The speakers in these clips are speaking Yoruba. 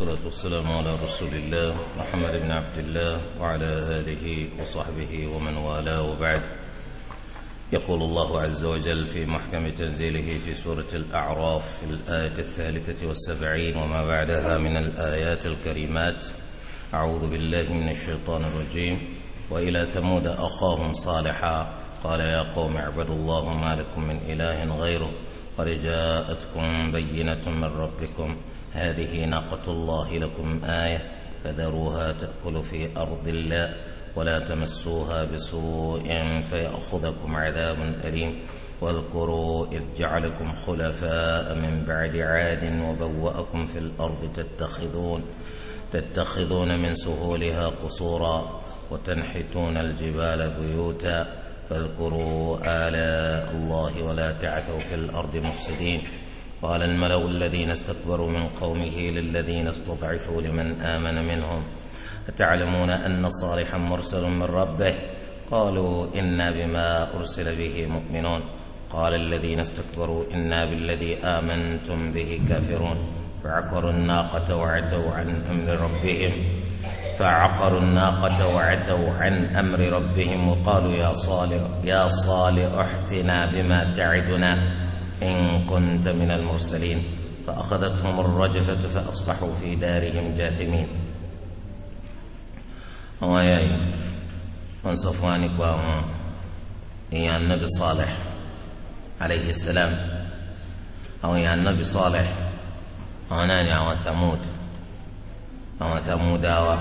والصلاة والسلام على رسول الله محمد بن عبد الله وعلى آله وصحبه ومن والاه وبعد يقول الله عز وجل في محكم تنزيله في سورة الأعراف في الآية الثالثة والسبعين وما بعدها من الآيات الكريمات أعوذ بالله من الشيطان الرجيم وإلى ثمود أخاهم صالحا قال يا قوم اعبدوا الله ما لكم من إله غيره قد جاءتكم بينة من ربكم هذه ناقة الله لكم آية فذروها تأكل في أرض الله ولا تمسوها بسوء فيأخذكم عذاب أليم واذكروا إذ جعلكم خلفاء من بعد عاد وبوأكم في الأرض تتخذون تتخذون من سهولها قصورا وتنحتون الجبال بيوتا فاذكروا آلاء الله ولا تعثوا في الأرض مفسدين قال الملأ الذين استكبروا من قومه للذين استضعفوا لمن آمن منهم أتعلمون أن صالحا مرسل من ربه قالوا إنا بما أرسل به مؤمنون قال الذين استكبروا إنا بالذي آمنتم به كافرون فعقروا الناقة وعتوا عن أمر ربهم فعقروا الناقة وعتوا عن أمر ربهم وقالوا يا صالح يا صالح احتنا بما تعدنا إن كنت من المرسلين فأخذتهم الرجفة فأصبحوا في دارهم جاثمين àwọn ẹ̀yà yìí wọ́n يا النبي صالح عليه السلام أو يا النبي صالح salam àwọn èèyàn àwọn Samudawa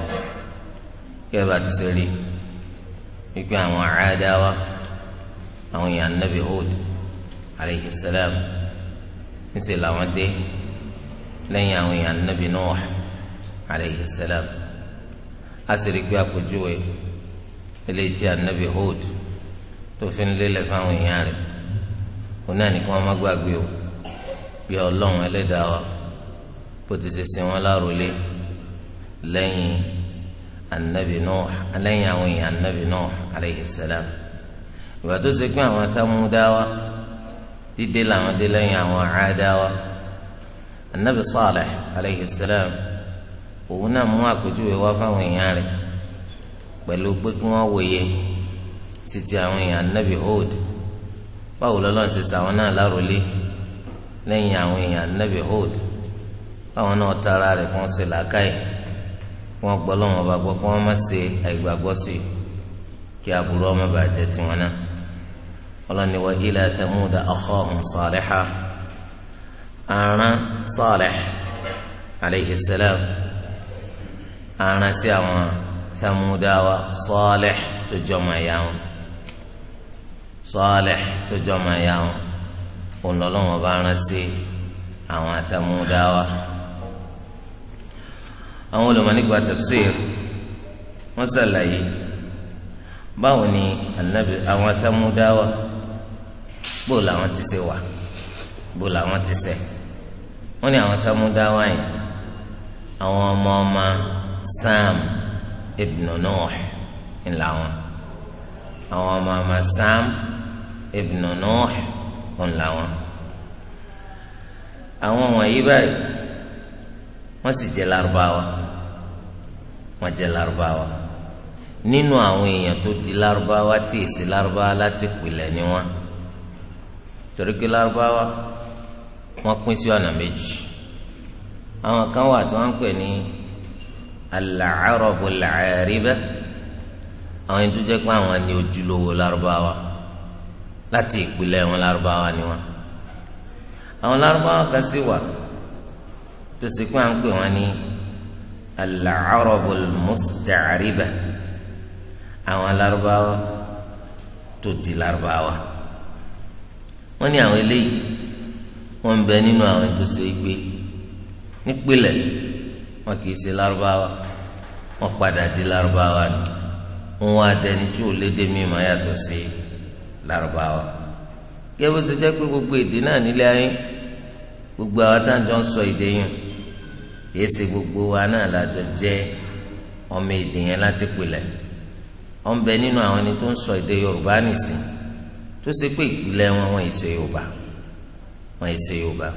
kí bá ti ṣe rí wípé àwọn Adawa àwọn èèyàn Nabi Hud alayhi salam níṣẹ́ làwọn dé lẹ́yìn àwọn èèyàn Nabi Nuh alayhi salam a sì rí pé àpèjúwe eléyìí tí Nabi Hud tó fi ń lélẹ̀ fáwọn èèyàn rẹ̀ òun náà ní kí má gbàgbé o bí ọlọ́run ẹlẹ́dàá wa bó ti ṣe sin wọn láròlé lẹ́yìn anabi nuh lẹ́yìn àwọn èèyàn anabi nuh aleyhi salam ìgbà tó ṣe pé àwọn Samudawa dídé làwọn dé lẹ́yìn àwọn Adawa anabi Salih aleyhi salam òun náà mú àpèjúwe wá fáwọn èèyàn rẹ̀ pẹ̀lú pé kí wọ́n wòye sí ti àwọn èèyàn anabi Hud báwo lọ́lọ́run ṣe sàwọn náà lárólé lẹ́yìn àwọn èèyàn anabi Hud báwọn náà tara rẹ̀ kàn ṣe làákàyè wọn gbọ́ lọ́wọ́ bá gbọ́ kí wọ́n má ṣe àìgbàgbọ́ sí i kí aburú ọmọ bàjẹ́ tiwọn náà ọlọ́ni wa ila thamuda akhahum saliha àrùn salih aleyhi salam àrùn sí àwọn thamudawa salih tó jọmọ ẹ̀yà wọn salih tó jọmọ ẹ̀yà wọn òun lọ́lọ́wọ́ bá rán sí àwọn thamudawa àwọn olùmọ̀ nípa tafsir wọ́n ṣàlàyé báwo ni anabi àwọn Samudawa bó làwọn ti ṣe wà bó làwọn ti ṣe wọ́n ní àwọn Samudawa yìí àwọn ọmọ ọmọ Sam ibn Nuh ńlá wọn àwọn ọmọ ọmọ Sam ibn Nuh ńlá wọn àwọn wọ̀nyí báyìí wọ́n sì jẹ́ Lárúbáwá wọ́n jẹ́ lárúbáwá nínú àwọn èèyàn tó di lárúbáwá tí èsì lárúbáwá láti pìlẹ̀ ni wọ́n torí pé lárúbáwá wọ́n pín sí ọ̀nà méjì àwọn kan wà tí wọ́n ń pè ní al-arabul 'ariba àwọn yẹn tó jẹ́ pé àwọn ni ojúlówó lárúbáwá láti ìpìlẹ̀ wọn lárúbáwá ni wọ́n àwọn lárúbáwá kan sì wà tó sì pé à ń pè wọ́n ní al-arabul musta'ariba àwọn Lárúbáwá tó di Lárúbáwá wọ́n ní àwọn eléyìí wọ́n ń bẹ nínú àwọn tó ṣe gbé nípìnlẹ̀ wọn kì í ṣe Lárúbáwá wọ́n padà di Lárúbáwá ni wọ́n wá dẹni tí ò léde mímọ́ yàtọ̀ sí Lárúbáwá gẹ́gẹ́ bó pé gbogbo èdè náà nílé ayé gbogbo àwọn táwọn jọ ń sọ èdè yìí kìí ṣe gbogbo wa náà lájọ jẹ́ ọmọ èdè yẹn láti pilẹ̀ ó ń bẹ nínú àwọn ẹni tó ń sọ èdè yorùbá nìsín tó ṣe pé ìpìlẹ̀ wọn wọn ìṣe yorùbá wọn ìṣe yorùbá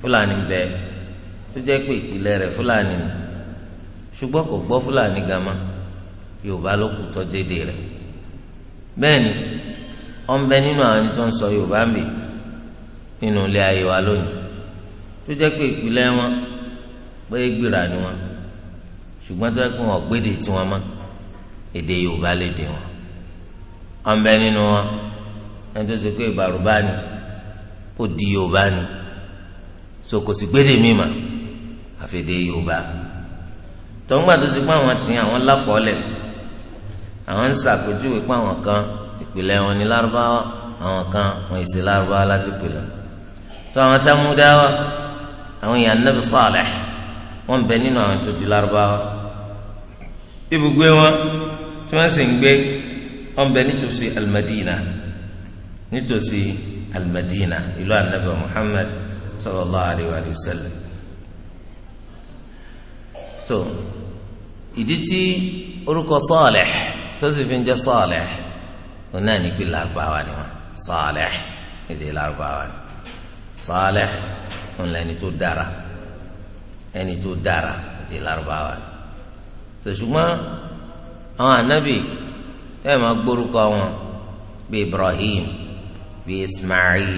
fúlàní bẹ tó jẹ́ pé ìpìlẹ̀ rẹ̀ fúlàní ni ṣùgbọ́n kò gbọ́ fúlàní gama yorùbá ló kù tọ́jú èdè rẹ̀ bẹ́ẹ̀ ni ó ń bẹ nínú àwọn ẹni tó ń sọ yorùbá ń nínú ilé ayé wa lónìí tó jẹ́ pé ìpìlẹ̀ wọn pé gbìrà ni wọn ṣùgbọ́n tó yẹ kó wọn gbéde tí wọn mọ̀ èdè yorùbá lè dè wọn ọmọbẹ nínú wọn ẹni tó ṣe pé ìbàrúbá ni ó di yorùbá ni so kò sí gbéde mímà àfẹdẹ yorùbá tọ́ngbà tó ṣe pé àwọn tì àwọn lápọ̀ọ́lẹ̀ àwọn ń ṣàpèjúwe pé àwọn kan ìpìlẹ̀ wọn ni lárúbáwá àwọn kan wọn ìṣe lárúbáwá láti pìlẹ̀ tó àwọn támúdáwá àwọn èèyàn Nabi Saleh wọn ń bẹ nínú àwọn tó di lárúbáwá ibùgbé wọn tí wọn sì ń gbé wọn ń bẹ nítòsí alimadina nítòsí alimadina ìlú anabi muhammad sallallahu alayhi wa sallam so ìdí tí orúkọ Salih tó sì fi ń jẹ Salih wọn náà ní pé lárúbáwá ni wọn Salih èdè lárúbáwá ni Salih wọn lẹni tó dára ẹni tó dára ètè lárúbáwá ṣùgbọ́n àwọn ànábì tẹ́ ẹ máa gbórúkọ wọn bíi Ibrahim bíi Ismail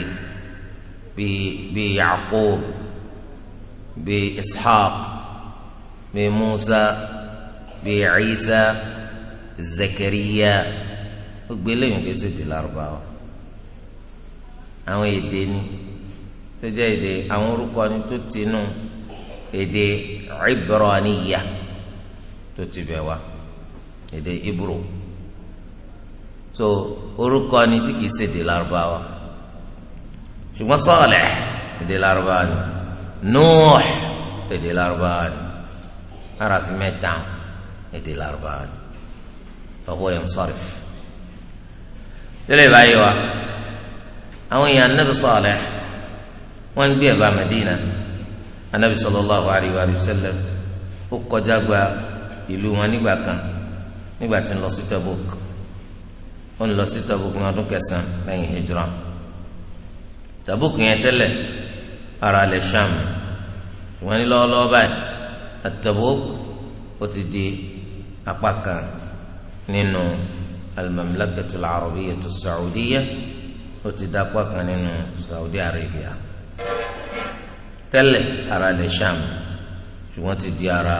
bíi bíi Yaqub bíi Ishaq bíi Musa bíi Isa Zakariya gbogbo eléyìí kò sì di lárúbáwá àwọn èdè ni tó jẹ́ èdè àwọn orúkọ ni tó tinú. No èdè Ibraniya tó ti bẹ̀ wá èdè Ibro so orúkọ ni tí kìí ṣèdè Lárúbáwá ṣùgbọ́n Salih èdè Lárúbáwá ni Nuh èdè Lárúbáwá ni arafi mẹ́ta èdè Lárúbáwá ni fahuwa yansarif tẹ́lẹ̀ báyìí wa àwọn èèyàn Nabi Salih wọ́n ń gbé ẹ̀bá Madina anabi sallallahu alayhi wa sallam ó kọjá gba ìlú wọn nígbà kan nígbà tí ń lọ sí Tabuk ó ń lọ sí Tabuk ní ọdún kẹsàn-án lẹ́yìn hijra Tabuk yẹn tẹ́lẹ̀ ara lẹ̀ Sham ṣùgbọ́n ní lọ́wọ́lọ́wọ́ báyìí at ó ti di apá kan nínú al-Mamlakatu al ó ti di apá kan nínú Saudi Arabia tẹ́lẹ̀ ara lẹ̀ sham ṣùgbọ́n ti di ara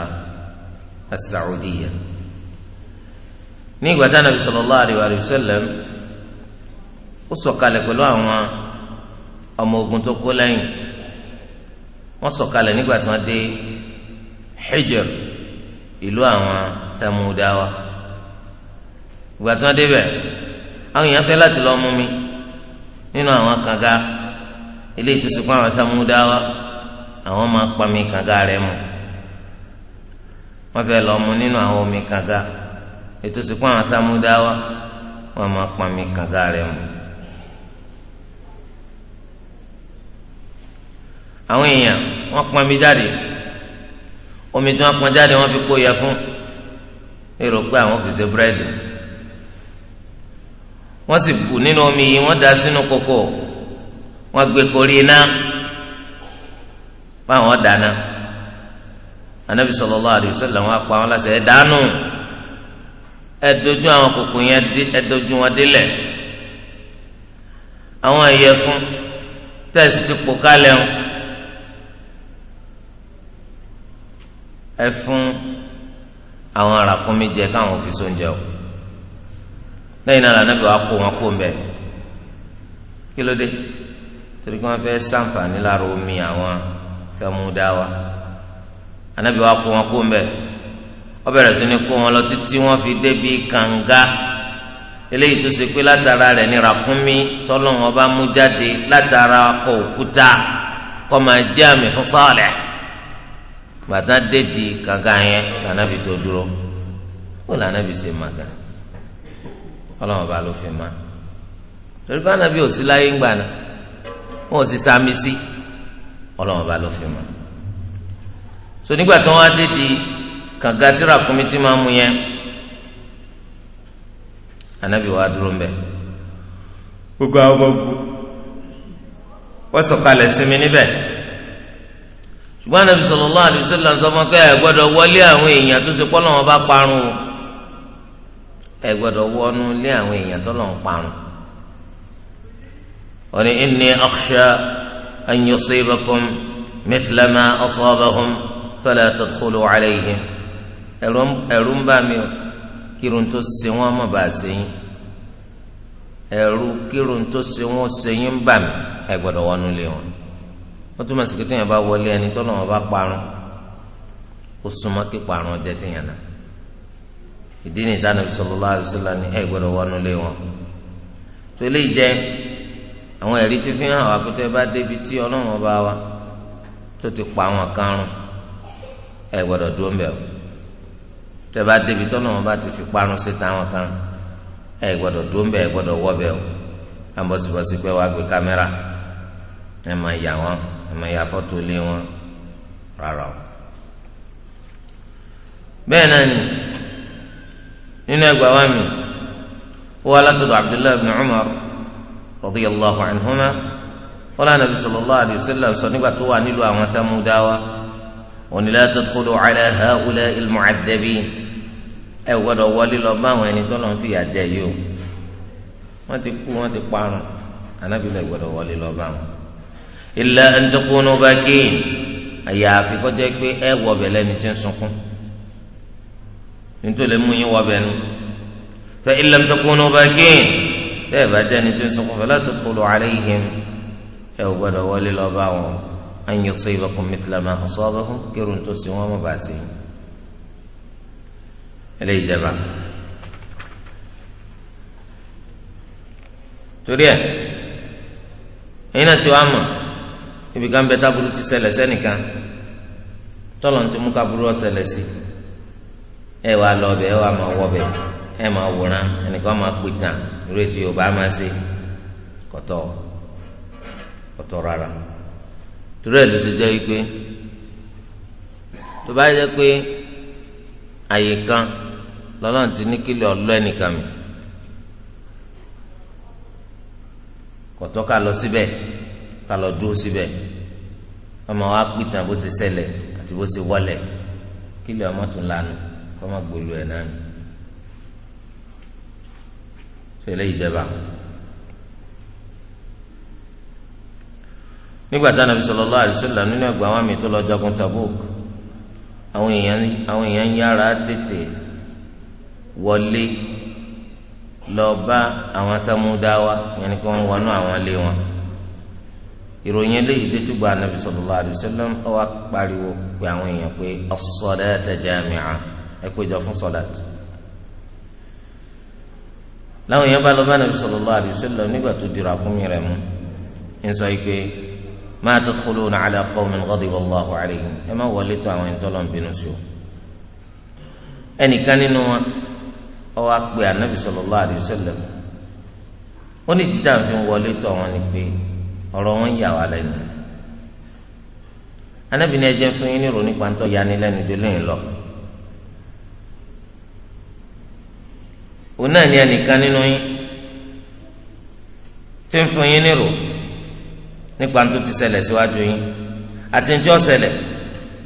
asaudiya ní ìgbà tí anabi sallallahu alayhi wa sallam ó sọ̀kalẹ̀ pẹ̀lú àwọn ọmọ ogun tó kó lẹ́yìn wọ́n sọ̀kalẹ̀ nígbà tí wọ́n dé Hijr ìlú àwọn Samudawa ìgbà tí wọ́n débẹ̀ àwọn èèyàn fẹ́ láti lọ mú mi nínú àwọn kànga ilé ìtòsí fún àwọn Samudawa àwọn máa pa mi kànga rẹ̀ mu wọ́n fẹ́ lọ mu nínú àwọn omi kànga ètò ìsìnkú àwọn sámúdáwá wọ́n máa pa mi kànga rẹ̀ mu. àwọn èèyàn wọ́n pọn mi jáde omi tí wọ́n pọn jáde wọ́n fi kó yẹ fún èrò pé àwọn fi ṣe búrẹ́dì wọ́n sì bù nínú omi yìí wọ́n dà sínú kòkò wọ́n gbé korí iná. báwọn dáná anabi sallallahu alaihi wasallam wọn apá wọn láṣẹ ẹ dánú ẹ dojú àwọn kòkò yẹn ẹ dojú wọn délẹ̀ àwọn ìyẹ̀fun tẹsí ti pò kálẹ̀ ń ẹ fún àwọn arákùnmí jẹ káwọn fi o náà kó wọn kó Samuda wa anabi wa kó wọn kó ń bẹ ó bẹ̀rẹ̀ sí ni kó wọn lọ títí wọ́n fi débi kànga eléyìí tó ṣe pé látara rẹ̀ ní ràkúnmí tọ́lọ́wọ́n bá mú jáde látara kọ òkúta kọ́ máa jẹ́ àmì fún Salih gbàtà dédi kànga yẹn lànàbì tó dúró ó lànàbì ṣe màgà ọlọ́wọ́n bá ló fi ma torí bá nàbì ò sí láyé ńgbà náà wọn ò sì sá mi sí. Si ọlọ́run bá ló fi mọ̀ so nígbà tí wọ́n á dé di kàga tí ràkúnmí tí máa mú yẹn anabi wa dúró ń bẹ gbogbo àwọn gbogbo wọ́n sọ̀kalẹ̀ sinmi níbẹ̀ ṣùgbọ́n anabi sallallahu alaihi wasallam sọ fún kẹ́ ẹ gbọ́dọ̀ wọlé àwọn èèyàn tó ṣe pọ́nlọ́ wọn bá parun o ẹ gbọ́dọ̀ wọnú lé àwọn èèyàn tó lọ́n parun ó ní inni akhsha. أن يصيبكم مثل ما أصابهم فلا تدخلوا عليهم ẹ̀rù ń bà mí o kírun tó ṣe wọ́n má bàa ṣe yín ẹ̀rù kírun tó ṣe wọ́n ṣe yín ń bà mí ẹ gbọ́dọ̀ wọnú lé wọn wọ́n túmọ̀ sí pé téèyàn bá wọlé ẹni tó lọ́wọ́ bá parun ó súnmọ́ kí parun jẹ́ téèyàn náà ìdí nìta Nabi sallallahu alaihi ni ẹ gbọ́dọ̀ wọnú lé wọn tó lè jẹ́ àwọn ẹ̀rí ti fi hàn wá pé tẹ́ bá débi tí ọlọ́run ọba wa tó ti pa àwọn kan run ẹ gbọ́dọ̀ dúró ń bẹ̀ o tẹ́ bá débi tí ọlọ́run ti fi parun àwọn kan ẹ gbọ́dọ̀ dúró ń bẹ̀ ẹ gbọ́dọ̀ wọ́ bẹ̀ o pé wàá gbé kámẹ́rà ẹ máa yà wọn ni nínú ẹgbàá wa mi wọ́n Abdullahi رضي الله عنهما. lànà bí sallallahu alayhi wa sallam sọ nígbà tó wà nílùú àwọn Samudawa òní la tadkhulu ala haula al-mu'addabin ẹ gbọ́dọ̀ wọlé lọ bá àwọn ẹni tó lọ ń fìyà jẹ yìí o wọn ti kú wọn ti parun anabi náà gbọ́dọ̀ wọlé lọ bá wọn. illa an bakin àyàfi kọjá pé ẹ wọbẹ lẹni tí ń sunkún nítorí mú yín wọbẹ nu fa illam takunu bakin. tẹ́ ẹ̀ bá jẹ́ ẹni tó ń sunkún fala tadkhulu alayhim ẹ ò gbọ́dọ̀ wọlé lọ bá wọn an yusibakum mithla ma asabahum kírun tó sì wọ́n mọ̀ bá sí i ìjẹba torí ẹ ẹyin náà ibi kan bẹ táburú ti ṣẹlẹ̀ sẹ́nìkan tọ́lọ̀ ń ti mú káburú ọ̀ṣẹlẹ̀ sí ẹ lọ ọbẹ̀ ẹ máa wòran ẹnìkan máa pè tàn irú ètò yorùbá máa ṣe kọtọ kọtọ rárá torí ẹ ló ṣe jẹ́ wípé tó bá jẹ́ pé àyè kan lọ́lọ́run ti ní kílẹ̀ ọlọ́ ẹnìkan mi kọtọ ká lọ síbẹ̀ ká lọ dúró síbẹ̀ ọmọ wa pè tàn bó ṣe ṣẹlẹ̀ àti bó ṣe wọlẹ̀ kílẹ̀ ọmọ tún lanu kọ́ máa gbòòlù ẹ̀ náà ni fẹlẹ ìjẹba nígbà tá Ànábì sallallahu alaihi wasallam nínú ẹgbàá wọn mi tó lọ jagun Tabuk àwọn èèyàn àwọn èèyàn yára tètè wọlé lọ bá àwọn Samudawa yẹn ni kí wọn wọnú àwọn ilé wọn ìròyìn eléyìí détúgbà Ànábì sallallahu alaihi wasallam ó wá pariwo pé àwọn èèyàn pé as-salata jami'a ẹ péjọ fún sọláàtì láwọn èèyàn bá lọ bá nàbí sallallahu alaihi wasallam nígbà tó dìrò àkúnmí rẹ̀ mú ń sọ pé ma tadkhuluna ala qawmin ghadiba Allahu alaihim ẹ má wọlé tó àwọn ìtọ́lọ̀ ń bínú sí o ẹnìkan nínú wa ọ wá pe ànábì sallallahu alaihi wasallam ó ní títà fi wọlé tó àwọn ni pé ọ̀rọ̀ wọn yà wá lẹ́nu ànábì ni ẹ jẹ́ fún yín ní ìrònípa ń yanilẹ́nu jọ lẹ́yìn lọ́ọ̀ òun náà ní ẹnìkan nínú yín tí ń fún yín nírò nípa tó ti ṣẹlẹ̀ síwájú yín àti ní tí ó ṣẹlẹ̀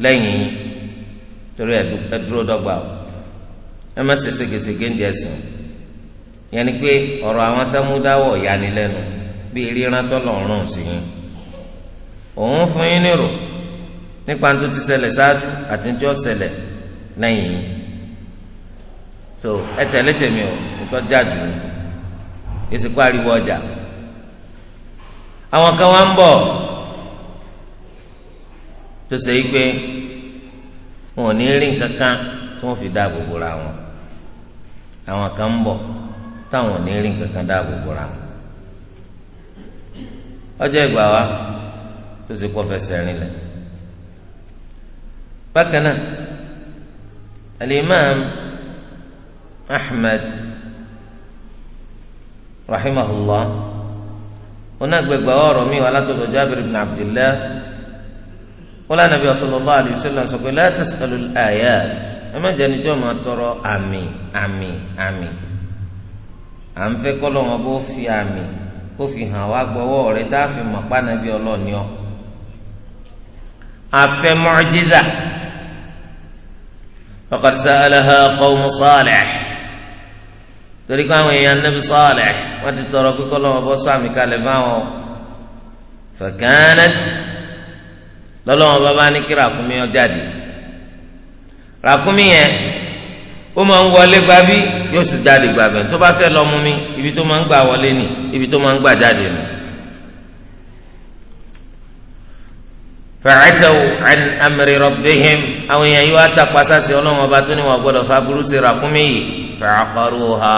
lẹ́yìn yín torí ẹ dúró dọ́gba o ẹ má ṣe ségesège ń di ẹ̀sùn ni pé ọ̀rọ̀ àwọn támúdáwọ̀ yanilẹ́nu bíi ríran tọ́lọ̀ ọ̀run sí yín òun fún yín nírò nípa tó ti ṣẹlẹ̀ ṣáájú ati ní tí ó ṣẹlẹ̀ lẹ́yìn yín. so ẹ tẹ̀lé tèmi o ètò ọjà jù èsì ariwo ọjà àwọn kan wá ń bọ̀ tó ṣe é pé wọn ò ní rí nǹkan kan tí fi dáàbò bora wọn àwọn kan ń bọ̀ táwọn ò ní rí nǹkan kan dáàbò wọn ọjọ́ ìgbà wa tó ṣe fẹsẹ̀ rinlẹ̀ ahmed rahimahullah onagbegba ọ̀rọ̀ mi wà látọ̀dọ̀ jabir ibn abdillah wọ́n lánàá bí sallallahu alayhi wa sallam sọ pé la tas'alul ayat ẹ má jẹ́ni tí wọ́n máa tọrọ àmì àmì àmì à ń fẹ́ kọ́ lọ́wọ́ bó fi àmì kó fi hàn wá gbọ́wọ́ rẹ tá a fi mọ̀ pàánà bí ọlọ́ọ̀ni ọ́ afẹ́ mu'jiza faqad sa'alaha qawmu salih torí kó àwọn èèyàn Nabi Salih wọ́n ti tọrọ kíkọ́ lọ́wọ́ bọ́ sàmì kalẹ̀ fáwọn fakanat lọ́lọ́wọ́ bá bá ní kí ràkúnmí ó jáde ràkúnmí yẹn ó máa ń wọlé gba bí yóò sì jáde gba bẹ́ẹ̀ tó bá fẹ́ lọ mú mi ibi tó máa ń gbà wọlé ni ibi tó máa ń gbà jáde ni. fa'ataw an amri rabbihim àwọn èèyàn yóò á ta pàṣẹ ọlọ́wọ́n ọba tó ní gbọ́dọ̀ fagbúrú sí yìí fa'aqaruha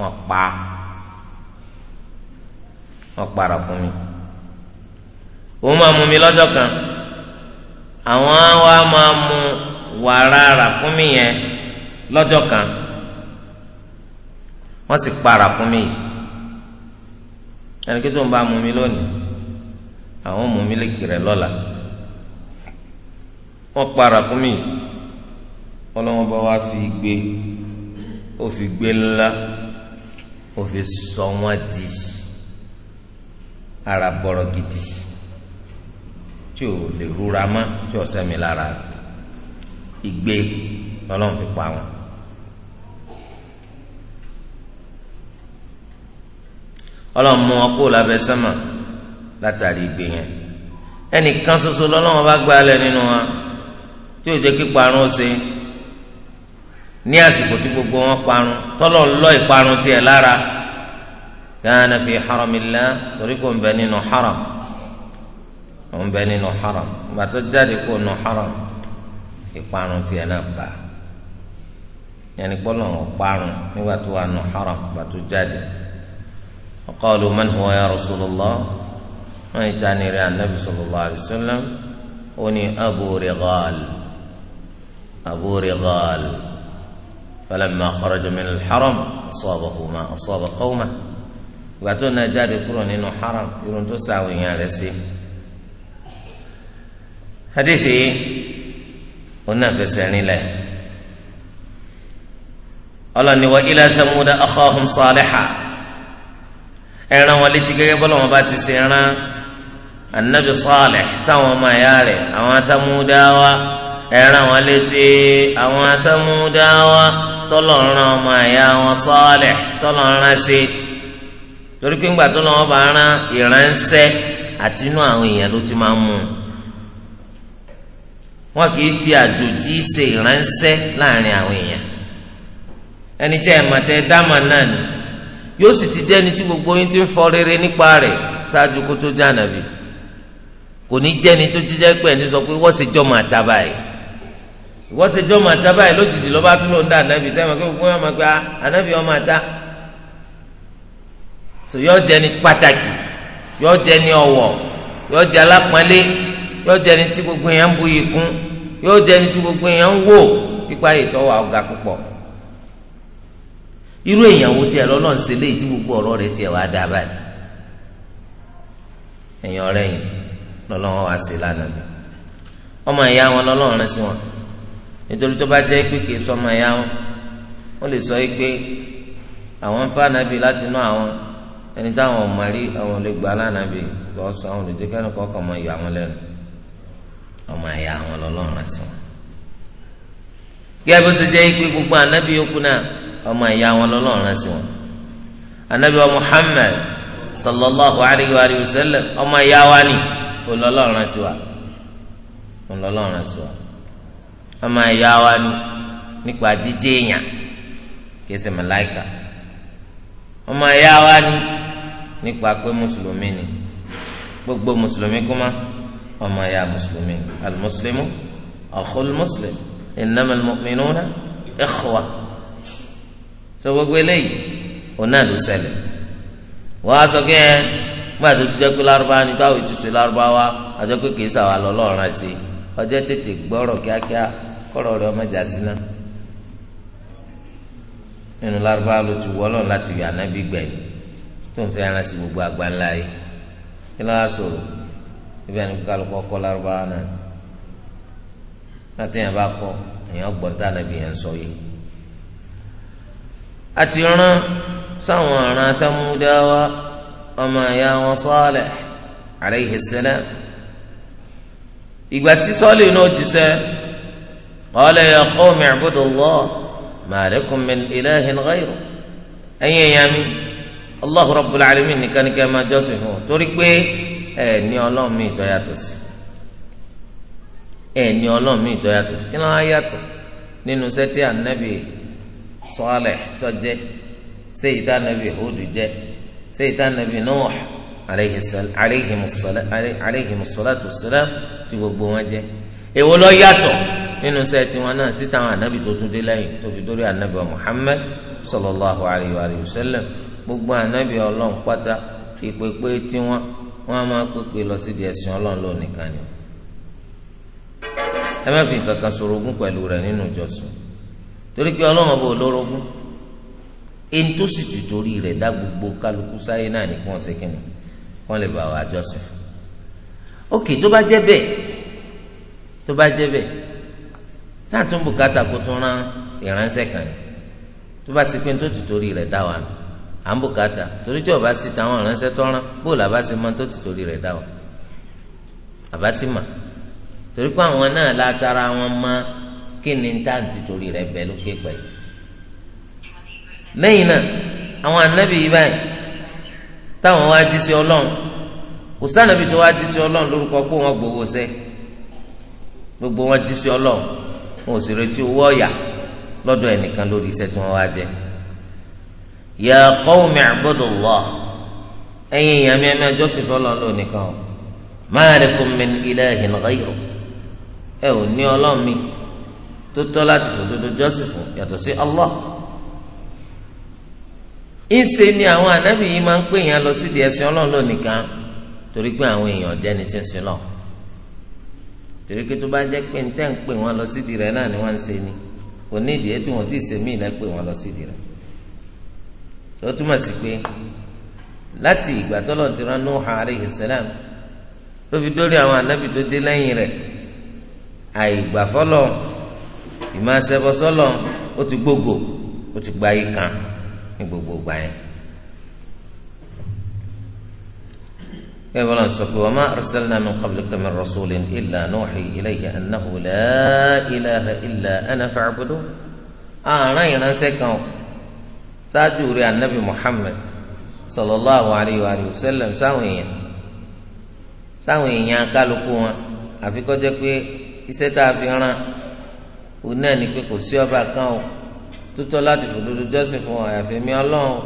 wọ́n pa wọ́n pa ràkúnmí òun máa mú mi lọ́jọ́ kan àwọn wa máa mú wàrà ràkúnmí yẹn lọ́jọ́ kan wọ́n sì pa ràkúnmí yìí ẹnikẹ́ni tó bá mú mi lónìí àwọn mú mi lè kiri lọ́la wọ́n pa ràkúnmí yìí ọlọ́wọ́n bá wá fi gbé ó fi gbé ńlá ó fi sọ wọn di ara bọ̀rọ̀ gidi tí ò lè rúra mọ́ tí ò sẹ́mi lára rẹ̀ ìgbé lọ́lọ́run fi pa wọn. ọlọ́run mú wọn kó lábẹ́ sánmà látàrí ìgbé yẹn ẹnìkan ṣoṣo lọ́lọ́run bá gbá lẹ̀ nínú wọn tí ò jẹ́ kí ó ṣe é ní àsìkò tí gbogbo wọn parun tọ́lọ̀ lọ ìparun tiẹ̀ lára gánà fi haramillah torí kò ń bẹ nínú haram kò ń bẹ nínú haram ìgbà tó jáde kò nù haram ìparun tiẹ̀ náà bá yẹnni gbọ́dọ̀ wọn parun nígbà tó wà nù haram ìgbà tó jáde qalu man ya rasulullah wọn ìta ni rẹ anabi sallallahu alayhi wa sallam ó ní abu rigal abu rigal. فلما خرج من الحرم أصابه ما أصاب قومه gbàtó náà jáde kúrò nínú haram irun tó sa àwọn èèyàn rẹ̀ sí. hadithi onáfẹsẹ̀ nílẹ̀ ọlọ́ni wa ila tamuda akhahum saliha ẹran wọn létí gẹ́gẹ́ bọ́lá wọn bá ti ṣe ẹran anabi salih sáwọn ọmọ ẹ̀yà rẹ̀ àwọn atamudawa ẹran wọn létí àwọn atamudawa. tọ́lọ́run ọmọ aya wọn Sálíhù tọ́lọ́run ṣe torí pé ńgbà tọ́lọ́run bá rán ìránṣẹ́ àti inú àwọn èèyàn ló ti máa ń mú un wọn kì í fi àjòjì ṣe ìránṣẹ́ láàrin àwọn èèyàn ẹni tẹ́ ẹ̀ mọ̀ tẹ́ ẹ náà ni yóò sì ti ẹni tí gbogbo yín ti ń fọ rere nípa rẹ̀ ṣáájú kó tó ànàbì kò wọ́n ṣe jọ́ màtá báyìí lójijì ló bá tún ọ ń dá ànábì sẹ́wọ̀n kí wọ́n máa gba ànábì so yọ jẹ ni pàtàkì yọ jẹ ni ọwọ yọ jẹ alápọ̀nlé yọ jẹ ní tí gbogbo èèyàn ń bu ikún yọ jẹ ní tí gbogbo èèyàn ń wò pípa ìtọ́wà ọ̀gá irú ṣe léyìí tí gbogbo báyìí èèyàn ọmọ ìyá wọn nítorí tó bá jẹ́ pé kì í sọmọ ẹ̀yà wọn wọ́n lè sọ pé àwọn ń fa nàbì láti inú àwọn ẹni táwọn ọmọ rí àwọn lè gbà lánàbì lọ sọ àwọn olùdíkẹ́ni kọ́kọ́ mọ ìyá wọn lẹ́nu ọmọ ẹ̀yà wọn lọ́lọ́run àti wọn. gẹ́gẹ́ bó ṣe jẹ́ pé gbogbo ànábì yòókù náà ọmọ ẹ̀yà wọn lọ́lọ́run àti wọn. ànábì wa Muhammad sallallahu alayhi wa sallam ọmọ ẹ̀yà wa ni òun lọ́lọ́run àti wa òun lọ́lọ́run àti wa ọmọ ìyá wa ni nípa jíjẹ́ èèyàn kìí ṣe màláìka ọmọ ìyá wa ni nípa pé mùsùlùmí ni gbogbo mùsùlùmí kúmá ọmọ ìyá mùsùlùmí ni alimuslimu akhul muslim innama almu'minuna ikhwa tó gbogbo eléyìí òun náà ló ṣẹlẹ̀ wọ́n á sọ kí ẹ gbàdúrà tó jẹ́ pé lárúbáwá ni káwé tuntun lárúbáwá àti pé kìí sàwọn àlọ́ lọ́ọ̀rán sí ọjọ́ tètè gbọ́rọ̀ kíákíá kọ́rọ̀ rẹ̀ ọmọ jásí náà nínú lárúbáwá ló ti wọ́ ọlọ́run láti yọ ànábì gbẹ̀yìn tó ń fẹ́ ara sí gbogbo àgbáńlá yìí kí ló wá sọ̀rọ̀ ibẹ̀ ni kálukọ́ kọ́ lárúbáwá náà láti yẹn bá kọ́ èèyàn gbọ́n tá ànábì yẹn sọ yìí. àti rán sáwọn ọ̀ràn Samudawa ọmọ ìyá wọn Salih alayhi salam ìgbà tí sọ́ọ̀lì náà ti sẹ́ẹ́. قال يا قوم اعبدوا الله ما لكم من إله غيره ẹ̀yin ẹ̀yà mi Allahu Rabbul Alamin nìkan ni kẹ́ máa jọ́sìn fún torí pé ẹ ní Ọlọ́run mi ìtọ́ yàtọ̀ sí ẹ ní Ọlọ́run mi ìtọ́ yàtọ̀ sí kí ló wá yàtọ̀ nínú sẹ́tí ànábì Salih tó jẹ́ sẹ́yìí tá ànábì Hudu jẹ́ sẹ́yìí tá ànábì Nuh alayhi salatu wassalam tí gbogbo wọn jẹ́ èwo ló yàtọ̀. nínú sẹ́ẹ̀ tiwọn náà sí táwọn ànábì tó tún dé lẹ́yìn tó fi dórí ànábì wa gbogbo ànábì ọlọ́run pátá ìpèpè tiwọn wọn a máa pèpè lọ sí di ẹ̀sìn ọlọ́run lóun nìkan ni. ẹ má fi kankan nínú ìjọsìn torí pé ọlọ́run ọba rẹ̀ dá gbogbo kálukú sáyé náà ní wọ́n lè sáà bùkátà kó tún rán ìránṣẹ́ kan yìí tó bá sì pé tó ti torí rẹ̀ dá wa à ń bùkátà torí tí ọba sì táwọn ìránṣẹ́ tó rán bóòlù àbá sì máa tó ti torí rẹ̀ dá wa àbá ti mà torí pé àwọn náà látara wọn mọ kí ni tá à ń ti torí rẹ̀ bẹ lókè pẹ lẹ́yìn náà àwọn anábì yìí báyìí táwọn wá di sí Ọlọ́run kò sànàbì tó wá di sí Ọlọ́run lórúkọ pé wọn gbowó sẹ gbogbo wọn di sí Ọlọ́run. wọn ò sì retí owó ọ̀yà lọ́dọ̀ ẹnìkan lórí iṣẹ́ tí wọ́n wá jẹ. ya qawmi ibudullah ẹ̀yin ìyá mi ẹ̀mí ẹjọ́ sì lọ nìkan o ma lakum min ilahin ghayru ẹ ò ní ọlọ́run mi tó tọ́ láti fòdodo jọ́sìn fún yàtọ̀ sí ìṣe ni àwọn ànábì yìí máa ń pè yẹn lọ sídìí ẹ̀sìn ọlọ́run lónìkan torí pé àwọn èèyàn jẹ́ni tí torí pé tó bá jẹ́ pé ntẹ́ ń pè wọ́n lọ sídìí rẹ̀ náà ni wọ́n ń ṣe ni kò ní ìdíyẹ tí wọ́n ti ṣe míì lẹ́ pè wọ́n lọ sídìí rẹ̀ tó túmọ̀ sí pé láti ìgbà tọ́lọ̀ ti rán Nuh alayhi salam tó fi dórí àwọn anábì tó dé lẹ́yìn rẹ̀ àìgbàfọ́lọ̀ ìmọ̀ àṣẹbọsọ́lọ̀ ó ti gbógo ó ti gba ayé kan ní gbogbo gbà yẹn. كيف نسوك وما أرسلنا من قبلك من رسول إلا نوحي إليه أنه لا إله إلا أنا فاعبدون أنا ينسيكم ساجوري النبي محمد صلى الله عليه وآله وسلم ساويا ساويا كالكوا أفكو جاكوي إسيتا فينا وناني كيكو سيوفا كاو tutọ́ láti fòdodo jọ́sìn fún mi ọlọ́run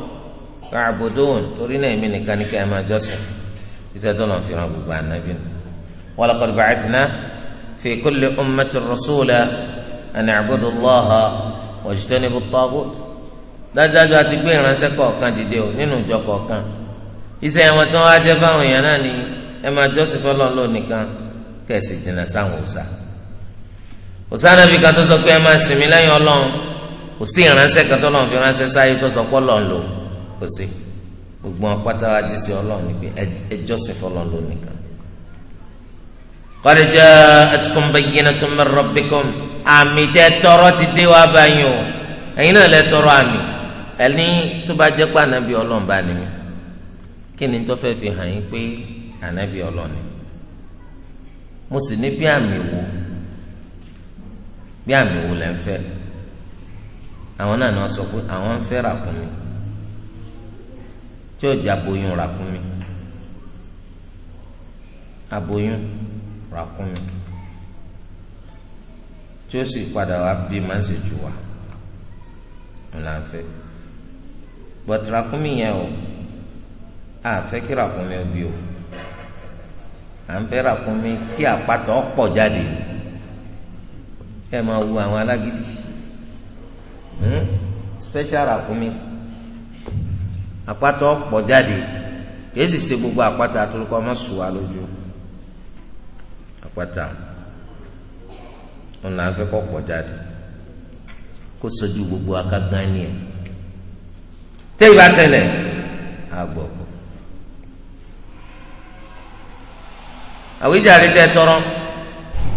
fa'budun torí náà èmi nìkan ní ká ẹ máa jọ́sìn iṣẹ́ tó lọ́n fi ràn gbogbo ànábì nù. walaqad ba'athna fi kulli ummatin rasula an a'budu Allaha wajtanibu at-taghut. dájúdájú àti gbé ìránṣẹ́ kọ̀ọ̀kan dìde o nínú ìjọ kọ̀ọ̀kan iṣẹ́ wọn tí wọ́n á jẹ́ báwọn èèyàn náà ni ẹ máa jọ́sìn fọlọ́n lónìkan kẹ̀sì jìnnà sáwọn òòṣà òòṣà nàbì kan tó sọ pé ẹ máa sìn mí lẹ́yìn ọlọ́run kò sí ìránṣẹ́ kan tó lọ́n fi ránṣẹ́ sáyé tó sọ pé ọlọ́run lò kò sí gbogbo apáta wa jí sí ọlọ́run ní pé ẹjọ́ sì fọlọ́run ló nìkan. qad ja'atkum bayyinatun min rabbikum àmì tẹ́ tọrọ ti dé wá báyìí o ẹ̀yin náà lẹ tọrọ àmì ẹni tó bá jẹ́ pé ànábì ọlọ́run bá ní mi kí tó fẹ́ fi hàn yín pé ànábì ọlọ́run ni bí àmì wo bí àmì wo lẹ́ ń àwọn náà ni àwọn ń fẹ́ ràkúnmí tí ó jẹ́ aboyún ràkúnmí aboyún ràkúnmí tí ó sì padà wá bí máa ń ṣe jù wá ńlá ń fẹ́ but ràkúnmí yẹn o à ń fẹ́ kí ràkúnmí ó bí o à ń fẹ́ ràkúnmí tí àpáta ọ̀pọ̀ jáde ẹ máa wo àwọn alágídí hmm? special ràkúnmí. Hmm? àpáta ọ̀pọ̀ jáde kìí sì ṣe gbogbo àpáta àtúrúkọ ọmọ sùn wá lójú àpáta òun là ń fẹ́ kọ́ pọ̀ jáde kó sojú gbogbo akágán ni ẹ̀ tẹ́ ìbá ṣẹlẹ̀ àgbọ̀ àwíjàre tẹ tọrọ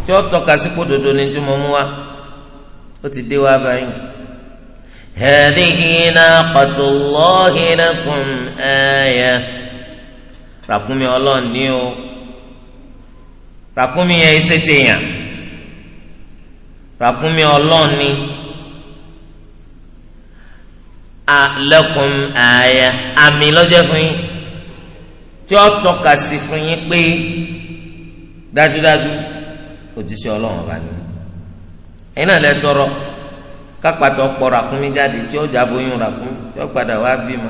tí ó tọ́ka sí kó dodo ni tí mo mú wa ó ti dé wá báyìí. هذه ناقة الله لكم آية ràkúnmí ọlọ́run ní o ràkúnmí yẹn ẹsẹ̀ tèèyàn ràkúnmí ọlọ́run ní lẹ́kùn ààyè fún tí ọ tọ́ka sí fún yín pé dájúdájú òjíṣẹ́ ọlọ́run ọba ni kápátọ̀ pọ̀ ràkúnmí jáde tí ó jábóyún ràkúnmí tí ó padà wá bímọ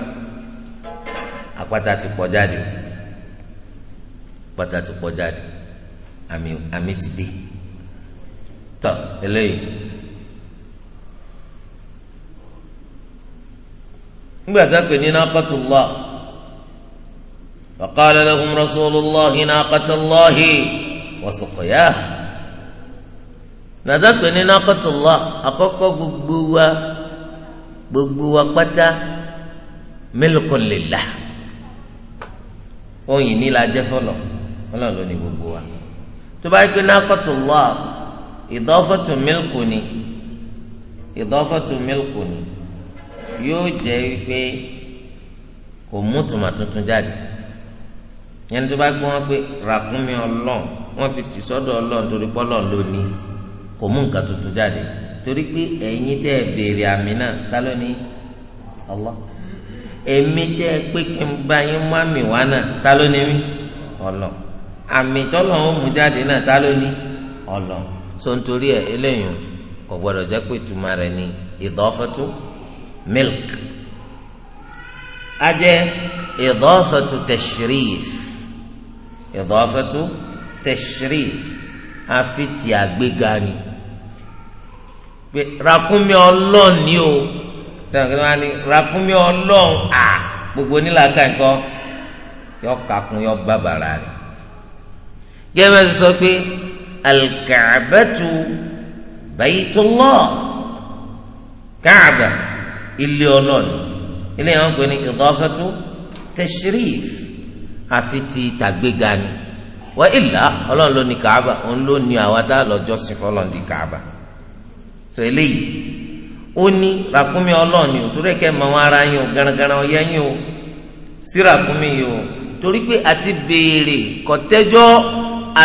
àpáta ti pọ̀ jáde àpáta ti pọ̀ jáde àmì àmì ti dé tọ eléyìí nígbà tá a pè ní naqatullah wa qala lahum rasulullahi naqatullahi wa suqyaha gbàdá pé ní nàkọtùlọ àkọ́kọ́ gbogbo wa gbogbo wa pátá mílíkùn lèlà ohun yìí ní la jẹ fọlọ fọlọ ló ní gbogbo wa tó bá yẹ pé nàkọtùlọ ìdọ́fọ̀tù mílíkùn ni ìdọ́fọ̀tù mílíkùn ni yóò jẹ́ pé kò mú tùmà tuntun jáde yẹn tó bá gbọ́ pé ràkúnmi ọlọ́ọ̀ wọ́n fi tì ọlọ́ọ̀ torí pọ́lọ́ọ̀ lónìí kò mú nǹkan tuntun jáde torí pé ẹ̀yin tẹ́ ẹ béèrè àmì náà kálọ́ ní Allah èmi tẹ́ ẹ pé kí n bá yín mú àmì wá náà kálọ́ ní mí Allah àmì tọ́lọ̀ ń mú jáde náà kálọ́ ní Allah so nítorí ẹ eléyìí kò gbọdọ̀ jẹ́ pé ìtumọ̀ rẹ̀ ni ìdọ́fẹ́tù milk ajẹ́ ìdọ́fẹ́tù tashrif ìdọ́fẹ́tù tashrif àfi ti àgbéga ni pé ràkúnmí ọlọ́ọ̀ ni o sẹ́wọ̀n kí wọ́n á ní ràkúnmí ọlọ́ọ̀ à gbogbo onílàákà ẹ̀kọ́ yọ kàkún yọ bá bàrà rẹ̀ gẹ́gẹ́ bí sọ pé alikaabatu bayitullah káàbà ilé ọlọ́ọ̀ni ilé yẹn wọ́n pè ní ìdọ́fẹ́tù tashrif àfi ti tàgbéga ni wọ́n ìlà ọlọ́run ló ní káàbà òun ló ní àwa tá fọlọ́ọ̀ ní káàbà tó eléyìí ó ní ràkúnmí ọlọ́ọ̀ni òtúrẹ́ kẹ́ mọ wọn ara yín o garangaran ọ̀yẹ́ yín o sí ràkúnmí yìí o torí pé àti béèrè kọ́tẹ́jọ́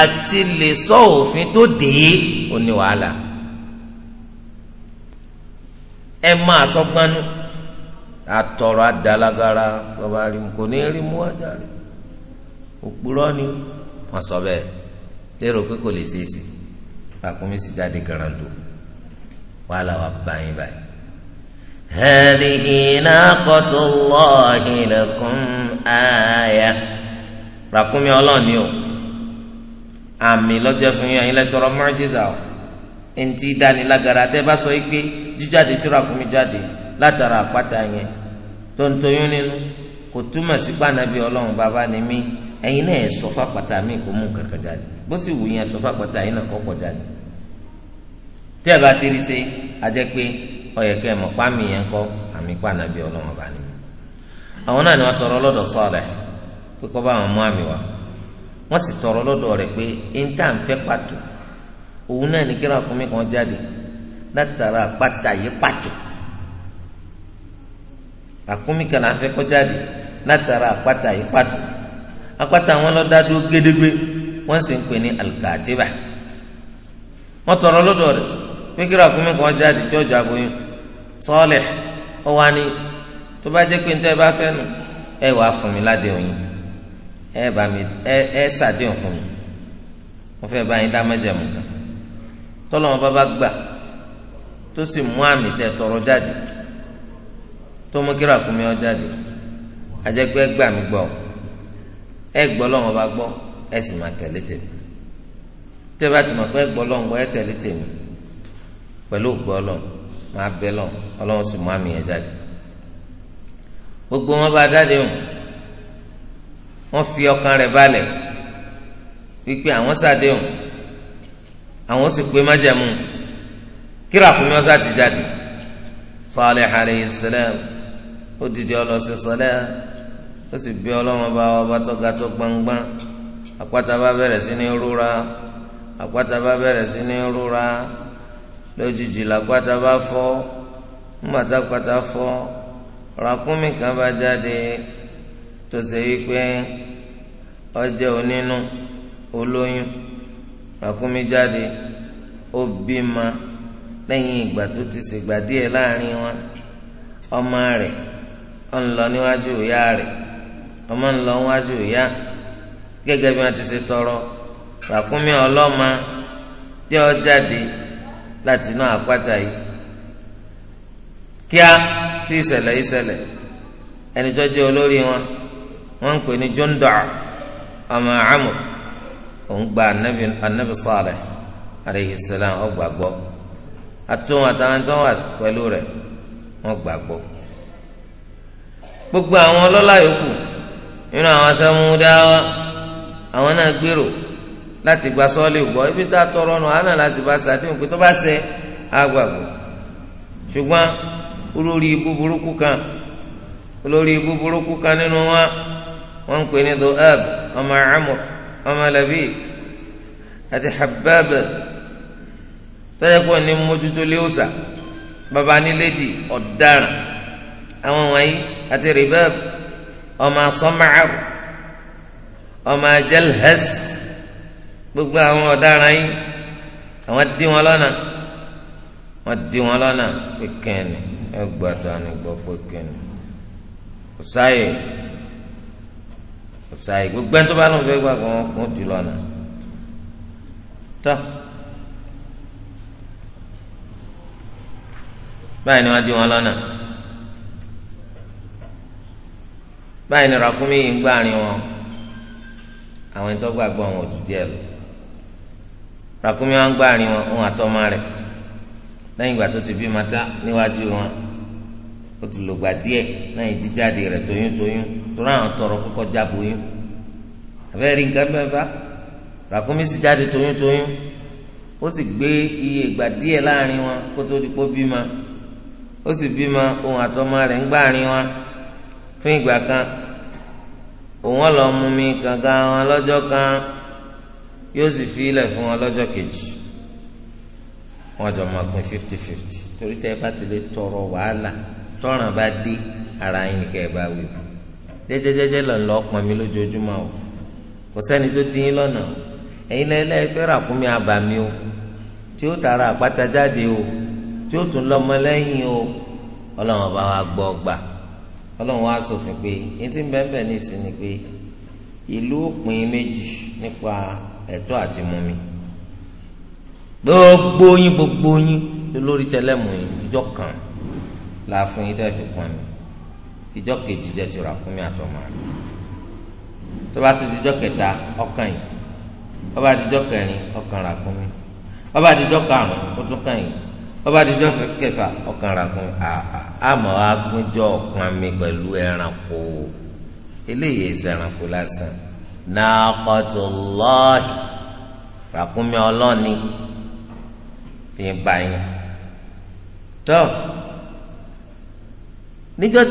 àti lè sọ òfin tó dé ó ní wàhálà ẹ máa sọ gbanú atọrọ adalagara bàbá rìmù kò ní rí mú wájà rẹ òpùrọ́ ni wọn sọ bẹ́ẹ̀ lérò pé kò lè ṣeé ṣe ràkúnmí sì jáde garando wàhálà wà bá yín báyìí. هذه ناقة الله لكم آية ràkúnmí Ọlọ́run ni o àmì lọ́jọ́ fún yín ẹ̀yin lẹ́tọ̀rọ̀ mọ́jísà o eŋti dánilágara tẹ́ bá sọ pé jíjáde tí ràkúnmí jáde látara àpáta yẹn tó nínú kò túmọ̀ sí pànàbí Ọlọ́run bàbá ni mí ẹ̀yin náà sọ fún àpáta mi kò mú kankan jáde bó sì wù yín sọ fún àpáta yín náà kọ́ jáde. tí ẹ bá ti rí a ajẹ́ pé ọ̀yẹ̀kẹ́ ẹ̀ mọ̀ pàmì yẹn kọ́ àmì pa ànábì ọlọ́run ọba ni àwọn náà ni tọrọ lọ́dọ̀ Sálíhù pé kọ́ bá wọn mú àmì wá wọ́n sì tọrọ lọ́dọ̀ rẹ pé íńtà ń kan jáde látara àpáta kan jáde látara àpáta yìí pàtó àpáta wọn tọrọ mikira kumi kan jáde tí ọjà aboyún sọọlẹ ó wá ní tó bá jẹ́ pé ní tẹ́ bá fẹ́ nu ẹ wàá fún mi ládéhùn yín ẹ bá mi ẹ ẹ ṣàdéhùn fún mi mo fẹ́ bá yín dá mẹ́jẹ̀mú kan tọlọmọ bá bá gbà tó sì mú àmì tẹ tọrọ jáde tó mikira kumi ọ jáde àjẹpẹ gbà mí gbọ́ ẹ gbọ́ lọmọ bá gbọ́ ẹ sì máa tẹ̀lé tèmi tẹ́ bá ti mọ̀ pé ẹ gbọ́ ẹ tẹ̀lé tèmi pẹ̀lú ògbó ọlọ́run máa bẹ lọ ọlọ́run sì mú àmì yẹn jáde gbogbo wọn bá dáde hùn wọn fi ọkàn rẹ̀ balẹ̀ wípé àwọn sàdé hùn àwọn sì pé májẹ̀mú kíra kùnú ọsà ti jáde Salih alayhi salam ó dìde ọlọsẹ sọlẹ ó sì bí ọlọ́run bá ọba tó ga tó gbangban àpáta bá bẹ̀rẹ̀ sí ní rúra àpáta bá bẹ̀rẹ̀ sí ní rúra. lójijì làpáta bá fọ́ ńgbàtà fọ fọ́ kan bá jáde tó ṣe wípé ọjẹ́ onínú olóyún ràkúnmí jáde ó bímọ lẹ́yìn ìgbà tó ti ṣègbà díẹ̀ láàrin wọn ọmọ rẹ̀ ó ń lọ níwájú ìyá rẹ̀ ọmọ ń lọ níwájú ìyá gẹ́gẹ́ bí wọ́n ti ṣe tọrọ ràkúnmí ọlọ́mọ tí ó jáde. láti inú àpáta yìí kíá tí ìṣẹ̀lẹ̀ ìṣẹ̀lẹ̀ ẹni tó jẹ́ olórí wọn wọ́n ń pè ní Jundu' ọmọ òun gba anabi anabi Salih aleyhi salam ọ gbàgbọ́ atún àtàwọn tó wà pẹ̀lú rẹ wọ́n gbàgbọ́ gbogbo àwọn ọlọ́lá yòókù nínú àwọn àwọn náà gbèrò. láti gba sọ́ọ́lì gbọ́ ibi tá a tọrọ nù hánà láti bá sàdéhùn pé tó bá ṣe àgbàgbọ́ ṣùgbọ́n olórí ibú burúkú kan olórí ibú burúkú kan nínú wa wọ́n ń pè ní Dha'ab ọmọ Amr ọmọ Labid àti Habbab tọ́jà pọ̀ ní mójútó léwòsà baba nílédì ọ̀daràn àwọn wọ̀nyí àti Ribab ọmọ Sam'ar ọmọ Jalhas gbogbo àwọn ọ̀daràn yìí àwọn dí wọn lọ́nà wọn dí wọn lọ́nà pé kẹ́ni ẹ gbà tó àná gbọ́ pé kẹ́ni kò sáyè kò sáyè gbogbo ẹni tó bá lóun fẹ́ gbà kó wọn kún jù lọ́nà tó. báyìí ni wọ́n dí wọn lọ́nà báyìí ni ràkúnmí yìí ń gbàrin wọn àwọn ìtọ́gbàgbọ́ wọn ò jù díẹ̀ lọ. ràkúnmí wọn gbá àárín wọn òun àtọmọ rẹ̀ lẹ́yìn ìgbà tó ti bí mata níwájú wọn ó ti lògbà díẹ̀ lẹ́yìn jíjáde tóyún tóyún tọrọ kókó jábọ yín abẹ́rẹ́ rí nǹkan sì jáde tóyún tóyún ó sì gbé iye ìgbà díẹ̀ láàrin wọn kó tó di kó bímọ ó sì bímọ òun àtọmọ rẹ̀ ń wọn fún ìgbà kan òun mi kankan yóò sì fi ilẹ̀ fún wọn lọ́jọ́ kejì wọn jọ máa pín fifty fifty torí tẹ bá ti lè tọrọ wàhálà tọràn bá dé ara yín ni kẹ ẹ bá wí jẹjẹjẹjẹ lọ lọ pọn mi lójoojúmọ́ o kò sẹ́ni tó dín in lọ́nà ẹ̀yin lẹyìnlẹ fẹ́ rà kún mi àbàmì o tí ó tara àpáta jáde o tí ó tún lọ́mọ lẹ́yìn o Ọlọ́run bá wa gbọ́ gbà Ọlọ́run wa sòfin pé etí bẹ́ẹ̀ bẹ́ẹ̀ ní ìsinmi pé ìlú òpin méjì nípa ẹ̀tọ́ àti mumi gbogbo yín gbogbo yín lórí tẹlẹmù yín ìjọ kan la fún yín tẹ́ fi pọn mi ìjọ kejì jẹ́ ti ràkúnmí àtọmọ rẹ tó bá ti dijọ́ kẹta ọkàn yìí tó bá dijọ́ kẹrin ọkàn ràkúnmí tó bá dijọ́ karùn ó tún kàn yìí tó bá dijọ́ kẹfà ọkàn ràkúnmí àmọ́ agúnjọ́ ọkàn mi pẹ̀lú ẹranko eléyìí ẹsẹ ẹranko lásán nàkọtùlọ́ọ̀hì rakumi ọlọ́ọ̀ni fi gbà yín tó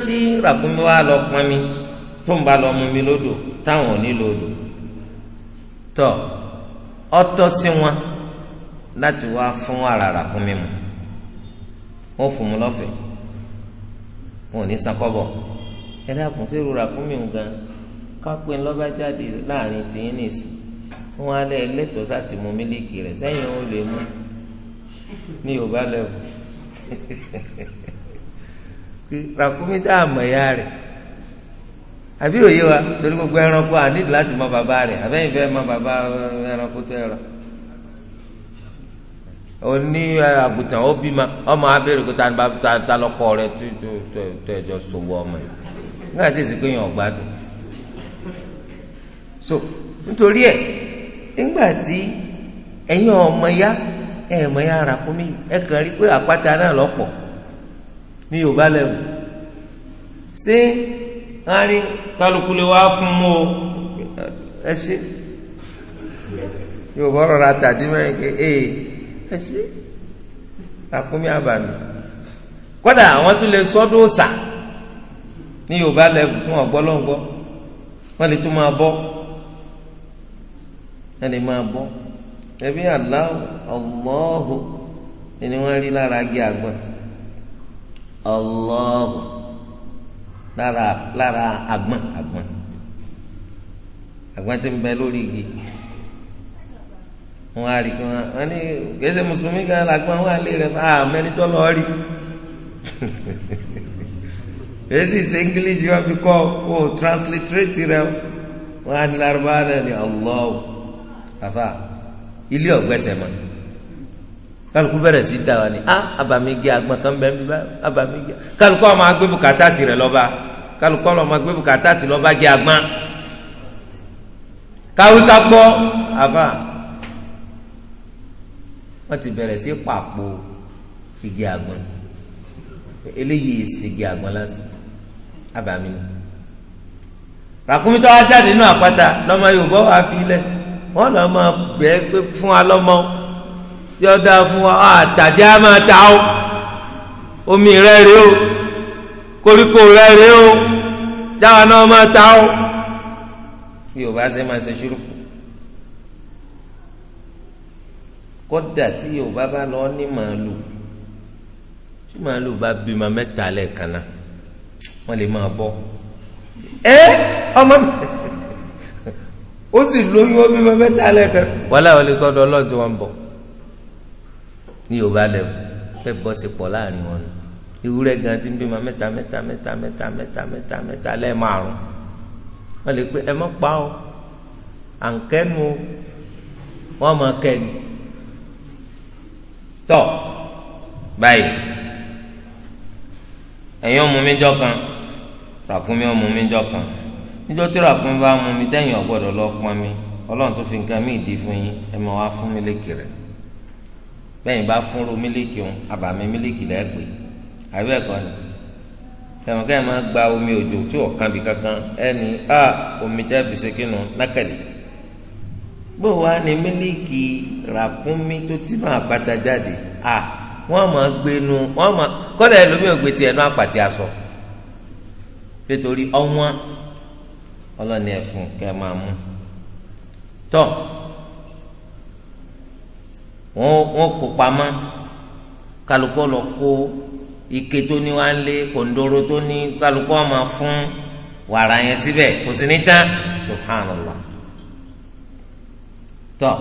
tí rakumi wa lọ pọn mi tó ń bá lọ mú mi lódò táwọn ò ní lòdò tó sí wọn láti wá fún ara rakumi mu wọn fún mu lọ́fẹ̀ẹ́ wọn ò ní san kọ́bọ̀ ẹ dákun sí gan kápẹ́ ńlọ́ba jáde láàrin tìyín nìsí wọn alẹ́ ẹlẹ́tọ̀ọ́ sáti mú mílíkì rẹ̀ sẹ́yìn ó lè mú ní yorùbá lẹ́wọ̀ ràkúmí tá a ya rẹ̀ àbí òye wa torí gbogbo ẹranko à nídìí láti mọ bàbá rẹ̀ àbẹ́yìn fẹ́ mọ bàbá ẹranko tó oní àgùntàn ó ọmọ kó ta tó ọmọ yìí nígbà tí èsì pé yàn so nítorí ẹ nígbà tí ẹ̀yin ọmọ ya ẹ mọ ya ara fún mi ẹ kàn rí pé àpáta náà lọ́pọ̀ ní yorùbá lẹ́wọ̀ ṣé wọn á ní kálukú lè wá fún mọ ẹ ṣe yóò bọ́ rọra tàdí mẹ́rin ké ee ẹ ṣe àkúnmí àbàmì kódà àwọn tún lè sọ́dún ọ̀sà ní yorùbá lẹ́wù tí wọ́n gbọ́ lọ́ngbọ́ wọ́n lè tún máa bọ́ ẹ lè máa bọ́ ẹbí aláwọ̀ ọlọ́ọ̀hù ni wọ́n rí lára agi àgbọn ọlọ́ọ̀hù lára lára àgbọn àgbọn àgbọn ti ń bẹ lórí igi wọn á rí kí wọn wọn ní kẹsẹ mùsùlùmí kan làgbọn wọn á lé rẹ fún ah, àmẹnitọ́ lọ́ọ́ rí èsì ṣe english wọn fi kọ́ ọ oh, transliterate rẹ wọn á ní lárúbáwá náà ní ọlọ́ọ̀hù. Afa ilé ọ̀gbẹ́sẹ̀ mọ́ kálukú bẹ̀rẹ̀ sí dá wa ni a abamigi agbọn kan bẹ́ẹ̀ bí báyìí abamigi kálukú ọmọ agbé bùkátà tirẹ̀ lọ́ba kálukú ọmọ agbé bùkátà tirẹ̀ lọ́ba gé agbọn káwí ká gbọ́ àfa wọ́n ti bẹ̀rẹ̀ sí pàpò igi àgbọn eléyìí èsì igi àgbọn lásán abàmì ràkúmítọ́ wá nínú àpáta lọ́mọ Yorùbá wà á fi ilẹ̀ wọn lọ máa bẹ pé fún wa lọ́mọ yọ dáa fún wa àtàjẹ á máa ta ó omi rẹ rè ó koríko rẹ rè ó jáwa náà máa ta ó yorùbá ṣe máa ṣe ṣírùkù kódà tí yorùbá bá lọ ní màálù tí màálù bá bímọ mẹ́ta lẹ́ẹ̀kan náà wọn lè máa bọ ẹ ọmọ mi ó sì lóyún ó bímọ mẹ́ta lẹ́ẹ̀kan wàhálà wọn lè sọ́dọ̀ Ọlọ́run tí wọn bọ ní yorùbá lẹbù bẹ́ẹ̀ bọ sí pọ̀ láàrin wọn ewúrẹ́ gan ti ń bímọ mẹ́ta mẹ́ta mẹ́ta mẹ́ta mẹ́ta mẹ́ta mẹ́ta lẹ́ẹ̀ márùn wọn lè pe ẹ mọ pa ọ à ń mọ kẹnu tọ báyìí ẹ̀yin ọmọ mi jọ kan ràkúnmí ọmọ mi jọ kan. níjọ́ tí ràkúnmí bá mú mi tẹ́yìn ọ̀gbọ́dọ̀ lọ pọn mi ọlọ́run tó fi nǹkan mí ìdí fún yín ẹ mọ̀ wá fún mílíkì rẹ̀ bẹ́yìn bá fúnru mílíkì òun àbàmì mílíkì lẹ́gbẹ̀ẹ́ gba omi òjò tí ò kan bí kankan ẹni a omi tẹ́ fi ṣe kínu bó wa ni mílíkì ràkúnmí tó ti máa bàtà jáde a wọ́n máa gbénu wọ́n máa kọ́dà ògbé tiẹ̀ náà pàtì aṣọ nítorí ọlọ́ni ẹ̀fún kẹ́ ẹ máa mú tọ́ wọ́n kó pamọ́ kálukú lọ kó ike tó ní wá lé kòndóró tó ní kálukú ọmọ fún wàrà yẹn síbẹ̀ kò sí ní tán subhanallah tọ́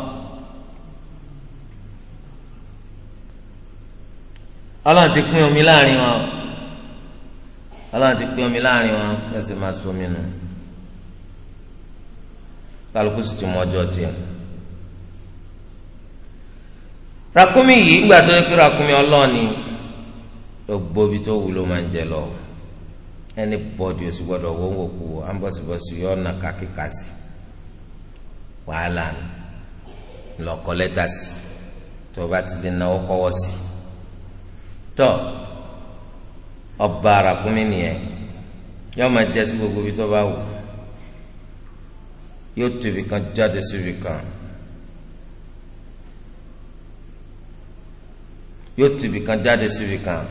ọlọ́run ti pín omi láàrin wọn ọlọ́run ti pín omi láàrin wọn ẹ̀sìn máa sọ omi nù. No. kálukú sì ti mọ ọjọ́ tiẹ̀. rakumi yìí ńgbà tó yẹ kí ràkúnmí ọlọ́ọ̀ni gbogbo tó wù ló máa ń jẹ lọ ẹni bọ́ọ̀dù oṣù gbọ́dọ̀ wọ́n kú à ń yọ ọ̀nà kàkíkàsì wàhálà lọ́kọ́ tó bá ti lè náwó kọ́wọ́ sí tọ́ ọba ràkúnmí nìyẹn yọ máa jẹ sí gbogbo tó bá yóò tó ibì kan jáde sí ibì kan yóò tó ibì kan jáde sí ibì kan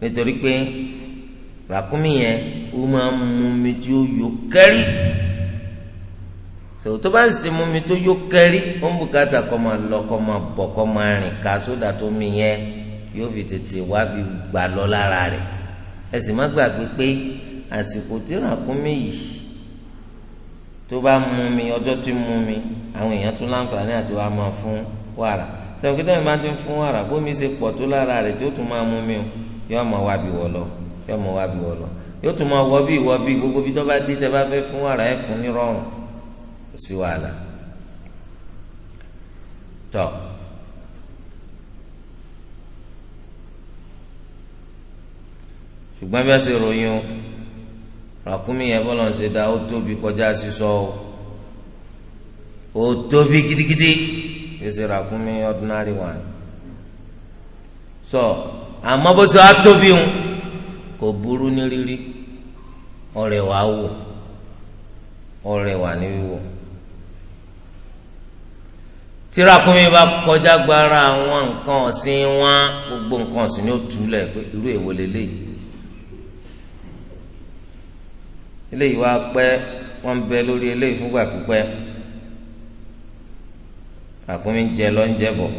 nítorí pé ràkúnmí yẹn ó máa ń mu omi tí ó yó kẹ́rí tòun tó bá sì ti mú mi tó yó kẹ́rí ó ń bùkátà kó máa lọ kó máa bọ̀ kó máa rìn ká sódà tó mi yẹn yóò fi tètè wá bí gbà lọ lára rẹ̀ ẹ sì má gbàgbé pé àsìkò tí ràkúnmí yìí tó bá mú mi ọjọ́ tí mú mi àwọn èèyàn tún láǹfààní àti wàá máa fún wàrà sẹ́wọ̀n kí tẹ́lẹ̀ máa ti ń fún wàrà bómi ṣe pọ̀ tó lára rẹ̀ tí ó tún máa mú mi o yóò máa wá bí wọ́ lọ yóò máa wá bí wọ́ lọ yóò tún máa wọ́ bí wọ́ bí gbogbo bí tó bá dé tẹ́ bá fẹ́ fún wàrà ẹ̀ fún ní kò sí wàhálà tọ́. ṣùgbọ́n bí wọ́n ṣe ròyìn o ràkúnmí yẹn bọ́lọ̀ ń ṣe dá ó tóbi kọjá sísọ o ó tóbi gidigidi gbèsè ràkúnmí ordinary one sọ àmọ́ bó ṣe á tóbi ń kò burú ní rírí ọ̀rẹ́ wàá wò ọ̀rẹ́ wà ní wíwò tírakúnmi bá kọjá gbára àwọn nǹkan ọ̀sìn wọn gbogbo nǹkan ọ̀sìn ni ó túlẹ̀ pé irú èwo lélẹ́yìí. eléyìí wá pẹ́ wọ́n bẹ lórí eléyìí fúngbà pípẹ́ àkúnmí jẹ lọ́njẹ bọ̀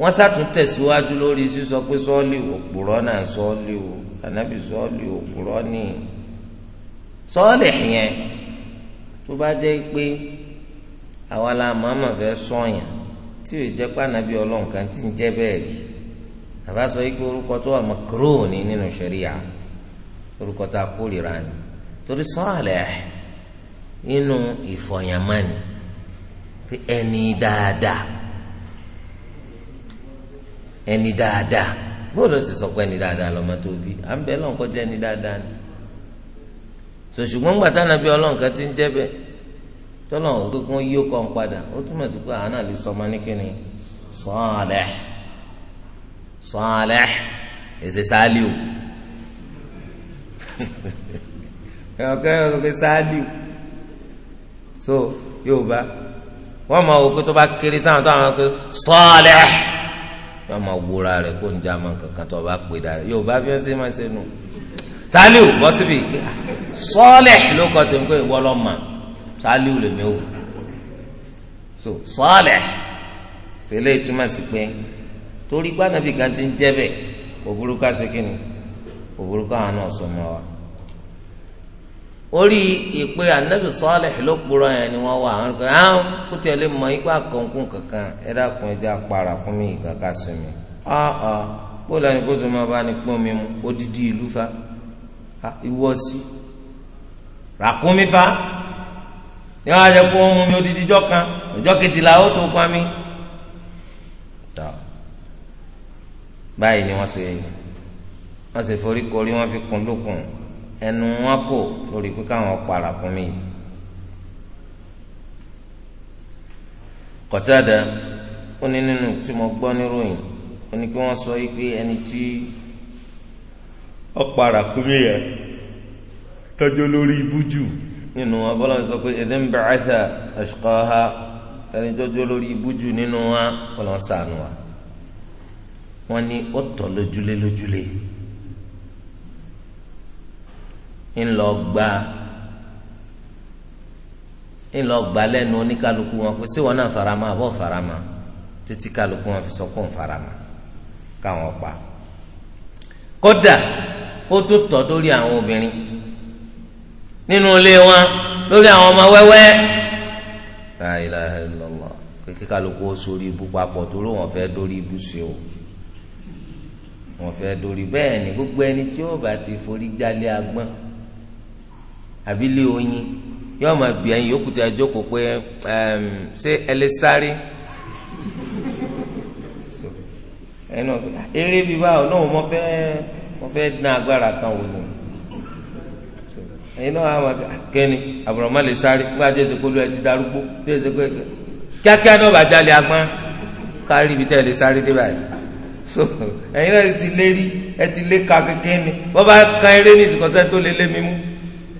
wọ́n sàtún tẹ̀síwájú lórí sísọ pé sọ́ọ́lì òpùrọ́ náà sọ́ọ́lì o ànábì sọ́ọ́lì òpùrọ́ ní sọ́ọ́lì yẹn tó bá jẹ́ pé àwa la màmá fẹ́ sọ̀yàn tí ò jẹ́ pé ànábì ọlọ́run ti ń jẹ́ bẹ́ẹ̀ rí. àbá sọ yìí pé orúkọ tó wà nínú orúkọ ni torí Salih nínú ìfọ̀yàmánì pé ẹni dáadáa ẹni dáadáa bóòlù sì sọ pé ẹni dáadáa lọ́mọ tó bí à ń bẹ lọ́n kọjá ẹni dáadáa ni sòṣùgbọ́n gbàtà nàbí ọlọ́run ti ń jẹ́ bẹ́ẹ̀ tọ́lọ̀ òkú kan yíyó kan padà ó túmọ̀ sí pé àánà lè sọ ọmọ ní kíni Salih èsè Saliu ọ̀kẹ́ ọ̀kẹ́ Saliu so Yorùbá wọ́n máa wò pé tó bá kéré sáwọn táwọn ọ̀kẹ́ Salih wọ́n máa wúra rẹ̀ kó ń já máa kankan tó bá pè dára Yorùbá bí wọ́n ṣe máa ṣe nù Saliu bọ́ síbi Salih ló kọ́ tó ń pè wọ́lọ́mà Saliu lèmi ò so Salih fèlè túmọ̀ sí pé torí pé anabi gan ti ń jẹ́ bẹ́ẹ̀ òbúrúkú àsekínì òbúrúkú àwọn náà sọ mọ́ wa. orí ìpè anabi Salih ló kúrọ yẹn ni wọ́n wà àwọn kan áwọn kó tiẹ̀ lè mọ ipá kọ̀ọ̀kún kankan ẹ̀dá kun ẹja para kún mi ìkàkà sí mi. bó lẹ́nu kó sọ ma bá ní pọ́n mi mu odidi ìlú fa ìwọ sí ràkúnmí fa ní wọ́n á jẹ́ kó ohun mi odidi jọ́ kan ọjọ́ kejìlá ó tó pa báyìí ni wọ́n ṣe wọ́n ṣe forí korí wọ́n fi kun lókun ẹnu wọn kò lórí pé káwọn para fún mi. Qatada ó ní nínú tí mo gbọ́ níròyìn ó ní kí wọ́n sọ yìí pé ẹni tí ó para fún mi yẹn tọ́jú lórí ibú jù nínú wọn bọ́lá mi sọ pé ẹ̀dẹ́ ń bẹ̀rẹ̀ ẹ̀ṣẹ̀ ha ẹni tọ́jú lórí ibú jù nínú wọn bọ́lá ń sànù wa wọ́n ní ó tọ̀ lójúlé lójúlé ńlọ gba ńlọ gba lẹ́nu oníkálukú wọn pé síwọ́n náà farama àbọ̀ farama títí kálukú wọn fi sọ pé òun farama káwọn pa kódà ó tó tọ̀ lórí àwọn obìnrin nínú ilé wọn lórí àwọn ọmọ wẹ́wẹ́ la ilaha illallah kékeré kálukú ó sórí ibú papọ̀ torí wọn fẹ́ dórí ibú sí o wọn fẹ́ dórí bẹ́ẹ̀ ni gbogbo ẹni tí ó bá ti forí jálé agbọ́n àbílẹ̀ oyin yóò máa bì ẹyin yòókù tí a jókòó pé ṣé ẹ lè sáré ẹnu eré bíbá ọ náà mo fẹ́ mo fẹ́ dín agbára kan wò ni ẹyin náà wà máa kẹ́ni àbùrọ̀mọ́ lè sáré nígbà tí èsì kólú ẹ darúgbó tí èsì kólú kíákíá náà bá jálé agbọ́n kárí ibi tẹ́ ẹ lè sáré dé báyìí so ẹ̀yin náà ti lé rí ẹ ti lé ka kékeré ni wọ́n bá ka eré ní ìsìnkọ́sẹ́ tó lé lé mi mú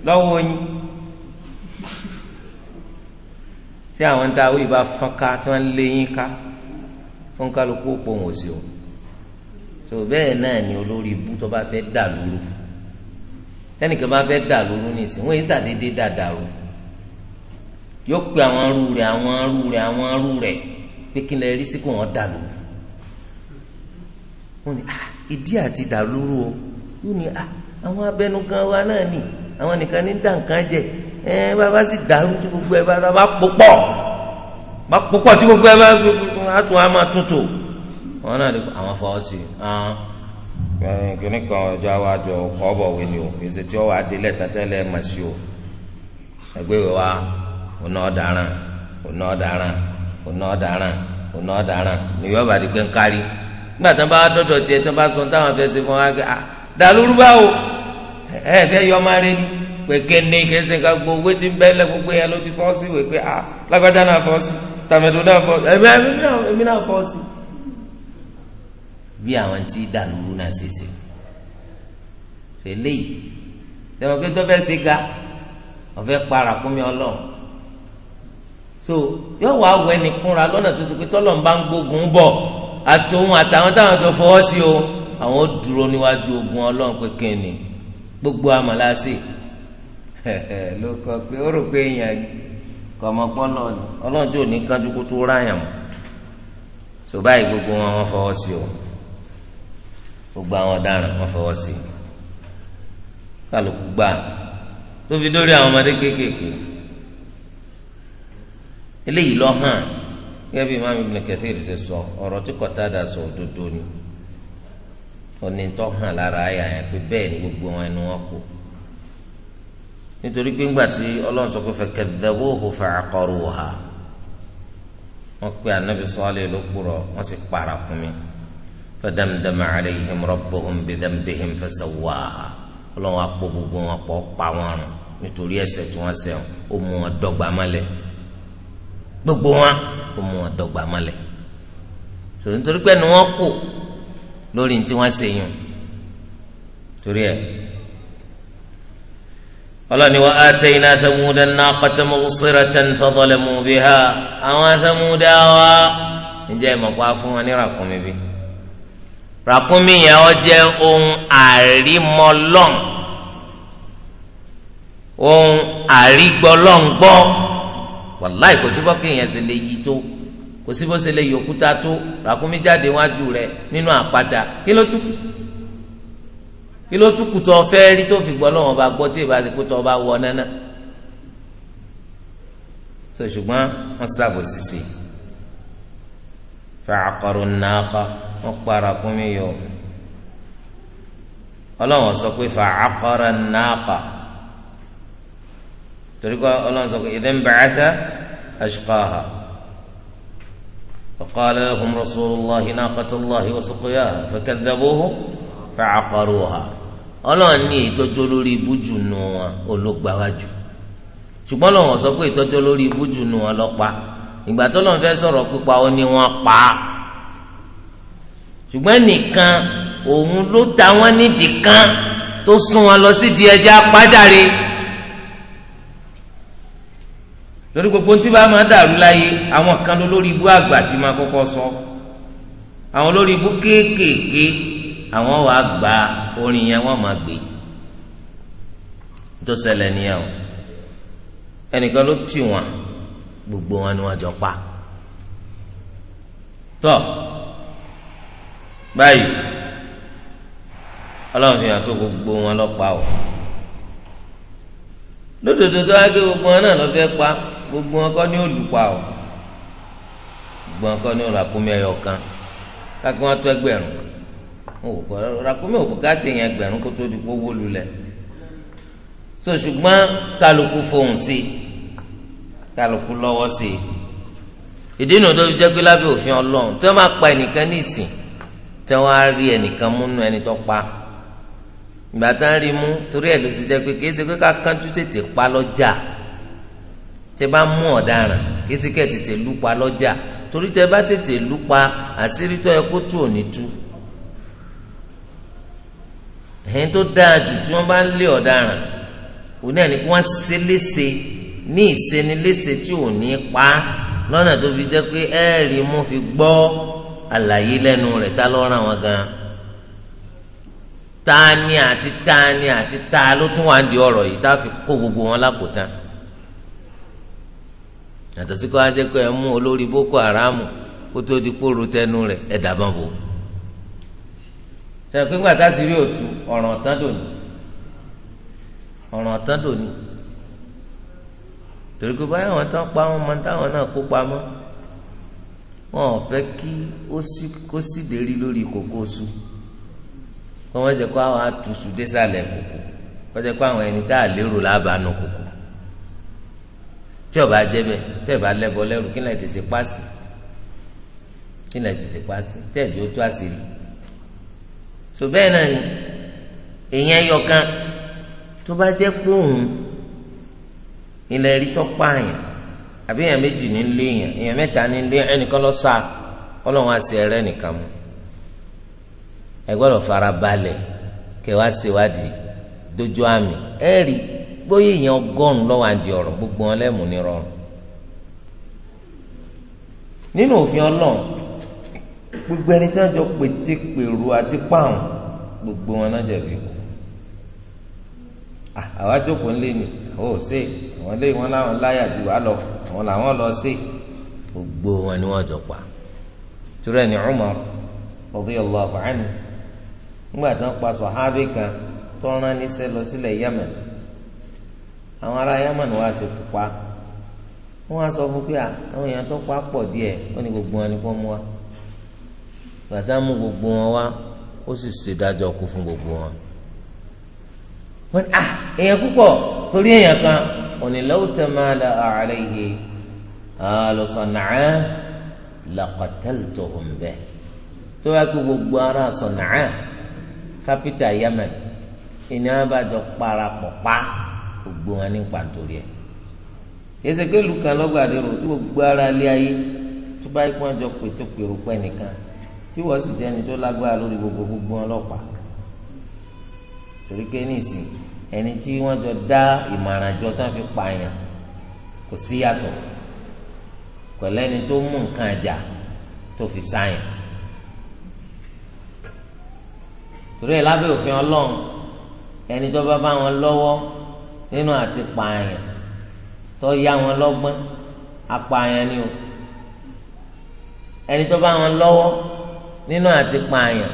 lọ́wọ́ yín tí àwọn tá a wí bá fọ́n ká tí wọ́n lé yín ká fún kálukú pò wọ́n sí o so bẹ́ẹ̀ náà ni olórí ibú tó bá fẹ́ dà lóru tẹ́nìkan bá fẹ́ dà lóru nìsín wọ́n yìí sàdédé dà dàrú yóò pe àwọn arú rẹ̀ àwọn arú rẹ̀ àwọn arú rẹ̀ pé kí n lè rí sí kò wọ́n dà lóru wọ́n ní ah, ìdí àti dàlúrú o ni ah àwọn abẹnugan wa náà nì àwọn nìkan ní dànkan jẹ ẹ bàbá sì dàrú tí gbogbo ẹ bá bá púpọ̀ bá púpọ̀ tí gbogbo ẹ bá àtún á máa tútù wọ́n náà lè àwọn fọwọ́ sí i. kìnnì kan ọjọ́ àwájọ ọkọ̀ ọ̀bọ̀wé ni o èsì tí ó wà á dé lẹ́tàtẹ́lẹ̀ mà sí o ẹgbẹ́ ìwé wa ọ̀nà ọ̀daràn ọ̀nà ọ̀daràn ọ̀nà ọ̀daràn ọ̀nà ọ̀daràn ni yóò bá di pé ń kárí. nígbà tó bá dọdọ tiẹ̀ tó bá sọ táwọn fún wa gbé dàlúrú báwo ẹ fẹ yọ ọmọ rẹ ni pèké ní kẹsẹ ká gbó owó gbogbo ti fọ sí wèé pé a lágbájá náà fọ sí tàmẹdù náà fọ ẹmí ẹmí náà fọ sí. bí àwọn tí dàlúrú náà ṣe ṣe fèlè tẹmọ tó fẹ ṣe ga ọfẹ para kúmi so yọ wàá kúnra tó ṣe tọlọ ń bá ń gbógun bọ. àtòun àtàwọn táwọn tó fọwọ́ sí o àwọn ó dúró níwájú ogun ọlọ́run pé kíni gbogbo àmàlàsì ló kọ pé ó rò pé èèyàn kọmọpọlọ ni ọlọ́run tí ò ní kánjú kó tó ráyàn mọ́ so báyìí gbogbo wọn wọn fọwọ́ sí o gbogbo àwọn ọ̀daràn wọn fọwọ́ sí kálukú gbà tó fi dórí àwọn ọmọdé kéékèèké eléyìí lọ hàn gẹ́gẹ́ bí imáàmù Ibn Kathir ṣe sọ ọ̀rọ̀ tí Qatada sọ òdodo ni onítọ̀ hàn lára àyà yẹn pé bẹ́ẹ̀ ni gbogbo wọn ẹnu wọn kù nítorí pé ńgbà tí Ọlọ́run sọ pé fakadhabuhu fa'aqaruha wọ́n pe anabi sọ́ọ́lì ló kúrọ̀ wọ́n sì para kún mi fadamdama alayhim rabbuhum bidambihim fasawwaha Ọlọ́run apọ̀ gbogbo wọn pọ̀ pa wọn nítorí ẹ̀ṣẹ̀ tí wọ́n ṣẹ̀ ó mú wọn dọ́gba mọ́lẹ̀ gbogbo wọn kò mú wọn dọ́gba mọ́lẹ̀ so nítorí pé ni wọn kù lórí ní tí wọn ṣe yùn torí ẹ ọlọ́ni wa atayna thamuda naqata mubsiratan fadalamu biha àwọn thamuda wa ǹjẹ́ ẹ̀ mọ̀ pa fún wọn ní ràkúnmí bí ràkúnmí yẹn wọ́n jẹ́ ohun àrímọ́lọ́n ohun àrígbọ́lọ́ngbọ́n wàláì kò sí bọ́kì yẹn ṣe lè yí tó kò sí bó ṣe lè yí òkúta tó ràkúnmí jáde wájú rẹ nínú àpáta kí ló tún kí ló tún kùtọ fẹ́ rí tó fi gbọ́ lọ́wọ́ bá gbọ́ tí ì bá ti kùtọ bá wọ nánà so ṣùgbọ́n wọ́n sábò sisi fàákọrò nàákọ wọ́n para kún yọ ọlọ́wọ́n sọ pé fàákọrò nàákọ torí kọ́ ọlọ́run sọ pé idhan ba'atha ashqaha فقال لهم رسول الله ناقة الله وسقياها فكذبوه فعقروها ọlọ́run ní ìtọ́jú lórí ibújù nù wọn ológbàwájú ṣùgbọ́n lọ́wọ́n sọ pé ìtọ́jú lórí ibújù nù wọn lọ́pa ìgbà tó lọ́n fẹ́ sọ̀rọ̀ pípa ó ní wọ́n pa á ṣùgbọ́n nìkan òun ló ta wọ́n nídìí kan tó sún wọn lọ sí ẹja pàjáre torí gbogbo tí bá máa dàrú láyé àwọn kan lórí ibú àgbà tí máa kọ́kọ́ sọ àwọn lórí ibú kéékèèké àwọn wàá gba orin yẹn wọ́n máa gbé tó ṣẹlẹ̀ nìyẹn o ẹnìkan ló tì wọ́n gbogbo wọn ni wọ́n jọ pa tọ́ báyìí ọlọ́run fi hàn pé gbogbo wọn lọ pa o lódodo tó wá gbé gbogbo wọn náà lọ fẹ́ pa gbogbo wọn kọ́ ní olùpa o gbogbo wọn kọ́ ní ràkúnmí ẹyọ kan kákí wọn tó ẹgbẹ̀rún ràkúnmí òkú káàtì yẹn ẹgbẹ̀rún kó tó di gbówó lulẹ̀ so ṣùgbọ́n kálukú fohùn sí kálukú lọ́wọ́ sí ìdí nu tó jẹ́ pé lábẹ́ òfin ọlọ́run tí wọ́n máa pa ẹnìkan ní ìsìn tí wọ́n á rí ẹnìkan múnú ẹni tó pa ìgbà tá ń rí mú torí ẹ̀ ló sì jẹ́ pé kì í ṣe pé ká kánjú tètè pa lọ́jà. Ja tẹ bá mú ọ̀daràn kí síkẹ̀ tètè lùpa lọ́jà torí tẹ bá tètè lùpa àṣírí tó yẹ kó tú òní tú ẹ̀yin tó dáa jù tí wọ́n bá ń lé ọ̀daràn òun náà ni kí wọ́n ṣe léṣe ní ìṣeniléṣe tí ò ní pa lọ́nà tó fi jẹ́ pé ẹ̀ẹ́rì mú fi gbọ́ àlàyé lẹ́nu rẹ̀ tá lọ́ọ́ ràn wọ́n gan-an tani àti tani àti ta ló tún wà ń di ọ̀rọ̀ yìí tá a fi kó gbogbo wọn lákòótán. yàtọ̀ sí kó ajẹ́ pé ẹ mú olórí boko haram kó tó di kóró tẹnu rẹ̀ ẹ dàbọn bò sọ pé gbàtà sí rí òtún ọ̀ràn tán dòní ọ̀ràn tán torí pé báyọ̀ wọn tán pa wọn mọ táwọn náà kó pamọ́ wọn ò fẹ́ kí ó sì dérí lórí kókó kó wọ́n jẹ́ kó àwọn tí ọba jẹ bẹ tẹ bá lẹbọ lẹrù kí lẹ tètè paasi kí lẹ tètè paasi tó àṣírí tó bẹ́ẹ̀ náà ni èèyàn yọkan tó bá jẹ kpóhùn ilẹ̀ rí tọ́pọ̀ àyàn àbí èèyàn méjì ní lé èèyàn èèyàn mẹ́ta ní mu ẹ gbọ́dọ̀ fara balẹ̀ kẹwàá bóyá èèyàn ọgọ́rùn-ún lọ́wọ́ àǹdí ọ̀rọ̀ gbogbo wọn lẹ́mùú ní rọrùn nínú òfin ọlọ́run gbogbo ẹni tí wọ́n jọ pété pèrò àti páàrùn gbogbo wọn náà jẹ̀bi kù ah, àwa jókòó ńlé ni ó ṣe àwọn lé wọn láwọn láyà ju wa lọ àwọn làwọn lọ ṣe gbogbo wọn ni wọ́n jọ pa turẹ ni Umar radiyallahu anhu nígbà tí wọ́n pa sọhábì kan tó rán níṣẹ́ lọ sílẹ̀ Yemen àwọn ará Yemen wá sí pupa wọn wá sọ fún pé àwọn èèyàn tó pa pọ̀ díẹ̀ ó ní gbogbo wọn ni kò mú wa bàtà mú gbogbo wọn wá ó sì ṣèdájọ́ kú fún gbogbo wọn. wọn à èèyàn púpọ̀ torí èèyàn kan òní lọ́wọ́tẹ̀ máa la àárẹ̀ yìí àlùsọ̀nàá làkọ̀tẹ́lìtò òǹbẹ́ tó wá pé gbogbo ará sọ̀nàá kápítà Yemen ìní wọn bá jọ pa. pa gbogbo wọn ní pàǹtórí ẹ̀ yẹsẹ̀ pé ìlú kan lọ́gbàdé rò tí gbogbo ara lé ayé tó bá yẹ kó wọn jọ pètò pèrò pẹ́ nìkan tí wọ́n sì jẹ́ ẹni tó lágbára lórí gbogbo gbogbo wọn lọ́pàá torí pé nísìnyí ẹni tí wọ́n jọ dá ìmọ̀ràn jọ tán fi pààyàn kò sí yàtọ̀ pẹ̀lú ẹni tó mú nǹkan àjà tó fi sáyàn torí ẹ̀ lábẹ́ òfin ọlọ́run ẹni tó bá bá wọn lọ́wọ́ nínú àti pààyàn tó yá wọn lọ́gbọ́n apààyàn ni o ẹni tó bá wọn lọ́wọ́ nínú àti pààyàn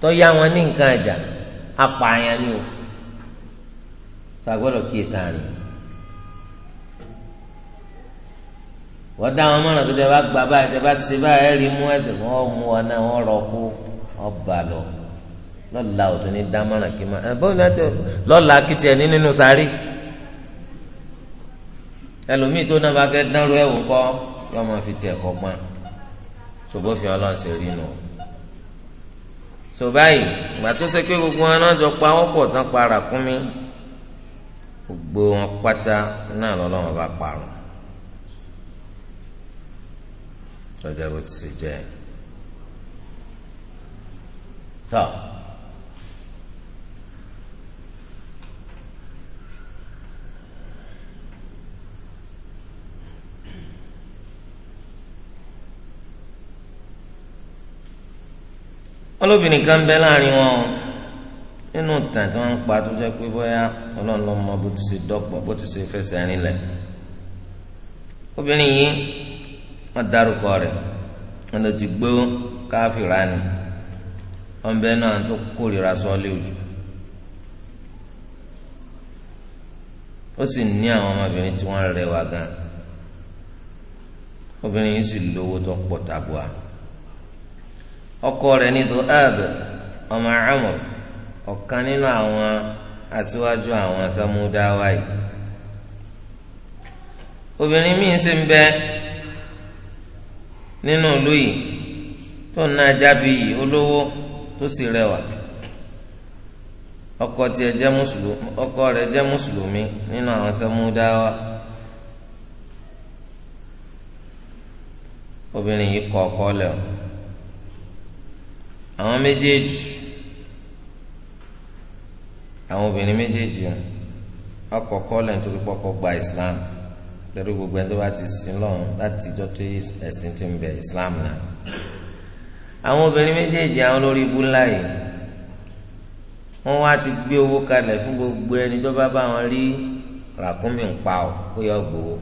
tó yá wọn ní nǹkan àjà apààyàn ni o sàgbọ́dọ̀ kíyè sáàrin wọ́n dá wọn mọ̀ràn pé tẹ bá gbà báyìí tẹ bá ṣe báyìí ẹ̀rí mú ẹsẹ̀ wọ́n mú ọ náà wọ́n rọ̀ kú ọba lọ lọ́la òtún ní dámọ̀ràn kí máa bóun náà ti lọ́la kí tiẹ̀ ní nínú sáré ẹlòmíì tó náà bá fẹ́ dánrú ẹ̀wò kọ́ yọ máa fi tiẹ̀ kọ́ gbọ́n ṣùgbọ́n fi ọlọ́run ṣe rí nù. sọ báyìí ìgbà tó ṣe pé gbogbo wọn náà jọ pa wọ́n pọ̀ tán para kún mi gbogbo wọn pátá náà lọ́lọ́run bá parun. lọ́jà bó ti ṣe jẹ́ tọ́. wọn lóbìnrin kan bẹ láàrin wọn nínú tàn tí wọn ń pa tó jẹ pé bóyá Ọlọ́run ló mọ bó ti ṣe dọ́pọ̀ bó ti ṣe fẹsẹ̀ rinlẹ̀ obìnrin yìí wọn dárúkọ rẹ̀ wọn lọ ti gbó káfíra ni wọn bẹ náà tó kórìíra sọlé ojú ó sì ní àwọn ọmọbìnrin tí wọn rẹwà gan obìnrin yìí sì lówó tó pọ̀ tàbúà. ọkọ rẹ ní Du'ab ọmọ Amr ọ̀kan nínú àwọn aṣíwájú àwọn Samudawa yìí obìnrin míín sì ń bẹ nínú ìlú yìí tó ń náà jábì yìí olówó tó sì rẹwà ọkọ tiẹ̀ jẹ́ mùsùlùmí ọkọ mùsùlùmí nínú àwọn Samudawa obìnrin yìí kọ ọkọ àwọn méjèèjì àwọn obìnrin méjèèjì ọkọ̀ọ̀kọ́ lẹ́yìn torí pọ́pọ́ gba islam torí gbogbo ẹni tó bá ti sin lọ́run láti ìjọ tó ẹ̀sìn ti ń bẹ islam náà àwọn obìnrin méjèèjì àwọn lórí ibú ńlá yìí wọ́n wá ti gbé owó kalẹ̀ fún gbogbo ẹni tó bá bá wọn rí ràkúnmí ń pa ọ́ ó yọ gbowó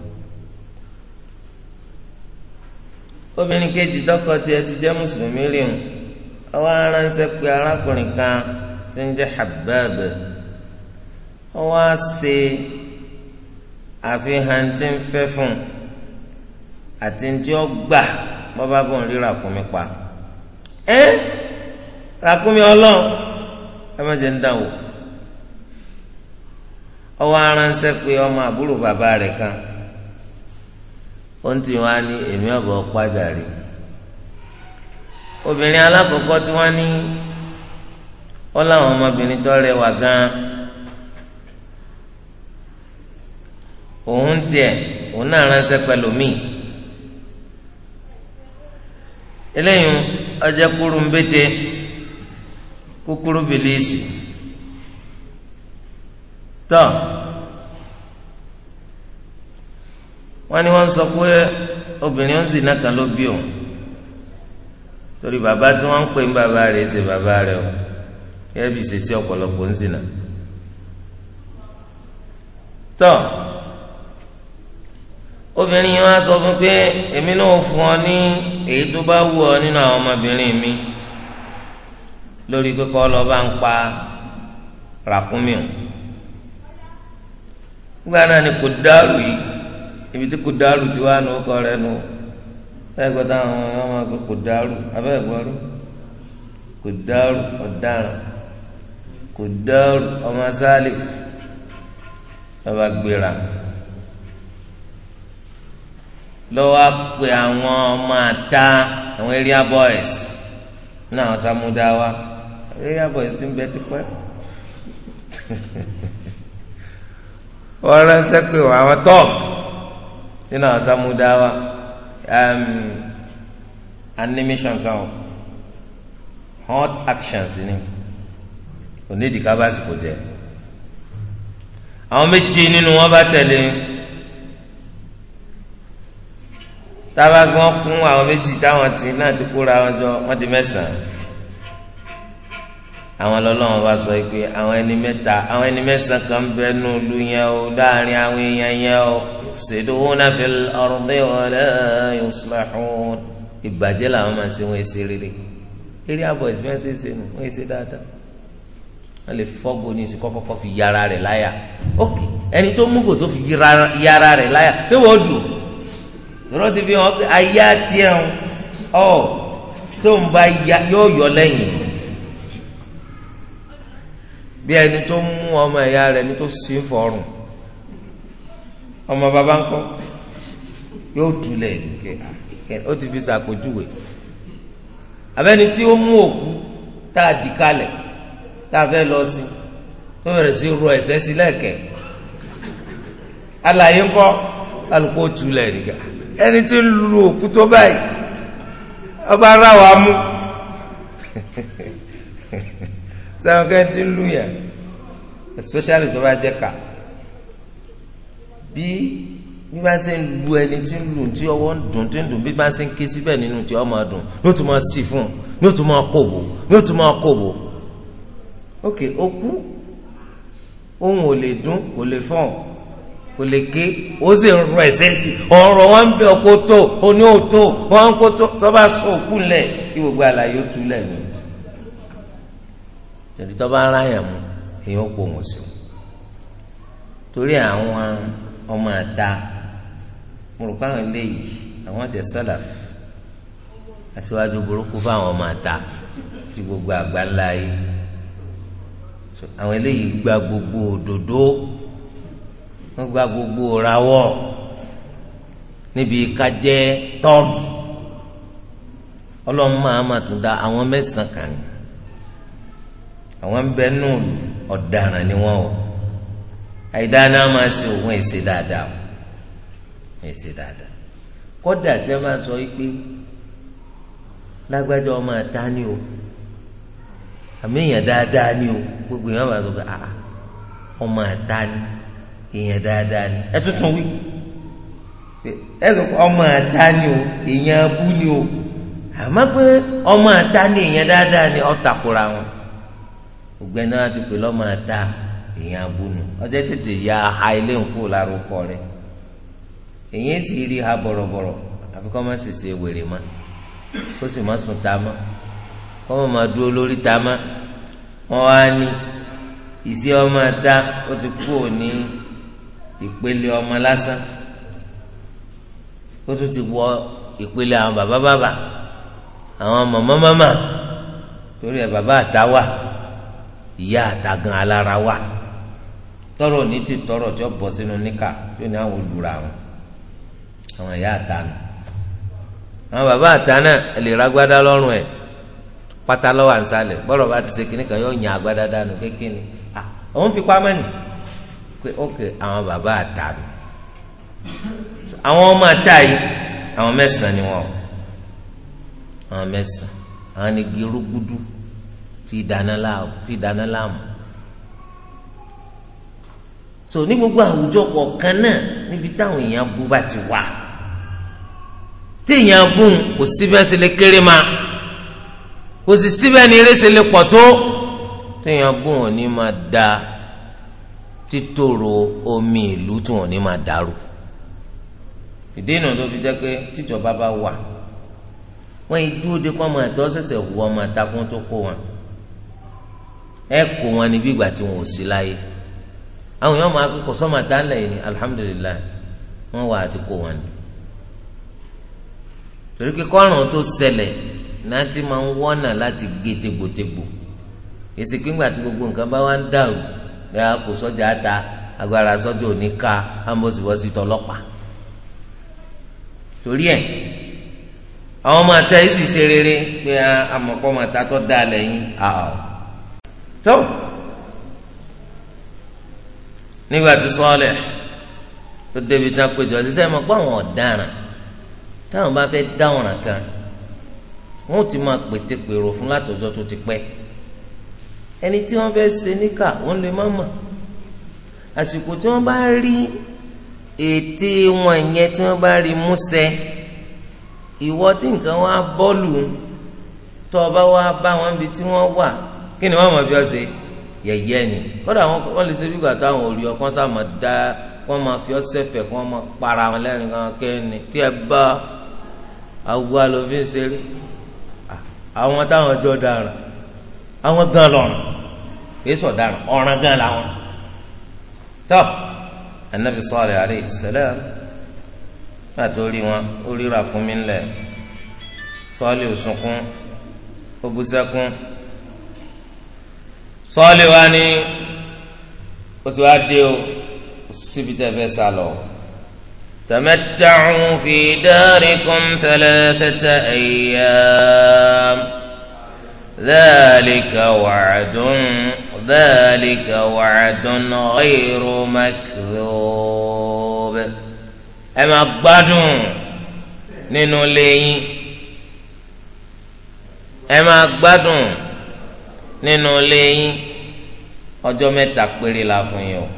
obìnrin kejì tọkọ tiẹ̀ ti jẹ́ mùsùlùmí rí òun. ọwọ aránṣẹ́ pé arákùnrin kan ti ń jẹ́ Habbab ọwọ á àfihàn tí ń fẹ́ fún àti tí ó gbà bọ́bá bò ń rí pa ẹ má ń wò pé ọmọ àbúrò bàbá rẹ̀ kan ó ń tì wá obìnrin alákọ̀ọ́kọ́ tí wọ́n ní ó láwọn ọmọbìnrin tó rẹwà gan òun tiẹ̀ òun náà ránṣẹ́ pẹ̀lú mi eléyìí ọjọ́ kúrú ń bété kúkúrú bìlíìsì tọ́ wọ́n ní wọ́n sọ pé obìnrin ó torí bàbá tí wọ́n ń pè ń bàbá rẹ̀ ṣe bàbá rẹ̀ o yẹ bí ṣe sí ọ̀pọ̀lọpọ̀ ń sìnà. tọ́ obìnrin yẹn wá sọ fún pé èmi náà fún ọ ní èyí tó bá wù ọ nínú àwọn ọmọbìnrin mi lórí pípọ́ ọlọ́ba ń pa ràkúnmí o gbọ́dọ̀ ni kò dárú yìí ibi tí kò dárú ti wá nù ọkọ rẹ̀ nù. No bẹ́ẹ̀ gbọ́ táwọn ọmọ ọmọ kò dárò abẹ́ẹ̀ gbọ́ rú kò dárò ọ̀daràn kò dárò ọmọ sálif bàbá gbéra lọ́wọ́ pé àwọn ọmọ àta àwọn area boys náà àwọn sàmúdá wa area boys ti ń bẹ tipẹ́ wọ́n ránṣẹ́ pé àwọn tọ́ọ̀kì nínú àwọn sàmúdá wa. Um, animation kan o hot actions ni onídìí ká bá sìkò jẹ àwọn méjì nínú wọn bá tẹ̀lé tábàgbọ́n kún àwọn méjì táwọn ti náà ti kóra wọn jọ wọ́n di mẹ́sàn-án àwọn lọ́lọ́run bá sọ pé àwọn ẹni mẹ́ta àwọn ẹni mẹ́sàn kan ń bẹ nù lu yẹn o láàrin àwọn èèyàn yẹn o yufsiduna fil ardi wala yuslihun ìbàjẹ́ làwọn máa ṣe wọ́n ṣe rere eré àbọ̀ ìsìnkú ṣe nù wọ́n ṣe dáadáa wọ́n lè fọ́gbó ní ìsìnkú kọ́kọ́ fi yára rẹ̀ láyà ok ẹni tó mú kò tó fi yára rẹ̀ láyà ṣé wọ́n dùn lọ́rọ́ tó ń bá yọ lẹ́yìn bí ẹni tó mú ọmọ ẹ̀yà rẹ̀ ní tó sí fọrùn ọmọ bàbá ńkọ́ yóò dulẹ̀ kẹ ó ti fi ṣàpèjúwe abẹ́ni tí ó mú òkú tá a dì kalẹ̀ tá a fẹ́ lọ sí tó bẹ̀rẹ̀ sí ro ẹ̀sẹ̀ sí lẹ́kẹ̀ alàyé ńkọ́ alùpùpù ó nìkan ẹni tí ń lu òkú tó báyìí ọba ara mú. sẹ́wọ̀n kẹ́ ti lù yẹn especially tó bá jẹ́ ká bí bí bá ṣe ń lu ẹni tí ń lù tí ọwọ́ ń dùn tí ń dùn bí bá ṣe ń ké síbẹ̀ nínú tí ọmọ dùn ní o tún máa sì fún un ní o tún máa kóbò ní o tún máa kóbò ok okú ohun ò lè dún ò lè fọ́n kò lè ké ó sì ń rọ ẹ̀sẹ̀ sí ọ̀rọ̀ wọn ń bẹ ọkọ tó oní òtó wọn ń kó tó tó bá sọ òkú lẹ̀ kí gbogbo àlàyé ó tú lẹ̀ nìyí tẹ̀lé tó bá ń ráyàn mu èèyàn ó pò wọ́n sí torí àwọn ọmọ àta mo rò pé àwọn eléyìí àwọn àti sálàf aṣíwájú burúkú fáwọn ọmọ àta tí gbogbo àgbà ńlá yìí àwọn eléyìí gba gbogbo òdòdó wọ́n gba gbogbo rawọ́ níbi kájẹ́ tọ́ọ̀gì ọlọ́run máa da àwọn mẹ́sàn-án àwọn ń bẹ nù ọ̀daràn ni wọ́n o àìdáná máa ṣe òun èsè dáadáa o èsè dáadáa kódà tí a máa sọ pé lágbájá ọmọ ni o àmì èèyàn dáadáa ni o gbogbo èèyàn bá sọ pé àà ọmọ ni èèyàn dáadáa ni ẹ tuntun wí ọmọ ni o èèyàn abú ni o pé ọmọ ni èèyàn dáadáa ni ọ takora wọn. gbogbo ẹni láti pè lọ́mọ ata èèyàn abúnu ọjọ́ tètè ya ha ilé ńkú lárúkọ rẹ èèyàn sì rí ha bọ̀rọ̀bọ̀rọ̀ àfi kọ́ máa ṣèṣe wèrè ma kó sì má sùn taa ma kọ́ máa dúró lórí ta ma wá ní ìṣe ọmọ ata ó ti kú òní ìpele ọmọ lásán ó tún ti wọ ìpele àwọn bàbá ìyá àtàgàn alára wa tọrọ ní ti tọrọ tí ó bọ sínú níkà tí ó ní àwọn àwọn ìyá àwọn bàbá lè ra agbádá lọ́rùn ẹ̀ pátá lọ́wọ́ ànsálẹ̀ bọ́rọ̀ bá ti ṣe kínní kan yóò agbádá dànù kékeré ah òun fi pamọ́ nì pé ok àwọn bàbá àtànà àwọn ọmọ àtà yìí àwọn án ni àwọn án àwọn ni gerugudu tí ìdáná láàmú so ní gbogbo àwùjọ kọ̀ọ̀kan náà níbi táwọn èèyàn bú bá ti wà tí èèyàn bú kò síbẹ̀ ṣe lè kéré ma kò sì síbẹ̀ ní eré ṣe lè pọ̀ tó tí èèyàn bú wọn ní máa da títòrò omi ìlú tí wọn ní máa dàrú ìdí ìnà tó fi jẹ́ pé tíjọba bá wà wọ́n yìí dúró de kọ́ ọmọ àti sẹ̀sẹ̀ wù ọmọ àtàkùn tó kó wọn. ẹ wọn ni ìgbà tí wọn ò sí láyé àwọn èèyàn máa kó sọ́mà tá ni alihamudulilayi wọn wà á kó wọn ni torí pé kọ́rùn tó sẹlẹ̀ náà ti máa wọ́nà láti gé tegbòtegbò èsì tí gbogbo nǹkan bá wá ń dàrú ta agbára sọ́jà ká tọlọ́pàá torí ta ṣe rere pé lẹ́yìn tó nígbà tí sọ́ọ̀lẹ̀ tó débi tá a péjọ ṣiṣẹ́ mọ̀ pé àwọn ọ̀daràn táwọn bá fẹ́ dáwọ̀ràn kan wọn ò ti máa pètèpèrò fún látọjọ́ tó ti pẹ́ ẹni tí wọ́n fẹ́ ṣe níkà wọ́n lè má mọ̀ àsìkò tí wọ́n bá rí ète wọn yẹn tí wọ́n bá rí músẹ ìwọ tí nǹkan wá bọ́ọ̀lù tó o wá bá wọn bí tí wọ́n wà kí ni wọn mọ fi ọ ṣe yẹ̀yẹ́ ni kódà wọn lè ṣe bígbà táwọn olè ọkàn sá máa dá wọn máa fi ọ sẹfẹ kí wọn máa para wọn lẹ́rìn kan kẹ́ni tí ẹ bá awo alòfin ṣeré àwọn táwọn jọ dáràn àwọn gan lọ́rùn kìí sọ dáràn ọ̀ràn gan làwọn tọ anabi sọlẹ alayhi salam pàtó rí wọn ó ríra kún ńlẹ sọlẹ òsùnkún ó bú sẹ́kún sọ́ọ́lì wa ni ó ti wá dé o síbi tẹ́ fẹ́ sá lọ. تمتعوا في داركم ثلاثة أيام ذلك وعد ذلك وعد غير مكذوب ẹ máa gbádùn nínú ilé ẹ máa gbádùn nínú ilé yín ọjọ́ mẹ́ta péré la fún yín o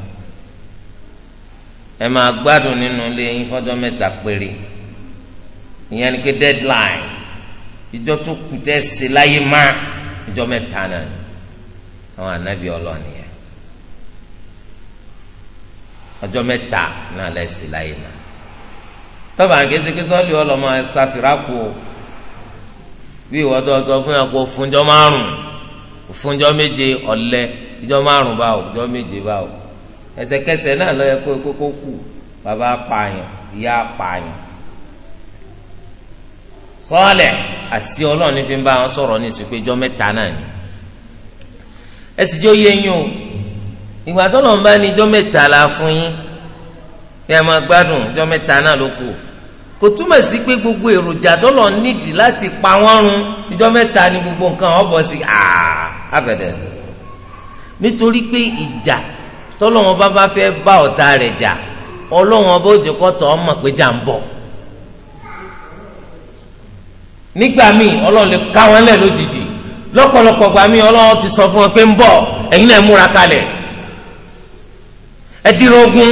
ẹ máa gbádùn nínú ilé yín fọ́jọ́ mẹ́ta péré ìyẹn ni pé deadline ìjọ tó kù tẹ́ ṣe láyé má ìjọ mẹ́ta náà ni àwọn ọlọ́ọ̀ni yẹn ọjọ́ mẹ́ta náà lẹ́ ṣe láyé má tọ́ba àgẹ́sẹ̀kẹ́ sọ́ọ́lì ọlọ́mọ ẹ̀ kù bí ìwọ́dọ̀ fún fúnjọ́ márùn fúnjọ́ méje ọ̀lẹ ìjọ márùn báwò ìjọ méje báwò ẹsẹ̀kẹsẹ̀ náà lọ yẹ kó kókó kù bàbá apààyàn ìyá apààyàn sọọlẹ àti Ọlọ́run ní fi ń bá wọn sọ̀rọ̀ ní ìsìnkú ìjọ mẹ́ta náà ni ẹ sì jọ yé yín o ìgbà tó lọ ń bá ní ìjọ mẹ́ta la fún yín kí ẹ máa gbádùn ìjọ mẹ́ta náà ló kù kò túmọ̀ sí pé gbogbo èròjà tó lọ nídìí láti pa wọ́n run ìjọ mẹ́ta ni gbogbo nǹkan ọ̀bọ̀ sí àá abẹ́dẹ̀ nítorí pé ìjà tọ́lọ́wọ́n bá bá fẹ́ bá ọ̀tá rẹ̀ jà ọlọ́wọ́n bó jẹ́ kọ́tọ̀ ọmọ pé jà ń bọ̀ nígbà míì ọlọ́run lè ká wọn lẹ̀ lójijì lọ́pọ̀lọpọ̀ gbà míì ọlọ́run ti sọ fún wọn pé ń bọ̀ ẹ̀yin náà múra kalẹ̀ ẹ dìrò ogun